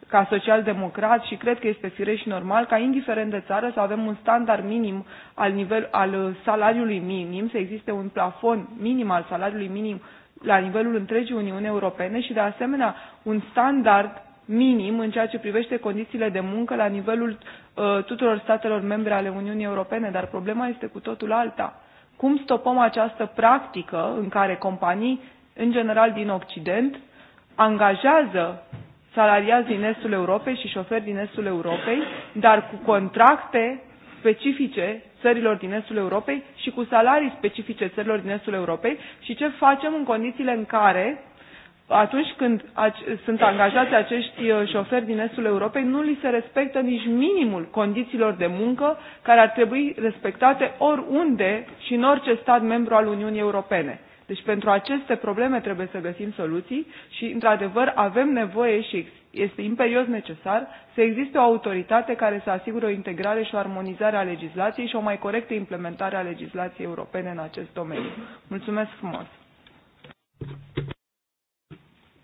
ca social-democrat și cred că este firesc și normal ca, indiferent de țară, să avem un standard minim al, nivel, al salariului minim, să existe un plafon minim al salariului minim la nivelul întregii Uniuni Europene și, de asemenea, un standard minim în ceea ce privește condițiile de muncă la nivelul uh, tuturor statelor membre ale Uniunii Europene, dar problema este cu totul alta. Cum stopăm această practică în care companii, în general din Occident, angajează salariați din estul Europei și șoferi din estul Europei, dar cu contracte specifice țărilor din estul Europei și cu salarii specifice țărilor din estul Europei și ce facem în condițiile în care atunci când sunt angajați acești uh, șoferi din estul Europei, nu li se respectă nici minimul condițiilor de muncă care ar trebui respectate oriunde și în orice stat membru al Uniunii Europene. Deci pentru aceste probleme trebuie să găsim soluții și, într-adevăr, avem nevoie și este imperios necesar să existe o autoritate care să asigure o integrare și o armonizare a legislației și o mai corectă implementare a legislației europene în acest domeniu. Mulțumesc frumos!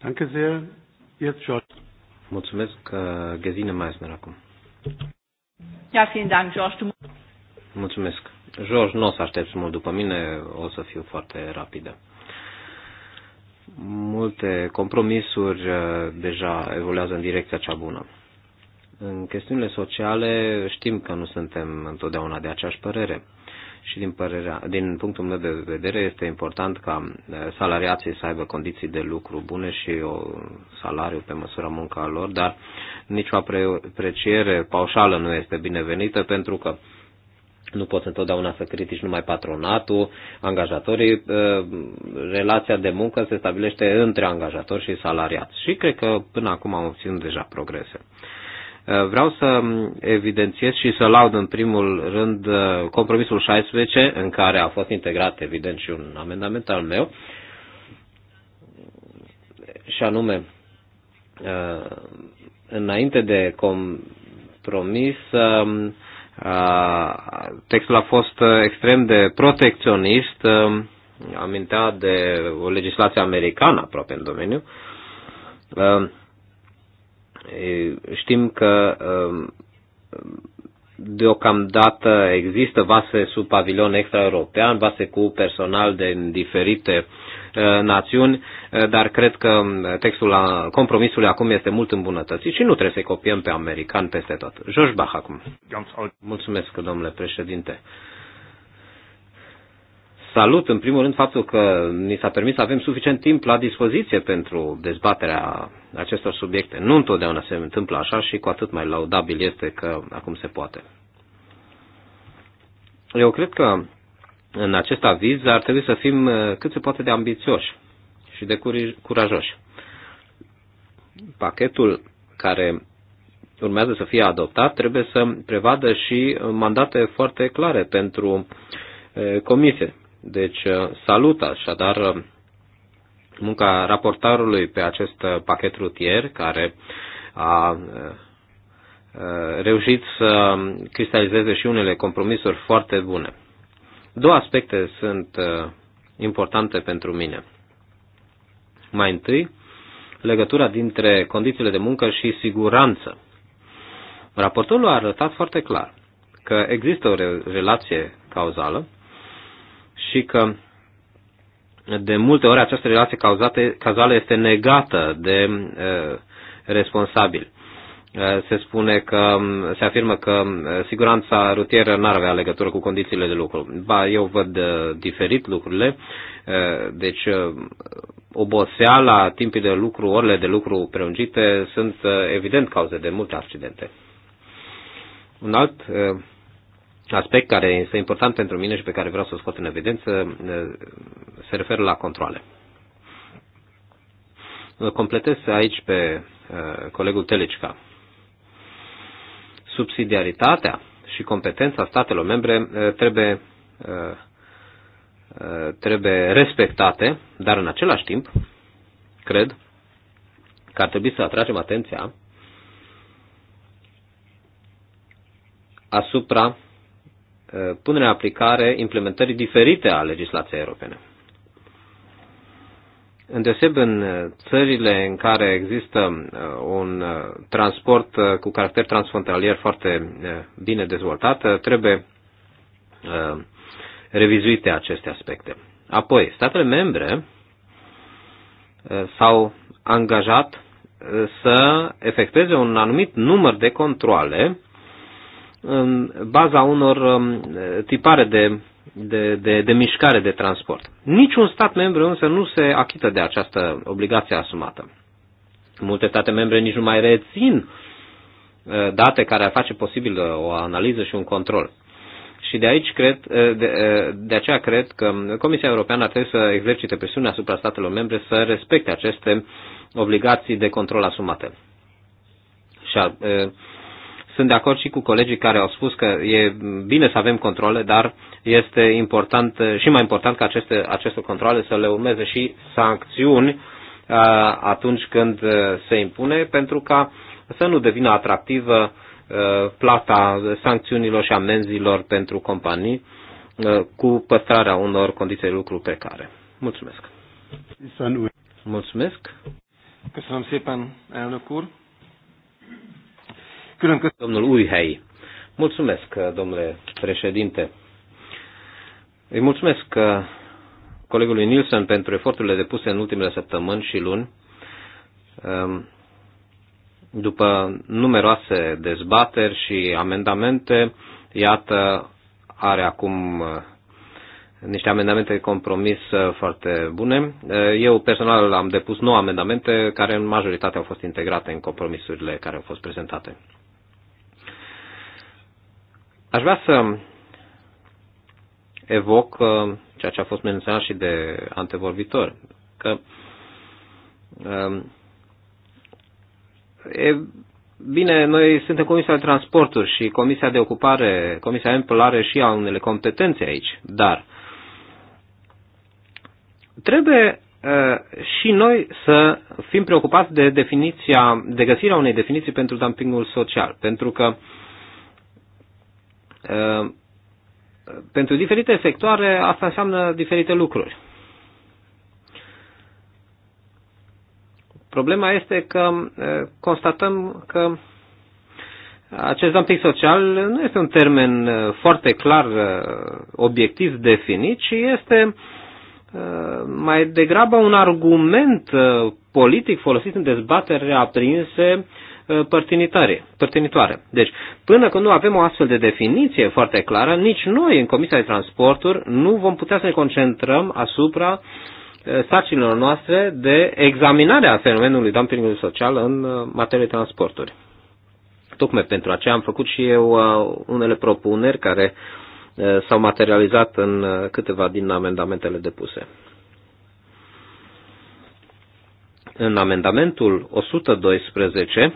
Danke sehr. Jetzt George. Mulțumesc, uh, Gesine Meisner, acum. Ja, vielen Dank, George. Mulțumesc. George, nu o să aștepți mult după mine, o să fiu foarte rapidă multe compromisuri uh, deja evoluează în direcția cea bună. În chestiunile sociale știm că nu suntem întotdeauna de aceeași părere și din, părerea, din punctul meu de vedere este important ca uh, salariații să aibă condiții de lucru bune și o salariu pe măsura munca lor, dar nicio apreciere paușală nu este binevenită pentru că uh, nu poți întotdeauna să critici numai patronatul, angajatorii, uh, relația de muncă se stabilește între angajator și salariat. Și cred că până acum am obținut deja progrese. Uh, vreau să evidențiez și să laud în primul rând uh, compromisul 16, în care a fost integrat evident și un amendament al meu, și anume, înainte de compromis, um, Uh, textul a fost uh, extrem de protecționist, um, amintea de o legislație americană aproape în domeniu. Um, știm că um, deocamdată există vase sub pavilion extraeuropean, vase cu personal din diferite Uh, națiuni, uh, dar cred că uh, textul la compromisului acum este mult îmbunătățit și nu trebuie să-i copiem pe american peste tot. George Bach acum. Mulțumesc, domnule președinte. Salut, în primul rând, faptul că ni s-a permis să avem suficient timp la dispoziție pentru dezbaterea acestor subiecte. Nu întotdeauna se întâmplă așa și cu atât mai laudabil este că acum se poate. Eu cred că în acest aviz ar trebui să fim uh, cât se poate de ambițioși și de curajoși. Pachetul care urmează să fie adoptat trebuie să prevadă și mandate foarte clare pentru uh, comisie. Deci uh, salut așadar munca raportarului pe acest pachet rutier care a reușit să cristalizeze și unele compromisuri foarte bune. Două aspecte sunt uh, importante pentru mine. Mai întâi, legătura dintre condițiile de muncă și siguranță. Raportul a arătat foarte clar că există o relație cauzală și că de multe ori această relație cauzală este negată de uh, responsabil. Eh, se spune că, mm, se afirmă că mm, siguranța rutieră nu avea legătură cu condițiile de lucru. Ba, eu văd eh, diferit lucrurile, eh, deci oboseala, timpii de lucru, orele de lucru prelungite sunt evident cauze de multe accidente. Un alt aspect care este important pentru mine și pe care vreau să o scot în evidență se referă la controle. Completez aici pe colegul Telecica subsidiaritatea și competența statelor membre eh, trebuie, eh, eh, trebuie respectate, dar în același timp, cred că ar trebui să atragem atenția asupra punerea aplicare implementării diferite a legislației europene. Îndeseb în uh, țările în care există uh, un uh, transport cu caracter transfrontalier foarte bine dezvoltat, trebuie revizuite aceste aspecte. Apoi, statele membre s-au angajat să efectueze un anumit număr de controle în baza unor um, tipare de de, de, de mișcare de transport. Niciun stat membru însă nu se achită de această obligație asumată. Multe state membre nici nu mai rețin uh, date care ar face posibil uh, o analiză și un control. Și de aici cred, uh, de, de aceea cred că Comisia Europeană ar trebui să exercite presiunea asupra statelor membre să respecte aceste obligații de control asumate. Și a, e, sunt de acord și cu colegii care au spus că e bine să avem controle, dar este important și mai important ca aceste, aceste controle să le urmeze și sancțiuni uh, atunci când uh, se impune, pentru ca să nu devină atractivă uh, plata sancțiunilor și amenzilor pentru companii cu păstrarea unor condiții de lucru precare. Mulțumesc! Mulțumesc! Köszönöm szépen, elnök úr! Domnul Uihei. Mulțumesc, domnule președinte. Îi mulțumesc uh, colegului Nilsson pentru eforturile depuse în ultimele săptămâni și luni. Um, după numeroase dezbateri și amendamente, iată, are acum uh, niște amendamente de compromis uh, foarte bune. Eu personal am depus 9 amendamente care în majoritate au fost integrate în compromisurile care au fost prezentate. Aș vrea să evoc uh, ceea ce a fost menționat și de antevorbitor, că um, e, bine, noi suntem Comisia de Transporturi și Comisia de Ocupare, Comisia Ample are și a unele competențe aici, dar trebuie uh, și noi să fim preocupați de definiția, de găsirea unei definiții pentru dumpingul social, pentru că uh, pentru diferite sectoare asta înseamnă diferite lucruri. Problema este că constatăm că acest dumping social nu este un termen foarte clar obiectiv definit, ci este mai degrabă un argument politic folosit în dezbateri aprinse Uh, părtinitoare. Deci, până când nu avem o astfel de definiție foarte clară, nici noi în Comisia de Transporturi nu vom putea să ne concentrăm asupra uh, sarcinilor noastre de examinare a fenomenului dumpingului social în uh, materie de transporturi. Tocmai pentru aceea am făcut și eu unele propuneri care s-au materializat în câteva din amendamentele depuse. În amendamentul 112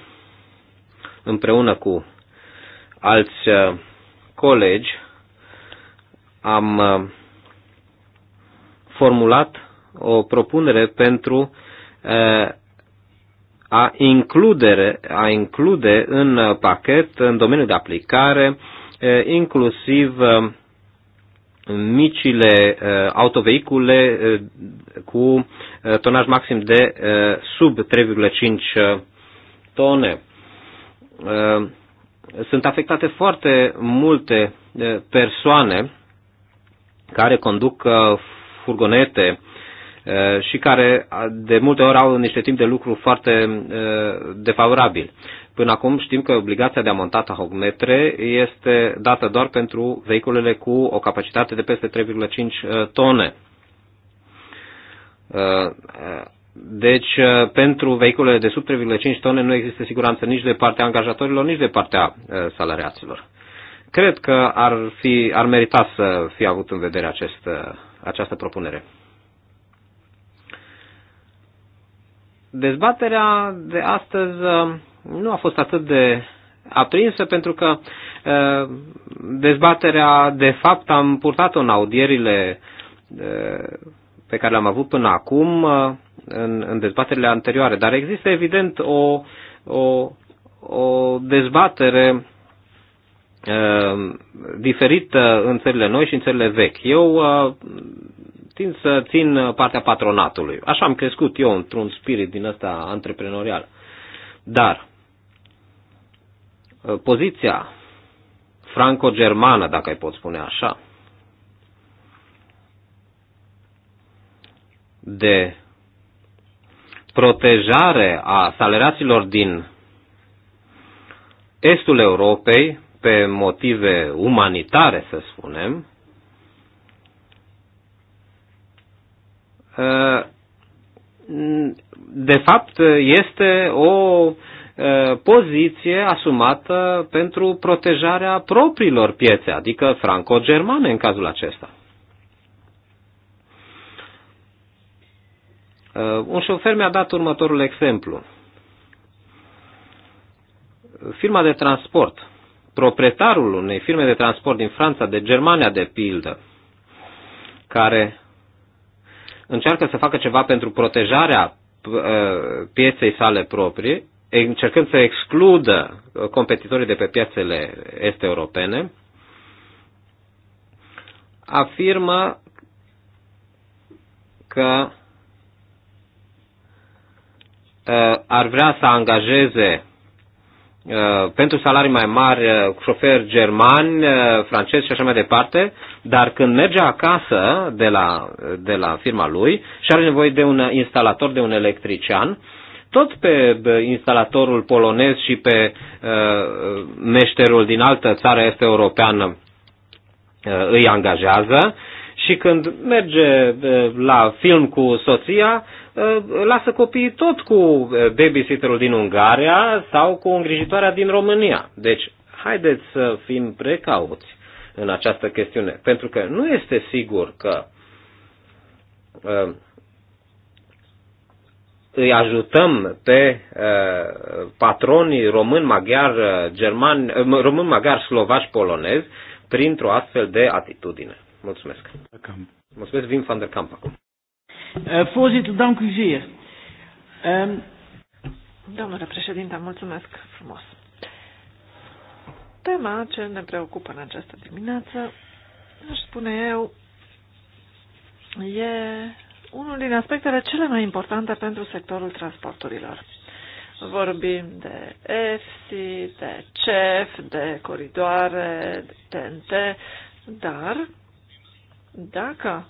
împreună cu alți uh, colegi am uh, formulat o propunere pentru uh, a, includere, a include în pachet, în domeniul de aplicare, inclusiv micile autovehicule cu tonaj maxim de sub 3,5 tone. Uh, sunt afectate foarte multe uh, persoane care conduc uh, furgonete și care de multe ori au niște timp de lucru foarte defavorabil. Până acum știm că obligația de a monta tahometre este dată doar pentru vehiculele cu o capacitate de peste 3,5 tone deci, uh, pentru vehiculele de sub 3,5 tone nu există siguranță nici de partea angajatorilor, nici de partea uh, salariaților. Cred că ar, fi, ar merita să fie avut în vedere acest, uh, această propunere. Dezbaterea de astăzi nu a fost atât de aprinsă pentru că dezbaterea, de fapt, am purtat-o în audierile pe care le-am avut până acum uh, în, în dezbaterile anterioare. Dar există evident o, o, o dezbatere uh, diferită în țările noi și în țările vechi. Eu uh, tind să țin partea patronatului. Așa am crescut eu într-un spirit din ăsta antreprenorial. Dar poziția franco-germană, dacă îi pot spune așa, de protejare a salariaților din estul Europei pe motive umanitare, să spunem, ă, de fapt este o ă, poziție asumată pentru protejarea propriilor piețe, adică franco-germane în cazul acesta. Uh, un șofer mi-a dat următorul exemplu. Firma de transport, proprietarul unei firme de transport din Franța, de Germania de pildă, care încearcă să facă ceva pentru protejarea uh, pieței sale proprii, încercând să excludă uh, competitorii de pe piațele este europene, afirmă că Uh, ar vrea să angajeze uh, pentru salarii mai mari uh, șoferi germani, francezi și așa mai departe, dar când merge acasă de la, de la firma lui și are nevoie de un instalator, de un electrician, tot pe instalatorul polonez și pe meșterul din altă țară este europeană îi angajează și când merge la film cu soția, Uh, lasă copiii tot cu uh, babysitterul din Ungaria sau cu îngrijitoarea din România. Deci, haideți să fim precauți în această chestiune, pentru că nu este sigur că uh, îi ajutăm pe patronii român, maghiar, german, român, maghiar, slovaci, polonezi printr-o astfel de atitudine. Mulțumesc. Mulțumesc, Vin van der Kamp acum. Uh, voorzitter, dank u zeer. Um... Domnule președinte, mulțumesc frumos. Tema ce ne preocupă în această dimineață, aș spune eu, e unul din aspectele cele mai importante pentru sectorul transporturilor. Vorbim de EFSI, de CEF, de coridoare, de TNT, dar dacă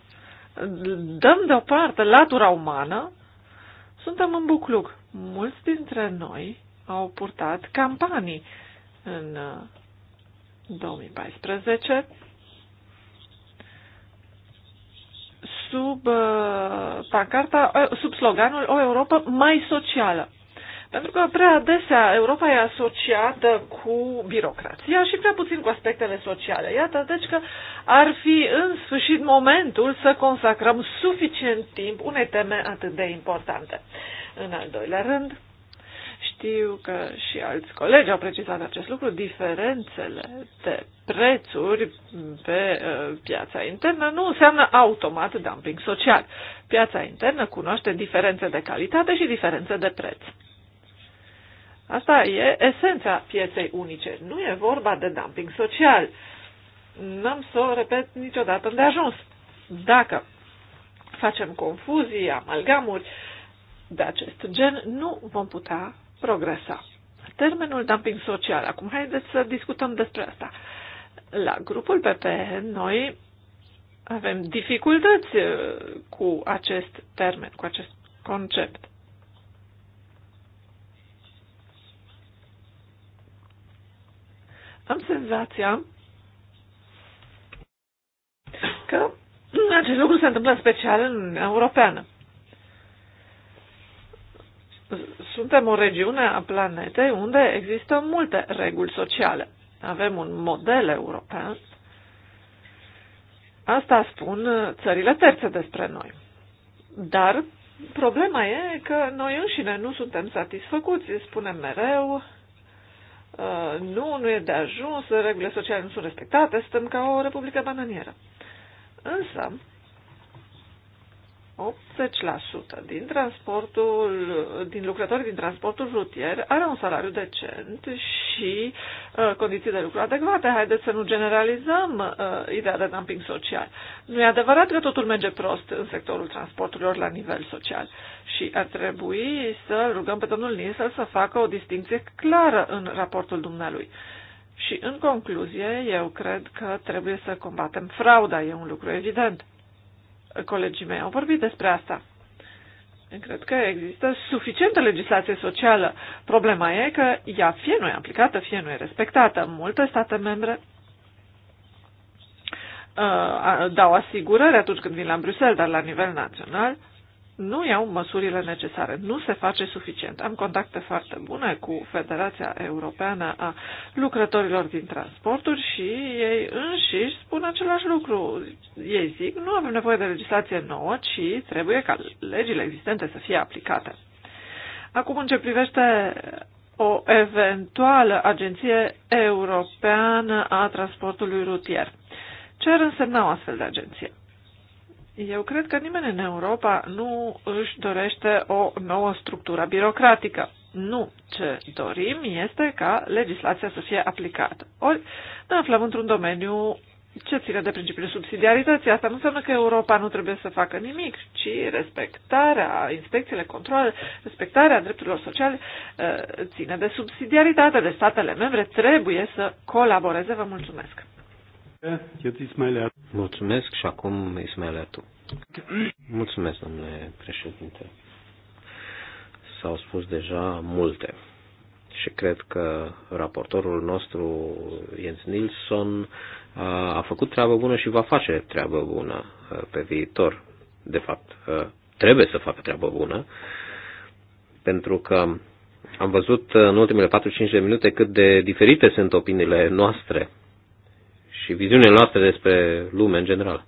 dăm deoparte latura umană, suntem în bucluc. Mulți dintre noi au purtat campanii în 2014 uh, sub uh, pancarta, uh, sub sloganul O Europa mai socială. Pentru că prea adesea Europa e asociată cu birocrația și prea puțin cu aspectele sociale. Iată, deci că ar fi în sfârșit momentul să consacrăm suficient timp unei teme atât de importante. În al doilea rând, știu că și alți colegi au precizat acest lucru, diferențele de prețuri pe uh, piața internă nu înseamnă automat dumping social. Piața internă cunoaște diferențe de calitate și diferențe de preț. Asta e esența pieței unice. Nu e vorba de dumping social. N-am să o repet niciodată de ajuns. Dacă facem confuzii, amalgamuri de acest gen, nu vom putea progresa. Termenul dumping social. Acum haideți să discutăm despre asta. La grupul PP noi avem dificultăți uh, cu acest termen, cu acest concept. Am senzația că acest lucru s a întâmplat special în Uniunea Europeană. Suntem o regiune a planetei unde există multe reguli sociale. Avem un model european. Asta spun țările terțe despre noi. Dar problema e că noi înșine nu suntem satisfăcuți. Spunem mereu nu, nu e de ajuns, regulile sociale nu sunt respectate, suntem ca o republică bananieră. Însă, 80% din transportul, din lucrătorii din transportul rutier are un salariu decent și uh, condiții de lucru adecvate. Haideți să nu generalizăm uh, ideea de dumping social. Nu e adevărat că totul merge prost în sectorul transporturilor la nivel social și ar trebui să rugăm pe domnul Nisel să facă o distinție clară în raportul dumnealui. Și în concluzie, eu cred că trebuie să combatem frauda, e un lucru evident colegii mei au vorbit despre asta. Cred că există suficientă legislație socială. Problema e că ea fie nu e aplicată, fie nu e respectată. Multe state membre uh, dau asigurări atunci când vin la Bruxelles, dar la nivel național nu iau măsurile necesare, nu se face suficient. Am contacte foarte bune cu Federația Europeană a Lucrătorilor din Transporturi și ei înșiși spun același lucru. Ei zic, nu avem nevoie de legislație nouă, ci trebuie ca legile existente să fie aplicate. Acum, în ce privește o eventuală agenție europeană a transportului rutier. Ce ar însemna o astfel de agenție? Eu cred că nimeni în Europa nu își dorește o nouă structură birocratică. Nu. Ce dorim este ca legislația să fie aplicată. Ori ne aflăm într-un domeniu ce ține de principiul subsidiarității. Asta nu înseamnă că Europa nu trebuie să facă nimic, ci respectarea, inspecțiile, controle, respectarea drepturilor sociale eh, ține de subsidiaritate, de statele membre trebuie să colaboreze. Vă mulțumesc! Mulțumesc și acum Ismail Ertu. Mulțumesc, domnule președinte. S-au spus deja multe și cred că raportorul nostru, Jens Nilsson, a făcut treabă bună și va face treabă bună pe viitor. De fapt, trebuie să facă treabă bună, pentru că am văzut în ultimele 45 de minute cât de diferite sunt opiniile noastre și viziunile noastre despre lume în general.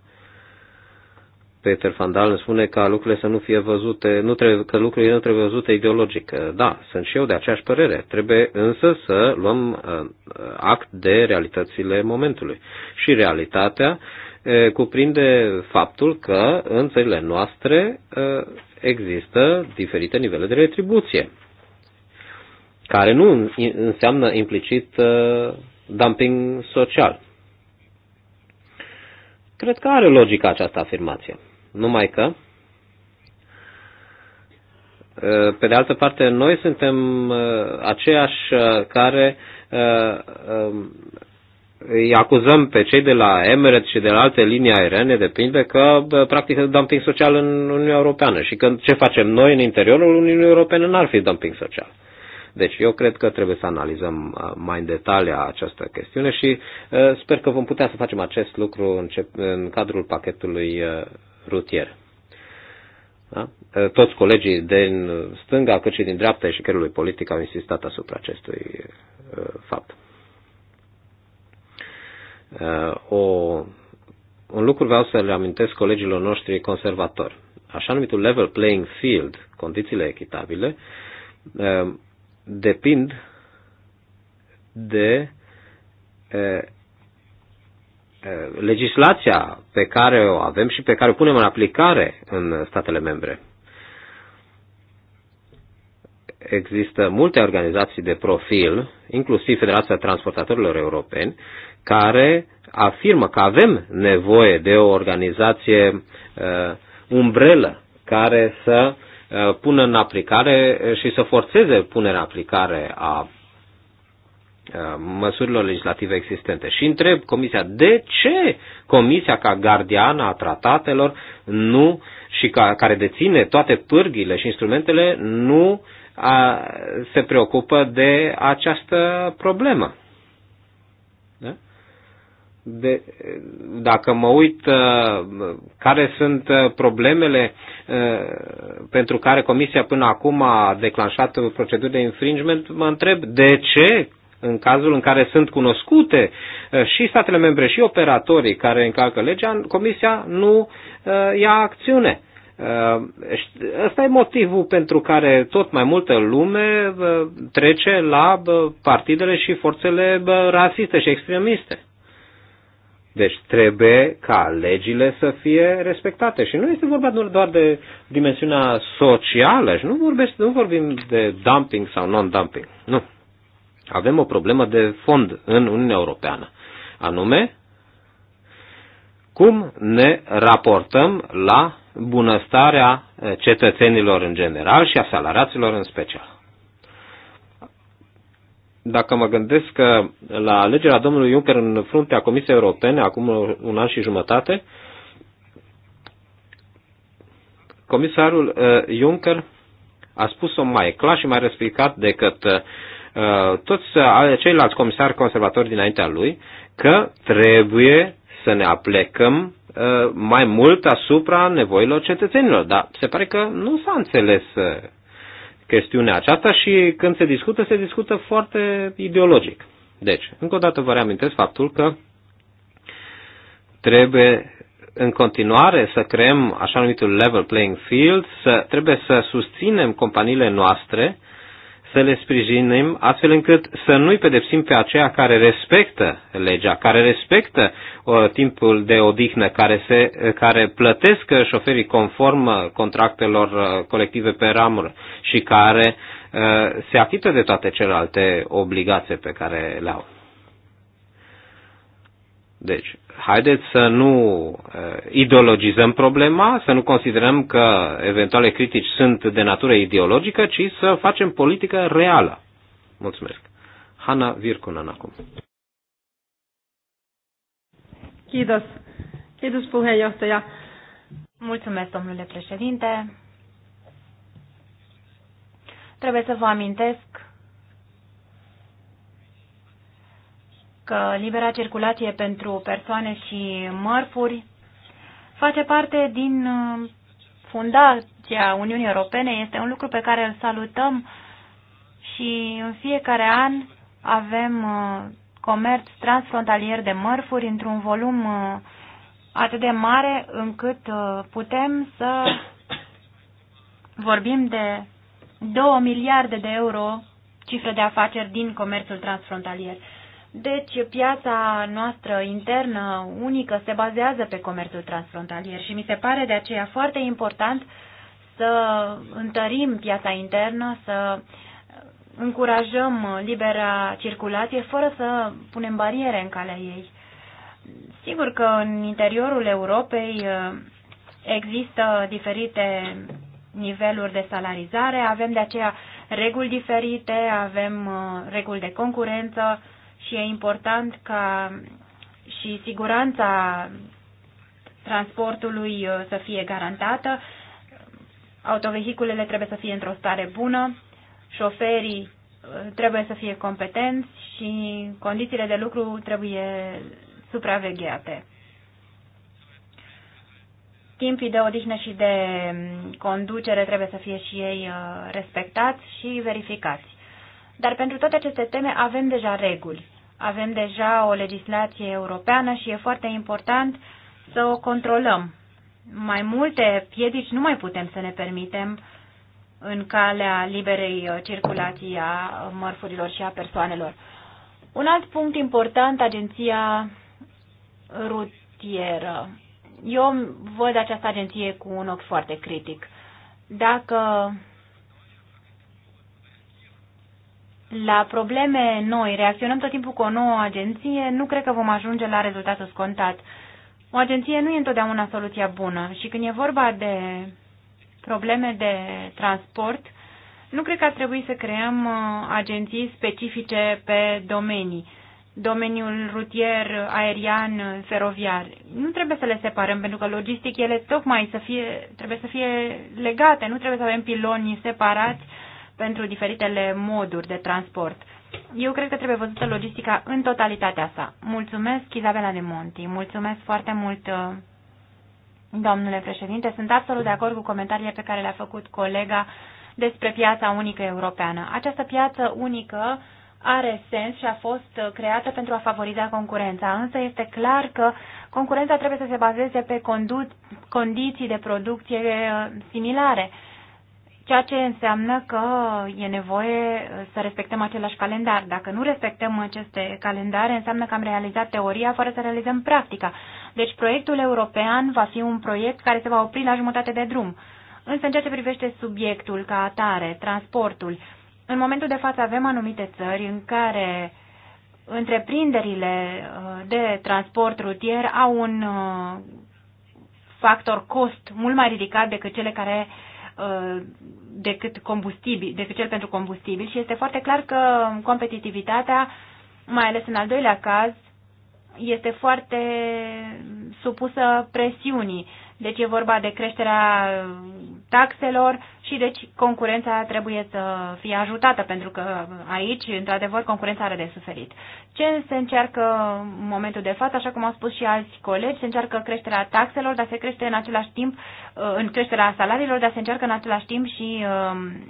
Peter Van Dalen spune că lucrurile să nu fie văzute, nu trebuie, că lucrurile nu trebuie văzute ideologic. Da, sunt și eu de aceeași părere. Trebuie însă să luăm uh, act de realitățile momentului. Și realitatea cuprinde faptul că în țările noastre există diferite nivele de retribuție, care nu înseamnă implicit uh, dumping social. Cred că are logică această afirmație. Numai că, pe de altă parte, noi suntem aceiași care îi acuzăm pe cei de la Emirates și de la alte linii aeriene, depinde că practică dumping social în Uniunea Europeană și când ce facem noi în interiorul Uniunii Europene n-ar fi dumping social. Deci eu cred că trebuie să analizăm uh, mai în detaliu această chestiune și uh, sper că vom putea să facem acest lucru în cadrul pachetului uh, rutier. Da? Toți colegii din stânga, cât și din dreapta și eșicherului politic au insistat asupra acestui fapt. O, un lucru vreau să le amintesc colegilor noștri conservatori. Așa numitul level playing field, condițiile echitabile, depind de legislația pe care o avem și pe care o punem în aplicare în statele membre. Există multe organizații de profil, inclusiv Federația Transportatorilor Europeni, care afirmă că avem nevoie de o organizație uh, umbrelă care să Uh, pună în aplicare uh, și să forțeze punerea în aplicare a uh, măsurilor legislative existente. Și întreb Comisia, de ce Comisia ca gardiană a tratatelor nu și ca, care deține toate pârghile și instrumentele nu a, se preocupă de această problemă? de, dacă mă uit uh, care sunt uh, problemele uh, pentru care Comisia până acum a declanșat proceduri de infringement, mă întreb de ce, în cazul în care sunt cunoscute uh, și statele membre și operatorii care încalcă legea, Comisia nu uh, ia acțiune. Uh, ăsta e motivul pentru care tot mai multă lume trece la partidele și forțele rasiste și extremiste. Deci trebuie ca legile să fie respectate. Și nu este vorba doar de dimensiunea socială și nu, vorbesc, nu vorbim de dumping sau non-dumping. Nu. Avem o problemă de fond în Uniunea Europeană. Anume, cum ne raportăm la bunăstarea cetățenilor în general și a salariaților în special dacă mă gândesc că la alegerea domnului Juncker în fruntea Comisiei Europene, acum un an și jumătate, comisarul uh, Juncker a spus-o mai clar și mai respicat decât uh, toți uh, ceilalți comisari conservatori dinaintea lui, că trebuie să ne aplecăm mai mult asupra nevoilor cetățenilor. Dar se pare că nu s-a înțeles chestiunea aceasta și când se discută, se discută foarte ideologic. Deci, încă o dată vă reamintesc faptul că trebuie în continuare să creăm așa numitul level playing field, să, trebuie să susținem companiile noastre să le sprijinim astfel încât să nu-i pedepsim pe aceia care respectă legea, care respectă uh, timpul de odihnă, care, se, uh, care plătesc uh, șoferii conform uh, contractelor uh, colective pe ramură și care uh, se achită de toate celelalte obligații pe care le au. Deci, haideți să nu uh, ideologizăm problema, să nu considerăm că eventuale critici sunt de natură ideologică, ci să facem politică reală. Mulțumesc. Hanna Virkunen acum. Kiitos. Kiitos puheenjohtaja. Mulțumesc, domnule președinte. Trebuie să vă amintesc că libera circulație pentru persoane și mărfuri face parte din uh, fundația Uniunii Europene. Este un lucru pe care îl salutăm și în fiecare an avem uh, comerț transfrontalier de mărfuri într-un volum uh, atât de mare încât putem să vorbim de 2 miliarde de euro cifră de afaceri din comerțul transfrontalier. Deci piața noastră internă unică se bazează pe comerțul transfrontalier și mi se pare de aceea foarte important să întărim piața internă, să încurajăm libera circulație fără să punem bariere în calea ei. Sigur că în interiorul Europei uh, există diferite niveluri de salarizare, avem de aceea reguli diferite, avem uh, reguli de concurență, și e important ca și siguranța transportului uh, să fie garantată. Autovehiculele trebuie să fie într-o stare bună, șoferii uh, trebuie să fie competenți și condițiile de lucru trebuie supravegheate. Timpii de odihnă și de mm, conducere trebuie să fie și ei uh, respectați și verificați. Dar pentru toate aceste teme avem deja reguli. Avem deja o legislație europeană și e foarte important să o controlăm. Mai multe piedici nu mai putem să ne permitem în calea liberei circulații a mărfurilor și a persoanelor. Un alt punct important, agenția rutieră. Eu văd această agenție cu un ochi foarte critic. Dacă la probleme noi, reacționăm tot timpul cu o nouă agenție, nu cred că vom ajunge la rezultatul scontat. O agenție nu e întotdeauna soluția bună și când e vorba de probleme de transport, nu cred că ar trebui să creăm uh, agenții specifice pe domenii, domeniul rutier, aerian, feroviar. Nu trebuie să le separăm, pentru că logistic ele tocmai să fie, trebuie să fie legate, nu trebuie să avem piloni separați pentru diferitele moduri de transport. Eu cred că trebuie văzută logistica în totalitatea sa. Mulțumesc, Isabela de Monti. Mulțumesc foarte mult, uh, domnule președinte. Sunt absolut de acord cu comentariile pe care le-a făcut colega despre piața unică europeană. Această piață unică are sens și a fost creată pentru a favoriza concurența, însă este clar că concurența trebuie să se bazeze pe condiții de producție uh, similare. Ceea ce înseamnă că e nevoie să respectăm același calendar. Dacă nu respectăm aceste calendare, înseamnă că am realizat teoria fără să realizăm practica. Deci proiectul european va fi un proiect care se va opri la jumătate de drum. Însă în ceea ce privește subiectul ca atare, transportul, în momentul de față avem anumite țări în care întreprinderile uh, de transport rutier au un uh, factor cost mult mai ridicat decât cele care uh, Uh, decât, combustibil, decât cel pentru combustibil și este foarte clar că competitivitatea, mai ales în al doilea caz, este foarte supusă presiunii deci e vorba de creșterea taxelor și deci concurența trebuie să fie ajutată pentru că aici, într-adevăr, concurența are de suferit. Ce se încearcă în momentul de față, așa cum au spus și alți colegi, se încearcă creșterea taxelor, dar se crește în același timp, în creșterea salariilor, dar se încearcă în același timp și um,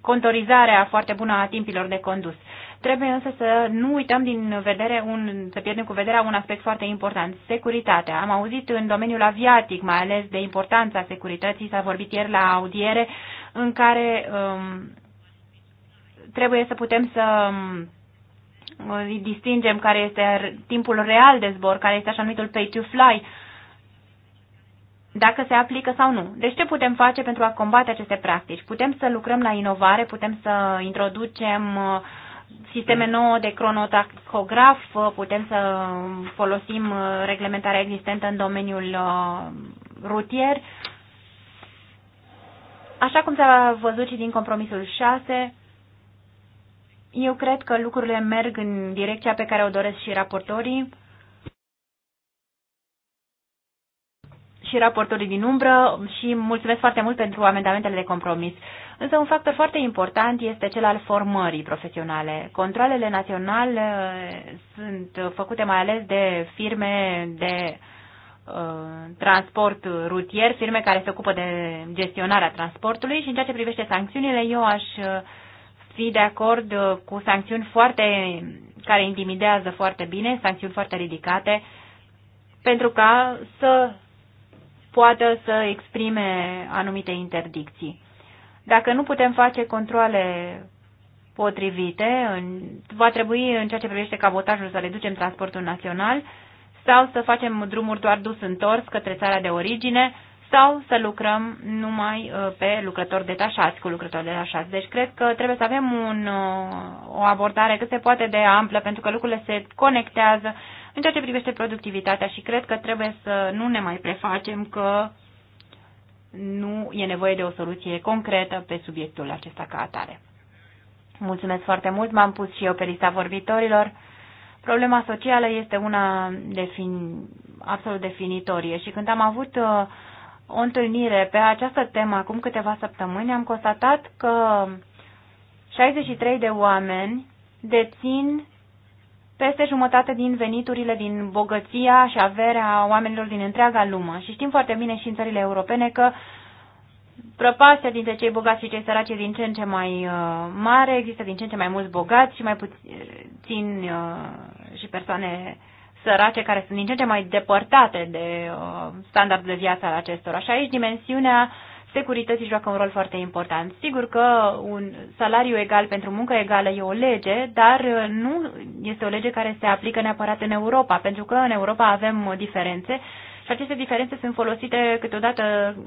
contorizarea foarte bună a timpilor de condus. Trebuie însă să nu uităm din vedere un, să pierdem cu vederea un aspect foarte important, securitatea. Am auzit în domeniul aviatic, mai ales de importanța securității, s-a vorbit ieri la audiere, în care um, trebuie să putem să um, distingem care este timpul real de zbor, care este așa numitul pay to fly, dacă se aplică sau nu. Deci ce putem face pentru a combate aceste practici? Putem să lucrăm la inovare, putem să introducem uh, sisteme nouă de cronotacograf, uh, putem să folosim uh, reglementarea existentă în domeniul uh, rutier. Așa cum s-a văzut și din compromisul 6, eu cred că lucrurile merg în direcția pe care o doresc și raportorii și raportorii din umbră și mulțumesc foarte mult pentru amendamentele de compromis. Însă un factor foarte important este cel al formării profesionale. Controlele naționale eh, sunt făcute mai ales de firme de eh, transport rutier, firme care se ocupă de gestionarea transportului și în ceea ce privește sancțiunile, eu aș eh, fi de acord cu sancțiuni foarte, care intimidează foarte bine, sancțiuni foarte ridicate, pentru ca să poată să exprime anumite interdicții. Dacă nu putem face controle potrivite, în, va trebui în ceea ce privește cabotajul să reducem transportul național sau să facem drumuri doar dus întors către țara de origine sau să lucrăm numai uh, pe lucrători detașați, cu lucrători detașați. Deci cred că trebuie să avem un, uh, o abordare cât se poate de amplă, pentru că lucrurile se conectează în ceea ce privește productivitatea și cred că trebuie să nu ne mai prefacem că nu e nevoie de o soluție concretă pe subiectul acesta ca atare. Mulțumesc foarte mult, m-am pus și eu pe lista vorbitorilor. Problema socială este una defin, absolut definitorie și când am avut uh, o întâlnire pe această temă acum câteva săptămâni, am constatat că 63 de oameni dețin peste jumătate din veniturile, din bogăția și averea oamenilor din întreaga lume. Și știm foarte bine și în țările europene că prăpastia dintre cei bogați și cei săraci e din ce în ce mai uh, mare, există din ce în ce mai mulți bogați și mai puțin uh, și persoane sărace care sunt din ce în ce mai depărtate de uh, standardul de viață al acestora. Și aici dimensiunea uh, securității joacă un rol foarte important. Sigur că un salariu egal pentru muncă egală e o lege, dar uh, nu este o lege care se aplică neapărat în Europa, pentru că în Europa avem diferențe și aceste diferențe sunt folosite câteodată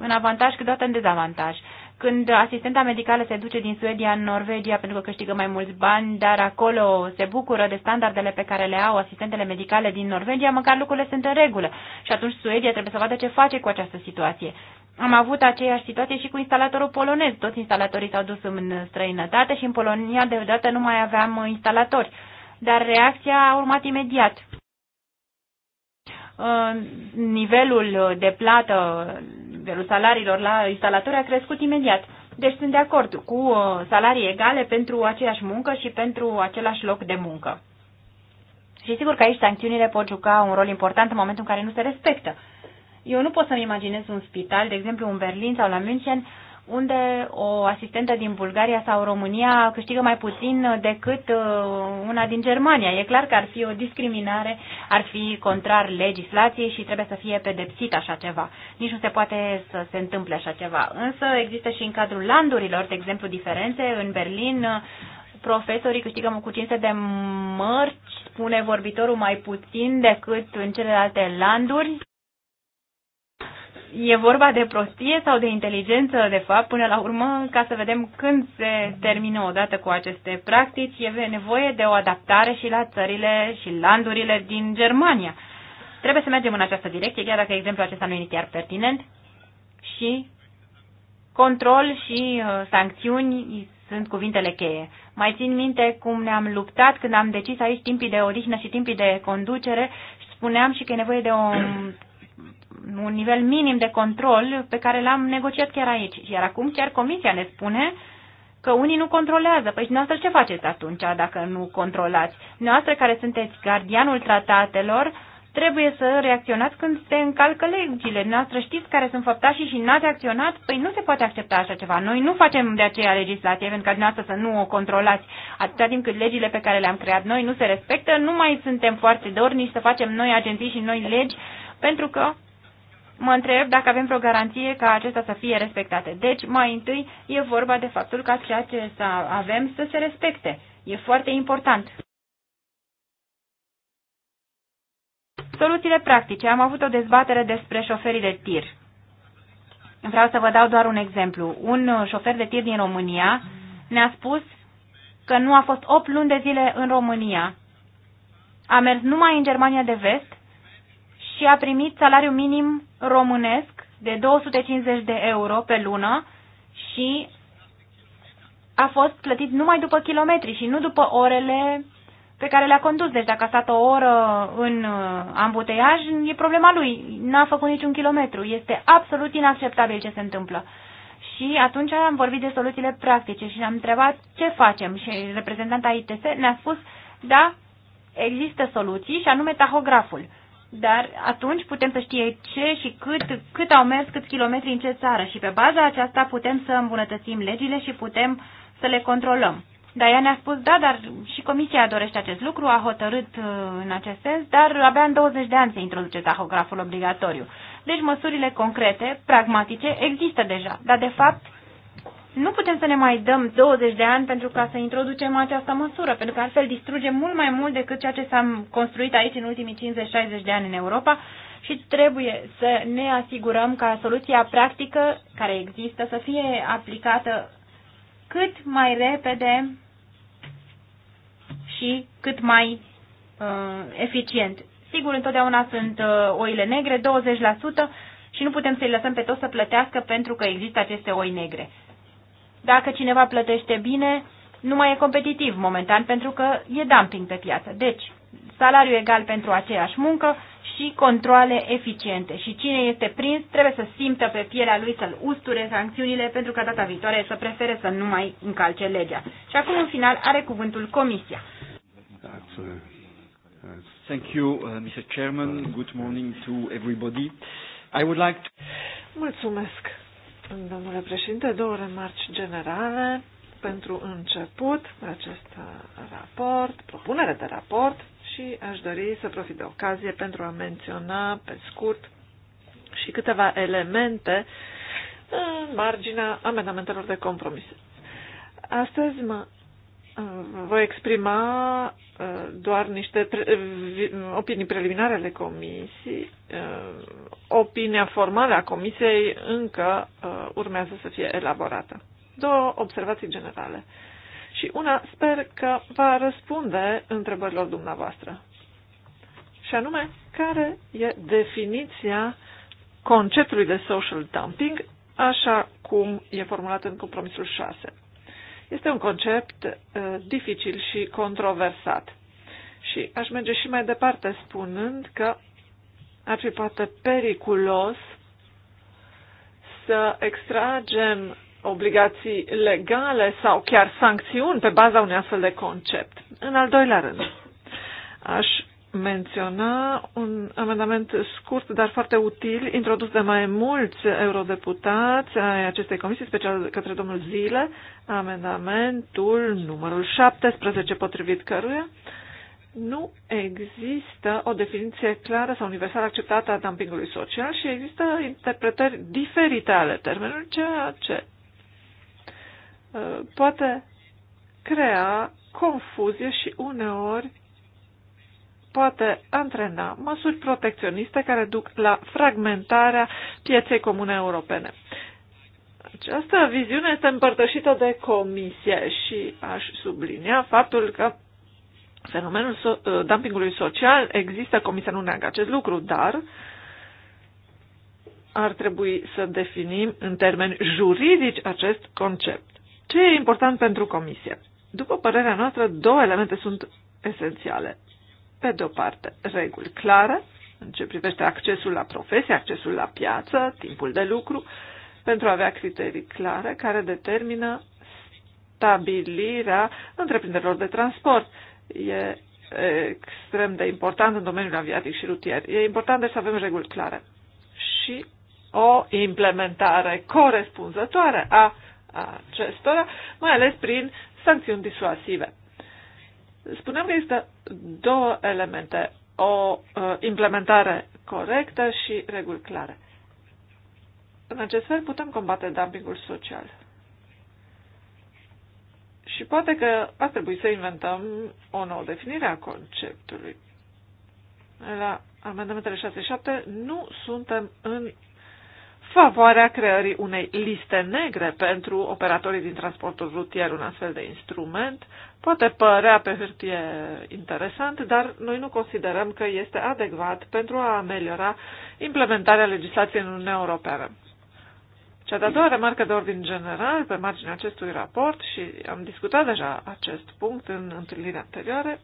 în avantaj, câteodată în dezavantaj când asistenta medicală se duce din Suedia în Norvegia pentru că câștigă mai mulți bani, dar acolo se bucură de standardele pe care le au asistentele medicale din Norvegia, măcar lucrurile sunt în regulă. Și atunci Suedia trebuie să vadă ce face cu această situație. Am avut aceeași situație și cu instalatorul polonez. Toți instalatorii s-au dus în străinătate și în Polonia deodată nu mai aveam instalatori. Dar reacția a urmat imediat. Nivelul de plată nivelul salariilor la instalatori a crescut imediat. Deci sunt de acord cu uh, salarii egale pentru aceeași muncă și pentru același loc de muncă. Și sigur că aici sancțiunile pot juca un rol important în momentul în care nu se respectă. Eu nu pot să-mi imaginez un spital, de exemplu în Berlin sau la München, unde o asistentă din Bulgaria sau România câștigă mai puțin decât uh, una din Germania. E clar că ar fi o discriminare, ar fi contrar legislației și trebuie să fie pedepsit așa ceva. Nici nu se poate să se întâmple așa ceva. Însă există și în cadrul landurilor, de exemplu, diferențe. În Berlin uh, profesorii câștigă cu 500 de mărci, spune vorbitorul, mai puțin decât în celelalte landuri e vorba de prostie sau de inteligență, de fapt, până la urmă, ca să vedem când se termină odată cu aceste practici, e nevoie de o adaptare și la țările și landurile din Germania. Trebuie să mergem în această direcție, chiar dacă exemplul acesta nu e chiar pertinent, și control și uh, sancțiuni sunt cuvintele cheie. Mai țin minte cum ne-am luptat când am decis aici timpii de odihnă și timpii de conducere spuneam și că e nevoie de un un nivel minim de control pe care l-am negociat chiar aici. Iar acum chiar Comisia ne spune că unii nu controlează. Păi și noastră ce faceți atunci dacă nu controlați? Noastră care sunteți gardianul tratatelor, trebuie să reacționați când se încalcă legile. Noastră știți care sunt făptașii și n-ați acționat? Păi nu se poate accepta așa ceva. Noi nu facem de aceea legislație pentru ca dumneavoastră să nu o controlați. Atâta timp cât legile pe care le-am creat noi nu se respectă, nu mai suntem foarte dornici să facem noi agenții și noi legi pentru că mă întreb dacă avem vreo garanție ca acestea să fie respectate. Deci, mai întâi, e vorba de faptul ca ceea ce să avem să se respecte. E foarte important. Soluțiile practice. Am avut o dezbatere despre șoferii de tir. Vreau să vă dau doar un exemplu. Un șofer de tir din România ne-a spus că nu a fost 8 luni de zile în România. A mers numai în Germania de vest și a primit salariu minim românesc de 250 de euro pe lună și a fost plătit numai după kilometri și nu după orele pe care le-a condus. Deci dacă a stat o oră în uh, ambuteiaj, e problema lui. N-a făcut niciun kilometru. Este absolut inacceptabil ce se întâmplă. Și atunci am vorbit de soluțiile practice și ne-am întrebat ce facem. Și reprezentanta ITS ne-a spus, da, există soluții și anume tahograful dar atunci putem să știe ce și cât, cât au mers, câți kilometri în ce țară și pe baza aceasta putem să îmbunătățim legile și putem să le controlăm. Dar ea ne-a spus, da, dar și Comisia dorește acest lucru, a hotărât uh, în acest sens, dar abia în 20 de ani se introduce tahograful obligatoriu. Deci măsurile concrete, pragmatice, există deja, dar de fapt nu putem să ne mai dăm 20 de ani pentru ca să introducem această măsură, pentru că altfel distrugem mult mai mult decât ceea ce s-a construit aici în ultimii 50-60 de ani în Europa și trebuie să ne asigurăm ca soluția practică care există să fie aplicată cât mai repede și cât mai uh, eficient. Sigur, întotdeauna sunt uh, oile negre, 20%, și nu putem să-i lăsăm pe toți să plătească pentru că există aceste oi negre dacă cineva plătește bine, nu mai e competitiv momentan pentru că e dumping pe piață. Deci, salariu egal pentru aceeași muncă și controle eficiente. Și cine este prins trebuie să simtă pe pielea lui să-l usture sancțiunile pentru ca data viitoare să prefere să nu mai încalce legea. Și acum, în final, are cuvântul Comisia. Thank you, uh, Mr. Chairman. Good morning to everybody. I would like to... Mulțumesc, Domnule președinte, două remarci generale pentru început acest raport, propunere de raport și aș dori să profit de ocazie pentru a menționa pe scurt și câteva elemente în marginea amendamentelor de compromis. Astăzi mă voi exprima uh, doar niște pre opinii preliminare ale comisiei. Uh, opinia formală a comisiei încă uh, urmează să fie elaborată. Două observații generale. Și una sper că va răspunde întrebărilor dumneavoastră. Și anume, care e definiția conceptului de social dumping, așa cum e formulat în compromisul 6? Este un concept uh, dificil și controversat. Și aș merge și mai departe spunând că ar fi poate periculos să extragem obligații legale sau chiar sancțiuni pe baza unui astfel de concept. În al doilea rând, aș menționa un amendament scurt, dar foarte util, introdus de mai mulți eurodeputați ai acestei comisii, special către domnul Zile, amendamentul numărul 17, potrivit căruia nu există o definiție clară sau universal acceptată a dumpingului social și există interpretări diferite ale termenului, ceea ce uh, poate crea confuzie și uneori poate antrena măsuri protecționiste care duc la fragmentarea pieței comune europene. Această viziune este împărtășită de comisie și aș sublinia faptul că fenomenul so- dumpingului social există, comisia nu neagă acest lucru, dar ar trebui să definim în termeni juridici acest concept. Ce e important pentru comisie? După părerea noastră, două elemente sunt esențiale pe de o parte, reguli clare în ce privește accesul la profesie, accesul la piață, timpul de lucru, pentru a avea criterii clare care determină stabilirea întreprinderilor de transport. E extrem de important în domeniul aviatic și rutier. E important deci, să avem reguli clare și o implementare corespunzătoare a acestora, mai ales prin sancțiuni disuasive. Spuneam că există două elemente, o uh, implementare corectă și reguli clare. În acest fel putem combate dumpingul social. Și poate că ar trebui să inventăm o nouă definire a conceptului. La amendamentele 6 și 7 nu suntem în favoarea creării unei liste negre pentru operatorii din transportul rutier. Un astfel de instrument poate părea pe hârtie interesant, dar noi nu considerăm că este adecvat pentru a ameliora implementarea legislației în Uniunea Europeană. Cea de-a doua remarcă de ordin general pe marginea acestui raport, și am discutat deja acest punct în întâlnirile anterioare,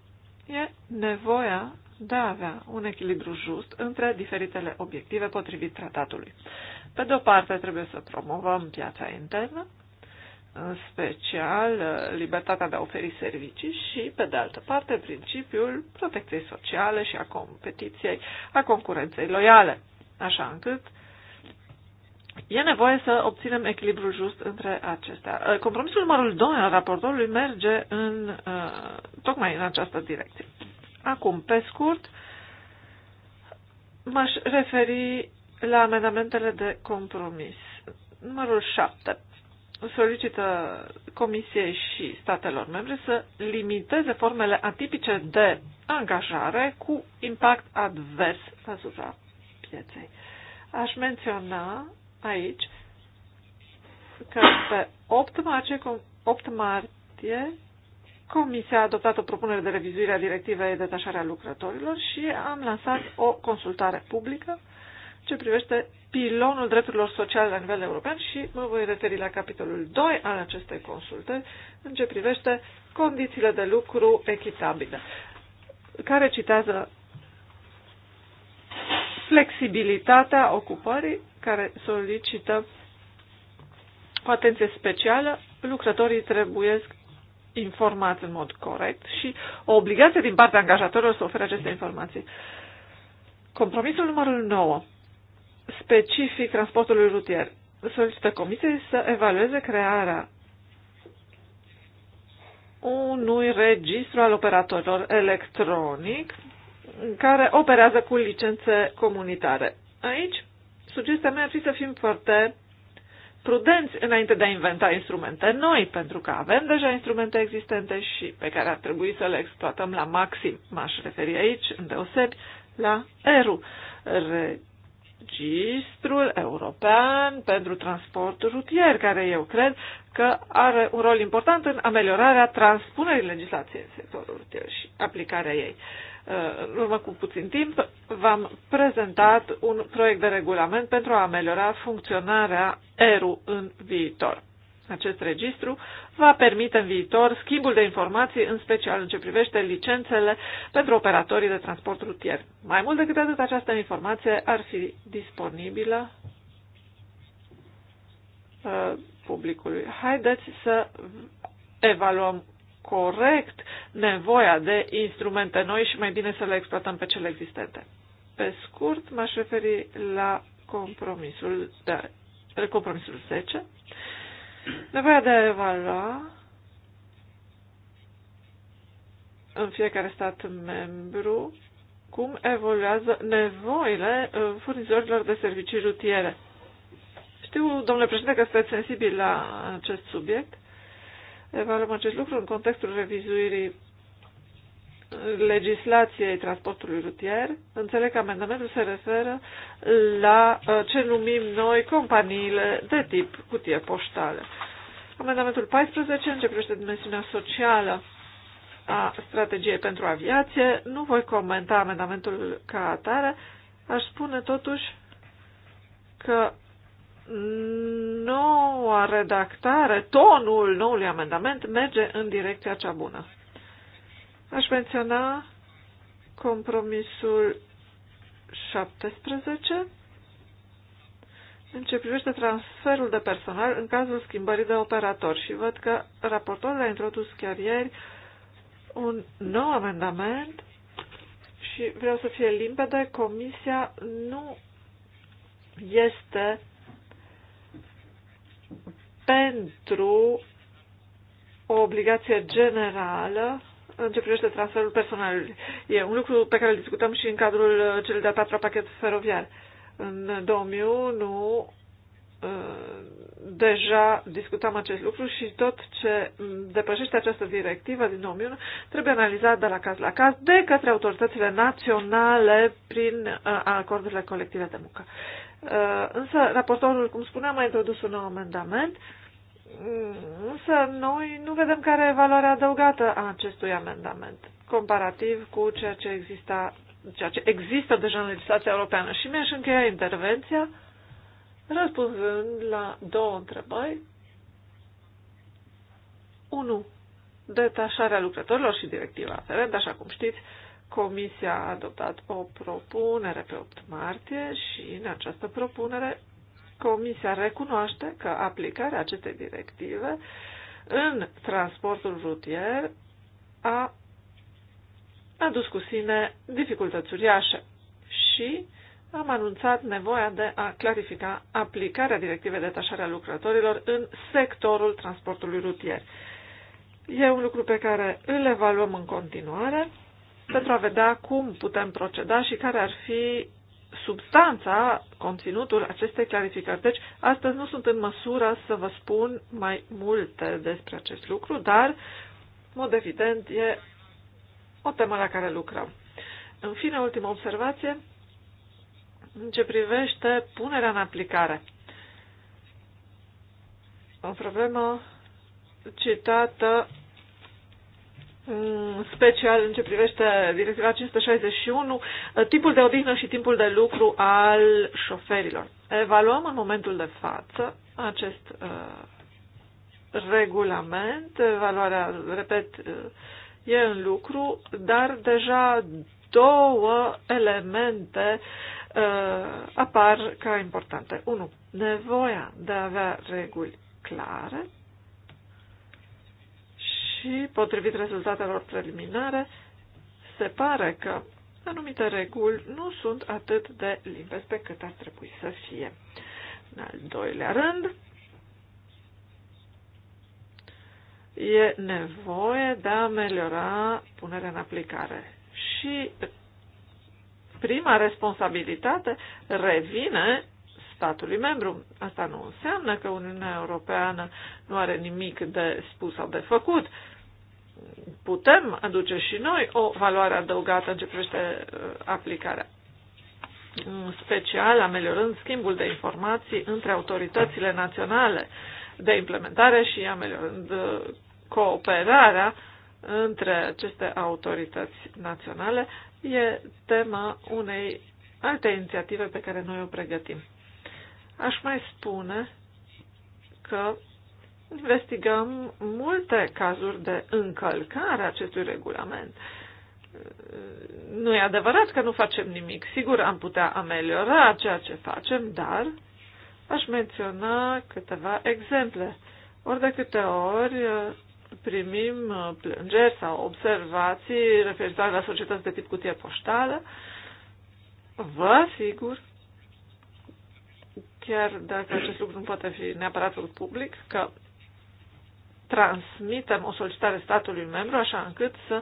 e nevoia de a avea un echilibru just între diferitele obiective potrivit tratatului. Pe de o parte, trebuie să promovăm piața internă, în special uh, libertatea de a oferi servicii și, pe de altă parte, principiul protecției sociale și a competiției, a concurenței loiale, așa încât e nevoie să obținem echilibru just între acestea. Uh, compromisul numărul 2 al raportorului merge în, uh, tocmai în această direcție. Acum, pe scurt, m-aș referi la amendamentele de compromis. Numărul 7 solicită Comisiei și statelor membre să limiteze formele atipice de angajare cu impact advers asupra pieței. Aș menționa aici că pe 8 martie, 8 martie Comisia a adoptat o propunere de revizuire a directivei de detașare a lucrătorilor și am lansat o consultare publică ce privește pilonul drepturilor sociale la nivel european și mă voi referi la capitolul 2 al acestei consultări în ce privește condițiile de lucru echitabile, care citează flexibilitatea ocupării care solicită o atenție specială, lucrătorii trebuie informați în mod corect și o obligație din partea angajatorilor să ofere aceste informații. Compromisul numărul 9 specific transportului rutier. Solicită Comisiei să evalueze crearea unui registru al operatorilor electronic care operează cu licențe comunitare. Aici, sugestia mea ar fi să fim foarte prudenți înainte de a inventa instrumente noi, pentru că avem deja instrumente existente și pe care ar trebui să le exploatăm la maxim. M-aș referi aici, îndeosebi, la ERU, registrul european pentru transport rutier, care eu cred că are un rol important în ameliorarea transpunerii legislației în sectorul rutier și aplicarea ei. Uh, în urmă cu puțin timp v-am prezentat un proiect de regulament pentru a ameliora funcționarea ERU în viitor. Acest registru va permite în viitor schimbul de informații, în special în ce privește licențele pentru operatorii de transport rutier. Mai mult decât atât, această informație ar fi disponibilă uh, publicului. Haideți să evaluăm corect nevoia de instrumente noi și mai bine să le exploatăm pe cele existente. Pe scurt, m-aș referi la compromisul, de, compromisul 10, Nevoia de a evalua în fiecare stat membru cum evoluează nevoile uh, furnizorilor de servicii rutiere. Știu, domnule președinte, că sunteți sensibil la acest subiect. Evaluăm acest lucru în contextul revizuirii legislației transportului rutier, înțeleg că amendamentul se referă la uh, ce numim noi companiile de tip cutie poștale. Amendamentul 14 începește dimensiunea socială a strategiei pentru aviație. Nu voi comenta amendamentul ca atare. Aș spune totuși că noua redactare, tonul noului amendament merge în direcția cea bună. Aș menționa compromisul 17 în ce privește transferul de personal în cazul schimbării de operator și văd că raportorul a introdus chiar ieri un nou amendament și vreau să fie limpede, comisia nu este pentru o obligație generală în ce privește transferul personalului. E un lucru pe care îl discutăm și în cadrul uh, cel de-a patra pachet feroviar. În 2001 uh, deja discutam acest lucru și tot ce depășește această directivă din 2001 trebuie analizat de la caz la caz de către autoritățile naționale prin uh, acordurile colective de muncă. Însă, raportorul, cum spuneam, a introdus un nou amendament uh, Însă noi nu vedem care e valoarea adăugată a acestui amendament, comparativ cu ceea ce, exista, ceea ce există deja în legislația europeană. Și mi-aș încheia intervenția răspunzând la două întrebări. 1. Detașarea lucrătorilor și directiva aferent, așa cum știți, Comisia a adoptat o propunere pe 8 martie și în această propunere Comisia recunoaște că aplicarea acestei directive în transportul rutier a adus cu sine dificultăți uriașe și am anunțat nevoia de a clarifica aplicarea directivei de detașare a lucrătorilor în sectorul transportului rutier. E un lucru pe care îl evaluăm în continuare pentru a vedea cum putem proceda și care ar fi substanța, conținutul acestei clarificări. Deci, astăzi nu sunt în măsură să vă spun mai multe despre acest lucru, dar, în mod evident, e o temă la care lucrăm. În fine, ultima observație în ce privește punerea în aplicare. O problemă citată Mm, special în ce privește directiva 561, uh, timpul de odihnă și timpul de lucru al șoferilor. Evaluăm în momentul de față acest uh, regulament, evaluarea, repet, uh, e în lucru, dar deja două elemente uh, apar ca importante. 1. Nevoia de a avea reguli clare și, potrivit rezultatelor preliminare, se pare că anumite reguli nu sunt atât de limpezi pe cât ar trebui să fie. În al doilea rând, e nevoie de a ameliora punerea în aplicare. Și prima responsabilitate revine statului membru. Asta nu înseamnă că Uniunea Europeană nu are nimic de spus sau de făcut. Uh, putem aduce și noi o valoare adăugată în ce privește uh, aplicarea special ameliorând schimbul de informații între autoritățile naționale de implementare și ameliorând uh, cooperarea între aceste autorități naționale, e tema unei alte inițiative pe care noi o pregătim. Aș mai spune că investigăm multe cazuri de încălcare a acestui regulament. Nu e adevărat că nu facem nimic. Sigur, am putea ameliora ceea ce facem, dar aș menționa câteva exemple. Ori de câte ori uh, primim uh, plângeri sau observații referitoare la societăți de tip cutie poștală, vă sigur chiar dacă acest lucru nu poate fi neapărat public, că transmitem o solicitare statului membru așa încât să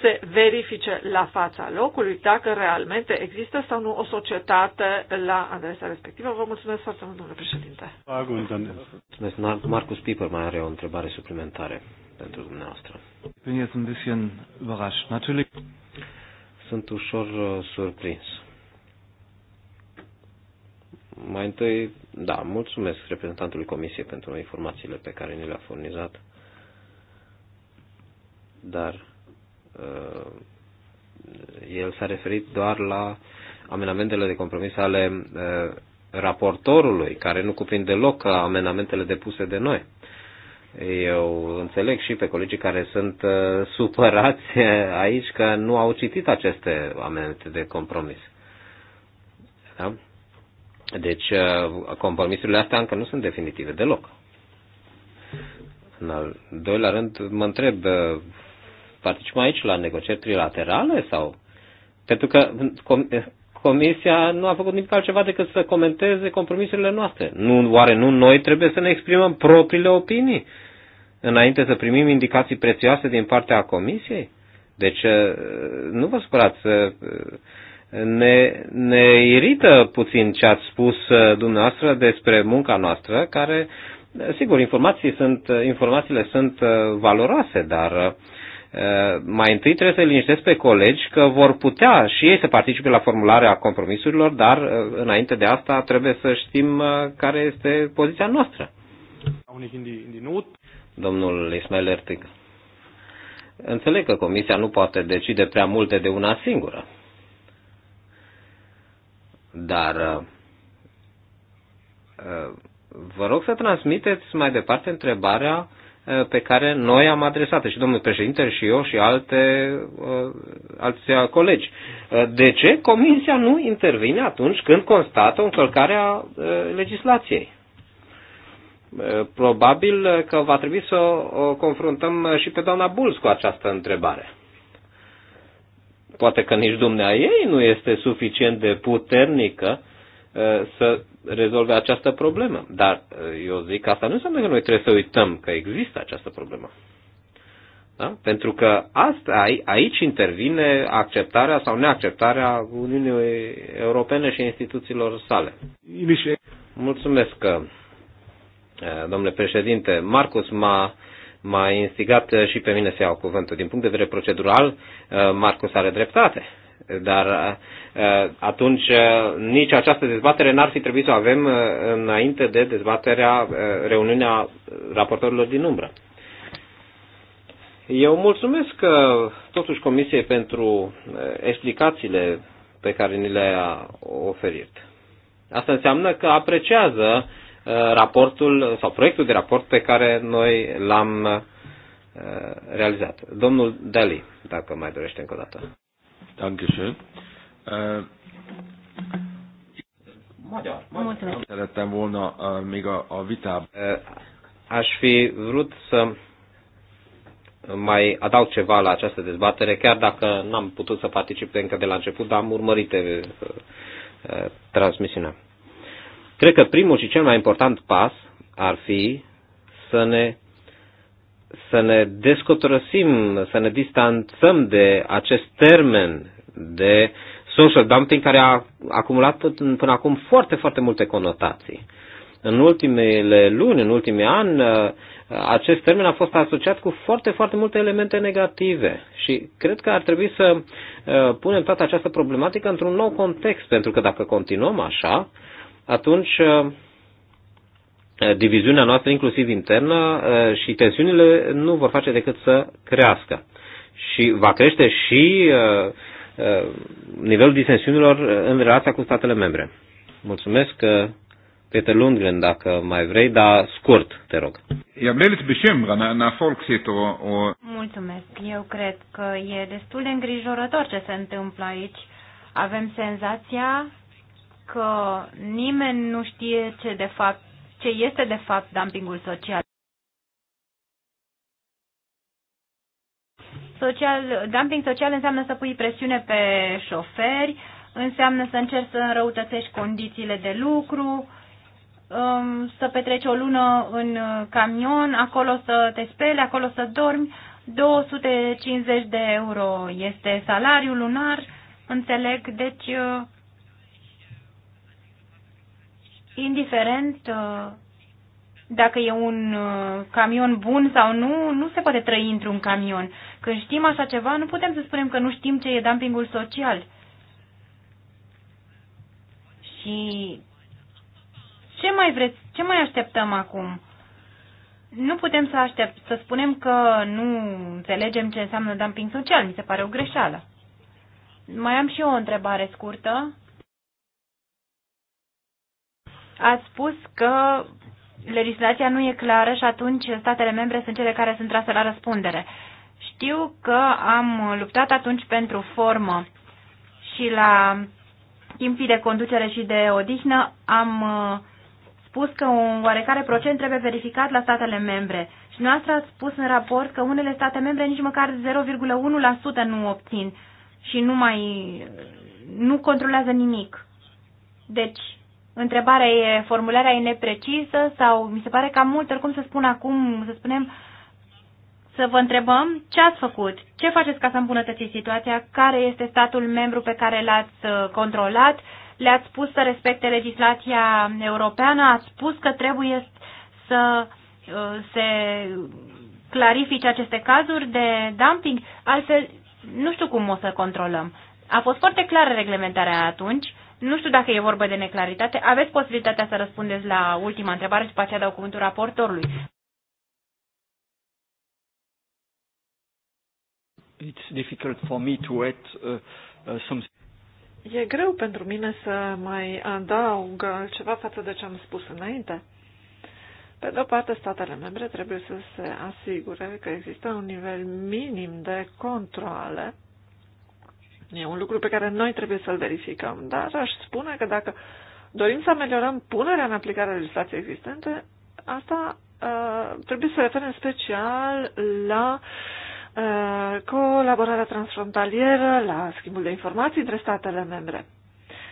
se verifice la fața locului dacă realmente există sau nu o societate la adresa respectivă. Vă mulțumesc foarte mult, domnule președinte. Mulțumesc. Marcus Piper mai are o întrebare suplimentare pentru dumneavoastră. Sunt ușor uh, surprins. Mai întâi, da, mulțumesc reprezentantului Comisiei pentru informațiile pe care ni le-a furnizat dar uh, el s-a referit doar la amenamentele de compromis ale uh, raportorului, care nu cuprind deloc uh, amenamentele depuse de noi. Eu înțeleg și pe colegii care sunt uh, supărați aici că nu au citit aceste amenamente de compromis. Da? Deci, uh, compromisurile astea încă nu sunt definitive deloc. În al doilea rând, mă întreb uh, participăm aici la negocieri trilaterale sau? Pentru că Comisia nu a făcut nimic altceva decât să comenteze compromisurile noastre. Nu, oare nu noi trebuie să ne exprimăm propriile opinii înainte să primim indicații prețioase din partea Comisiei? Deci, eh, nu vă supărați, eh, ne, ne irită puțin ce ați spus eh, dumneavoastră despre munca noastră, care, sigur, informații sunt, informațiile sunt valoroase, dar uh, Eh, mai întâi trebuie să liniștesc pe colegi că vor putea și ei să participe la formularea compromisurilor, dar eh, înainte de asta trebuie să știm eh, care este poziția noastră. Domnul Ismail Ertig. Înțeleg că comisia nu poate decide prea multe de una singură. Dar vă rog să transmiteți mai departe întrebarea pe care noi am adresat și domnul președinte și eu și alte, uh, alți colegi. Uh, de ce Comisia nu intervine atunci când constată o încălcare a uh, legislației? Probabil că va trebui să o confruntăm și pe doamna Bulls cu această întrebare. Poate că nici dumnea ei nu este suficient de puternică să rezolve această problemă. Dar eh, eu zic că asta nu înseamnă că noi trebuie să uităm că există această problemă. Da? Pentru că asta, aici intervine acceptarea sau neacceptarea Uniunii Europene și instituțiilor sale. Mulțumesc, eh, domnule președinte. Marcus m-a, m-a instigat eh, și pe mine să iau cuvântul. Din punct de vedere procedural, Marcus are dreptate. Dar uh, atunci uh, nici această dezbatere n-ar fi trebuit să o avem uh, înainte de dezbaterea, reuniunea raportorilor din umbră. Eu mulțumesc că totuși Comisiei pentru explicațiile pe care ni le-a oferit. Asta înseamnă că apreciază raportul sau proiectul de raport pe care noi l-am realizat. Domnul Dali, dacă mai dorește încă o dată. Dankeschön. Äh, magyar. Mulțumesc. Szerettem volna még a, a aș fi vrut să mai adaug ceva la această dezbatere, chiar dacă n-am putut să particip încă de la început, dar am urmărit transmisiunea. Cred că primul și cel mai important pas ar fi să ne să ne descotorosim, să ne distanțăm de acest termen de social dumping care a acumulat până acum foarte, foarte multe conotații. În ultimele luni, în ultimii ani, uh, acest termen a fost asociat cu foarte, foarte multe elemente negative și cred că ar trebui să uh, punem toată această problematică într-un nou context, pentru că dacă continuăm așa, atunci uh, Eh, diviziunea noastră, inclusiv internă, eh, și tensiunile nu vor face decât să crească. Și va crește și eh, nivelul disensiunilor în relația cu statele membre. Mulțumesc, Peter Lundgren, dacă mai vrei, dar scurt, te rog. Mulțumesc. Eu cred că e destul de îngrijorător ce se întâmplă aici. Avem senzația că nimeni nu știe ce de fapt ce este de fapt dumpingul social. social dumping social înseamnă să pui presiune pe șoferi, înseamnă să încerci să înrăutățești condițiile de lucru, um, să petreci o lună în camion, acolo să te speli, acolo să dormi. 250 de euro este salariul lunar, înțeleg, deci uh, indiferent uh, dacă e un uh, camion bun sau nu, nu se poate trăi într-un camion. Când știm așa ceva, nu putem să spunem că nu știm ce e dumpingul social. Și ce mai vreți, ce mai așteptăm acum? Nu putem să aștept, să spunem că nu înțelegem ce înseamnă dumping social, mi se pare o greșeală. Mai am și eu o întrebare scurtă a spus că legislația nu e clară și atunci statele membre sunt cele care sunt trase la răspundere. Știu că am luptat atunci pentru formă și la timpii de conducere și de odihnă am uh, spus că un oarecare procent trebuie verificat la statele membre. Și noastră ați spus în raport că unele state membre nici măcar 0,1% nu obțin și nu mai nu controlează nimic. Deci, Întrebarea e, formularea e neprecisă sau mi se pare cam mult, oricum să spun acum, să spunem, să vă întrebăm ce ați făcut, ce faceți ca să îmbunătățiți situația, care este statul membru pe care l-ați uh, controlat, le-ați spus să respecte legislația europeană, ați spus că trebuie să uh, se clarifice aceste cazuri de dumping, altfel nu știu cum o să controlăm. A fost foarte clară reglementarea atunci, nu știu dacă e vorba de neclaritate. Aveți posibilitatea să răspundeți la ultima întrebare și după aceea dau cuvântul raportorului. It's difficult for me to add uh, uh, some... E greu pentru mine să mai adaug ceva față de ce am spus înainte. Pe de-o parte, statele membre trebuie să se asigure că există un nivel minim de controle E un lucru pe care noi trebuie să-l verificăm, dar aș spune că dacă dorim să ameliorăm punerea în aplicare a legislației existente, asta uh, trebuie să referă special la uh, colaborarea transfrontalieră, la schimbul de informații între statele membre.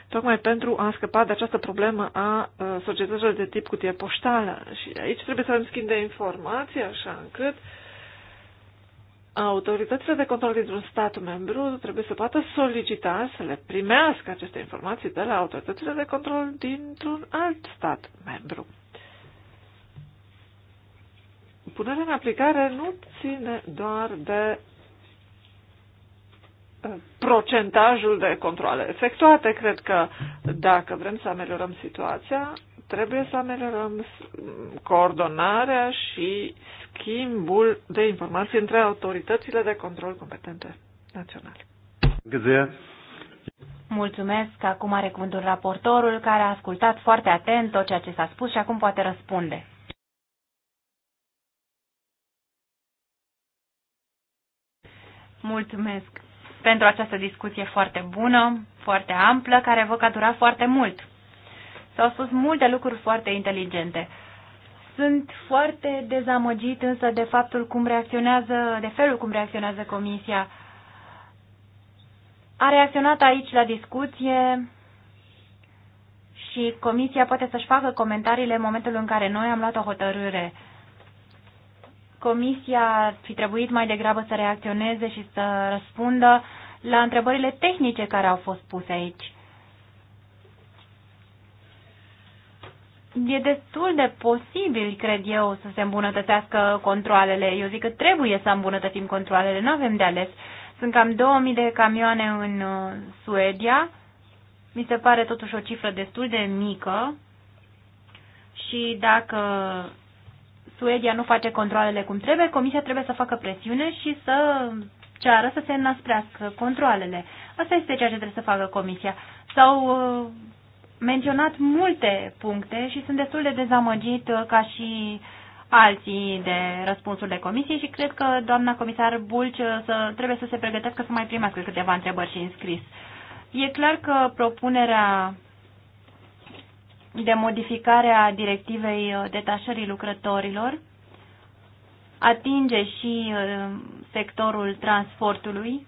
Tocmai pentru a scăpa de această problemă a uh, societăților de tip cutie poștală. Și aici trebuie să avem schimb de informații, așa încât uh, autoritățile de control dintr-un stat membru trebuie să poată solicita să le primească aceste informații de la autoritățile de control dintr-un alt stat membru. Punerea în aplicare nu ține doar de uh, procentajul de controle efectuate. Cred că dacă vrem să ameliorăm situația, Trebuie să ameliorăm coordonarea și schimbul de informații între autoritățile de control competente naționale. Găzea. Mulțumesc. Acum are cuvântul raportorul care a ascultat foarte atent tot ceea ce s-a spus și acum poate răspunde. Mulțumesc pentru această discuție foarte bună, foarte amplă, care vă a durat foarte mult. S-au spus multe lucruri foarte inteligente. Sunt foarte dezamăgit însă de faptul cum reacționează, de felul cum reacționează Comisia. A reacționat aici la discuție și Comisia poate să-și facă comentariile în momentul în care noi am luat o hotărâre. Comisia ar fi trebuit mai degrabă să reacționeze și să răspundă la întrebările tehnice care au fost puse aici. e destul de posibil, cred eu, să se îmbunătățească controlele. Eu zic că trebuie să îmbunătățim controlele, nu avem de ales. Sunt cam 2000 de camioane în uh, Suedia. Mi se pare totuși o cifră destul de mică. Și dacă Suedia nu face controlele cum trebuie, Comisia trebuie să facă presiune și să ceară să se înăsprească controlele. Asta este ceea ce trebuie să facă Comisia. Sau uh, menționat multe puncte și sunt destul de dezamăgit uh, ca și alții de răspunsurile comisiei și cred că doamna comisar Bulci uh, să, trebuie să se pregătească să mai primească câteva întrebări și înscris. E clar că propunerea de modificare a directivei uh, detașării lucrătorilor atinge și sectorul transportului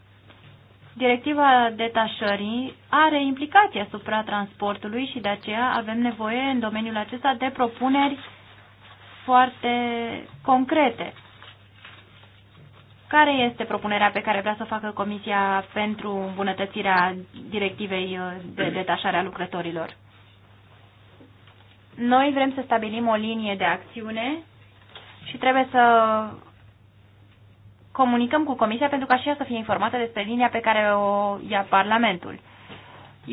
Directiva detașării are implicații asupra transportului și de aceea avem nevoie în domeniul acesta de propuneri foarte concrete. Care este propunerea pe care vrea să o facă Comisia pentru îmbunătățirea directivei uh, de detașare a lucrătorilor? Noi vrem să stabilim o linie de acțiune și trebuie să comunicăm cu Comisia pentru ca și ea să fie informată despre linia pe care o ia Parlamentul.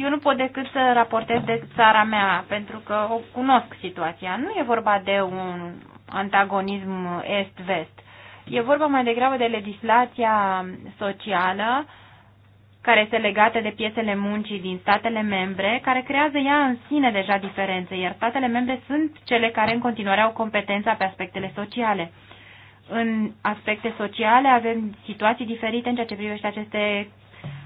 Eu nu pot decât să raportez de țara mea, pentru că o cunosc situația. Nu e vorba de un antagonism est-vest. E vorba mai degrabă de legislația socială care este legată de piesele muncii din statele membre, care creează ea în sine deja diferențe, iar statele membre sunt cele care în continuare au competența pe aspectele sociale în aspecte sociale, avem situații diferite în ceea ce privește aceste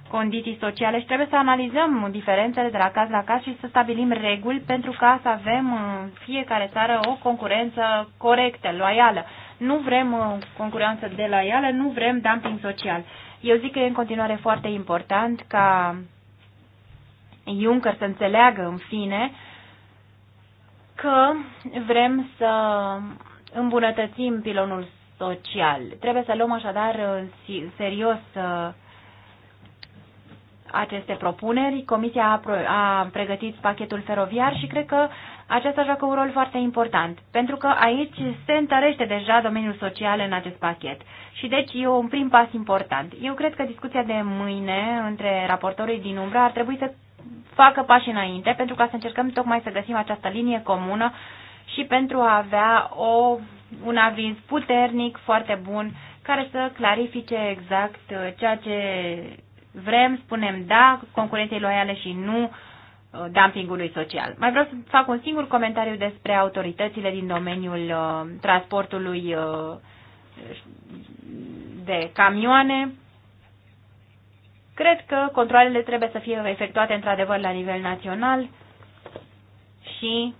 condiții sociale și trebuie să analizăm diferențele de la caz la caz și să stabilim reguli pentru ca să avem în fiecare țară o concurență corectă, loială. Nu vrem uh, concurență de loială, nu vrem dumping social. Eu zic că e în continuare foarte important ca Juncker să înțeleagă în fine că vrem să îmbunătățim pilonul social. Trebuie să luăm așadar uh, serios uh, aceste propuneri. Comisia a pregătit pachetul feroviar și cred că aceasta joacă un rol foarte important, pentru că aici se întărește deja domeniul social în acest pachet. Și deci e un prim pas important. Eu cred că discuția de mâine între raportorii din Umbra ar trebui să facă pași înainte, pentru ca să încercăm tocmai să găsim această linie comună și pentru a avea o, un aviz puternic, foarte bun, care să clarifice exact uh, ceea ce vrem, spunem da, concurenței loiale și nu uh, dumpingului social. Mai vreau să fac un singur comentariu despre autoritățile din domeniul uh, transportului de camioane. Cred că controlele trebuie să fie efectuate într-adevăr la nivel național și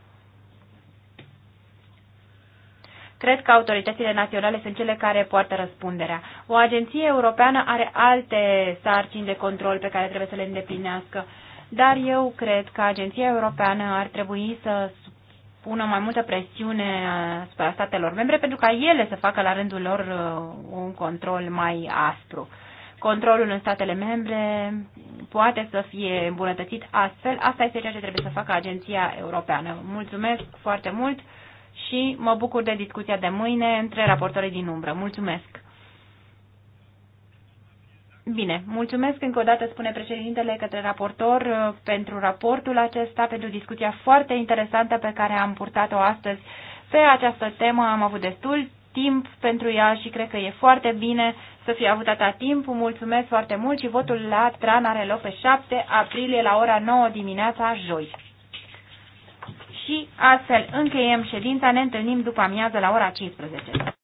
Cred că autoritățile naționale sunt cele care poartă răspunderea. O agenție europeană are alte sarcini de control pe care trebuie să le îndeplinească, dar eu cred că agenția europeană ar trebui să pună mai multă presiune asupra statelor membre pentru ca ele să facă la rândul lor uh, un control mai aspru. Controlul în statele membre poate să fie îmbunătățit astfel. Asta este ceea ce trebuie să facă Agenția Europeană. Mulțumesc foarte mult! și mă bucur de discuția de mâine între raportorii din umbră. Mulțumesc! Bine, mulțumesc încă o dată, spune președintele, către raportor uh, pentru raportul acesta, pentru discuția foarte interesantă pe care am purtat-o astăzi pe această temă. Am avut destul timp pentru ea și cred că e foarte bine să fie avut atâta timp. Mulțumesc foarte mult și votul la Tran are loc pe 7 aprilie la ora 9 dimineața, joi și astfel încheiem ședința. Ne întâlnim după amiază la ora 15.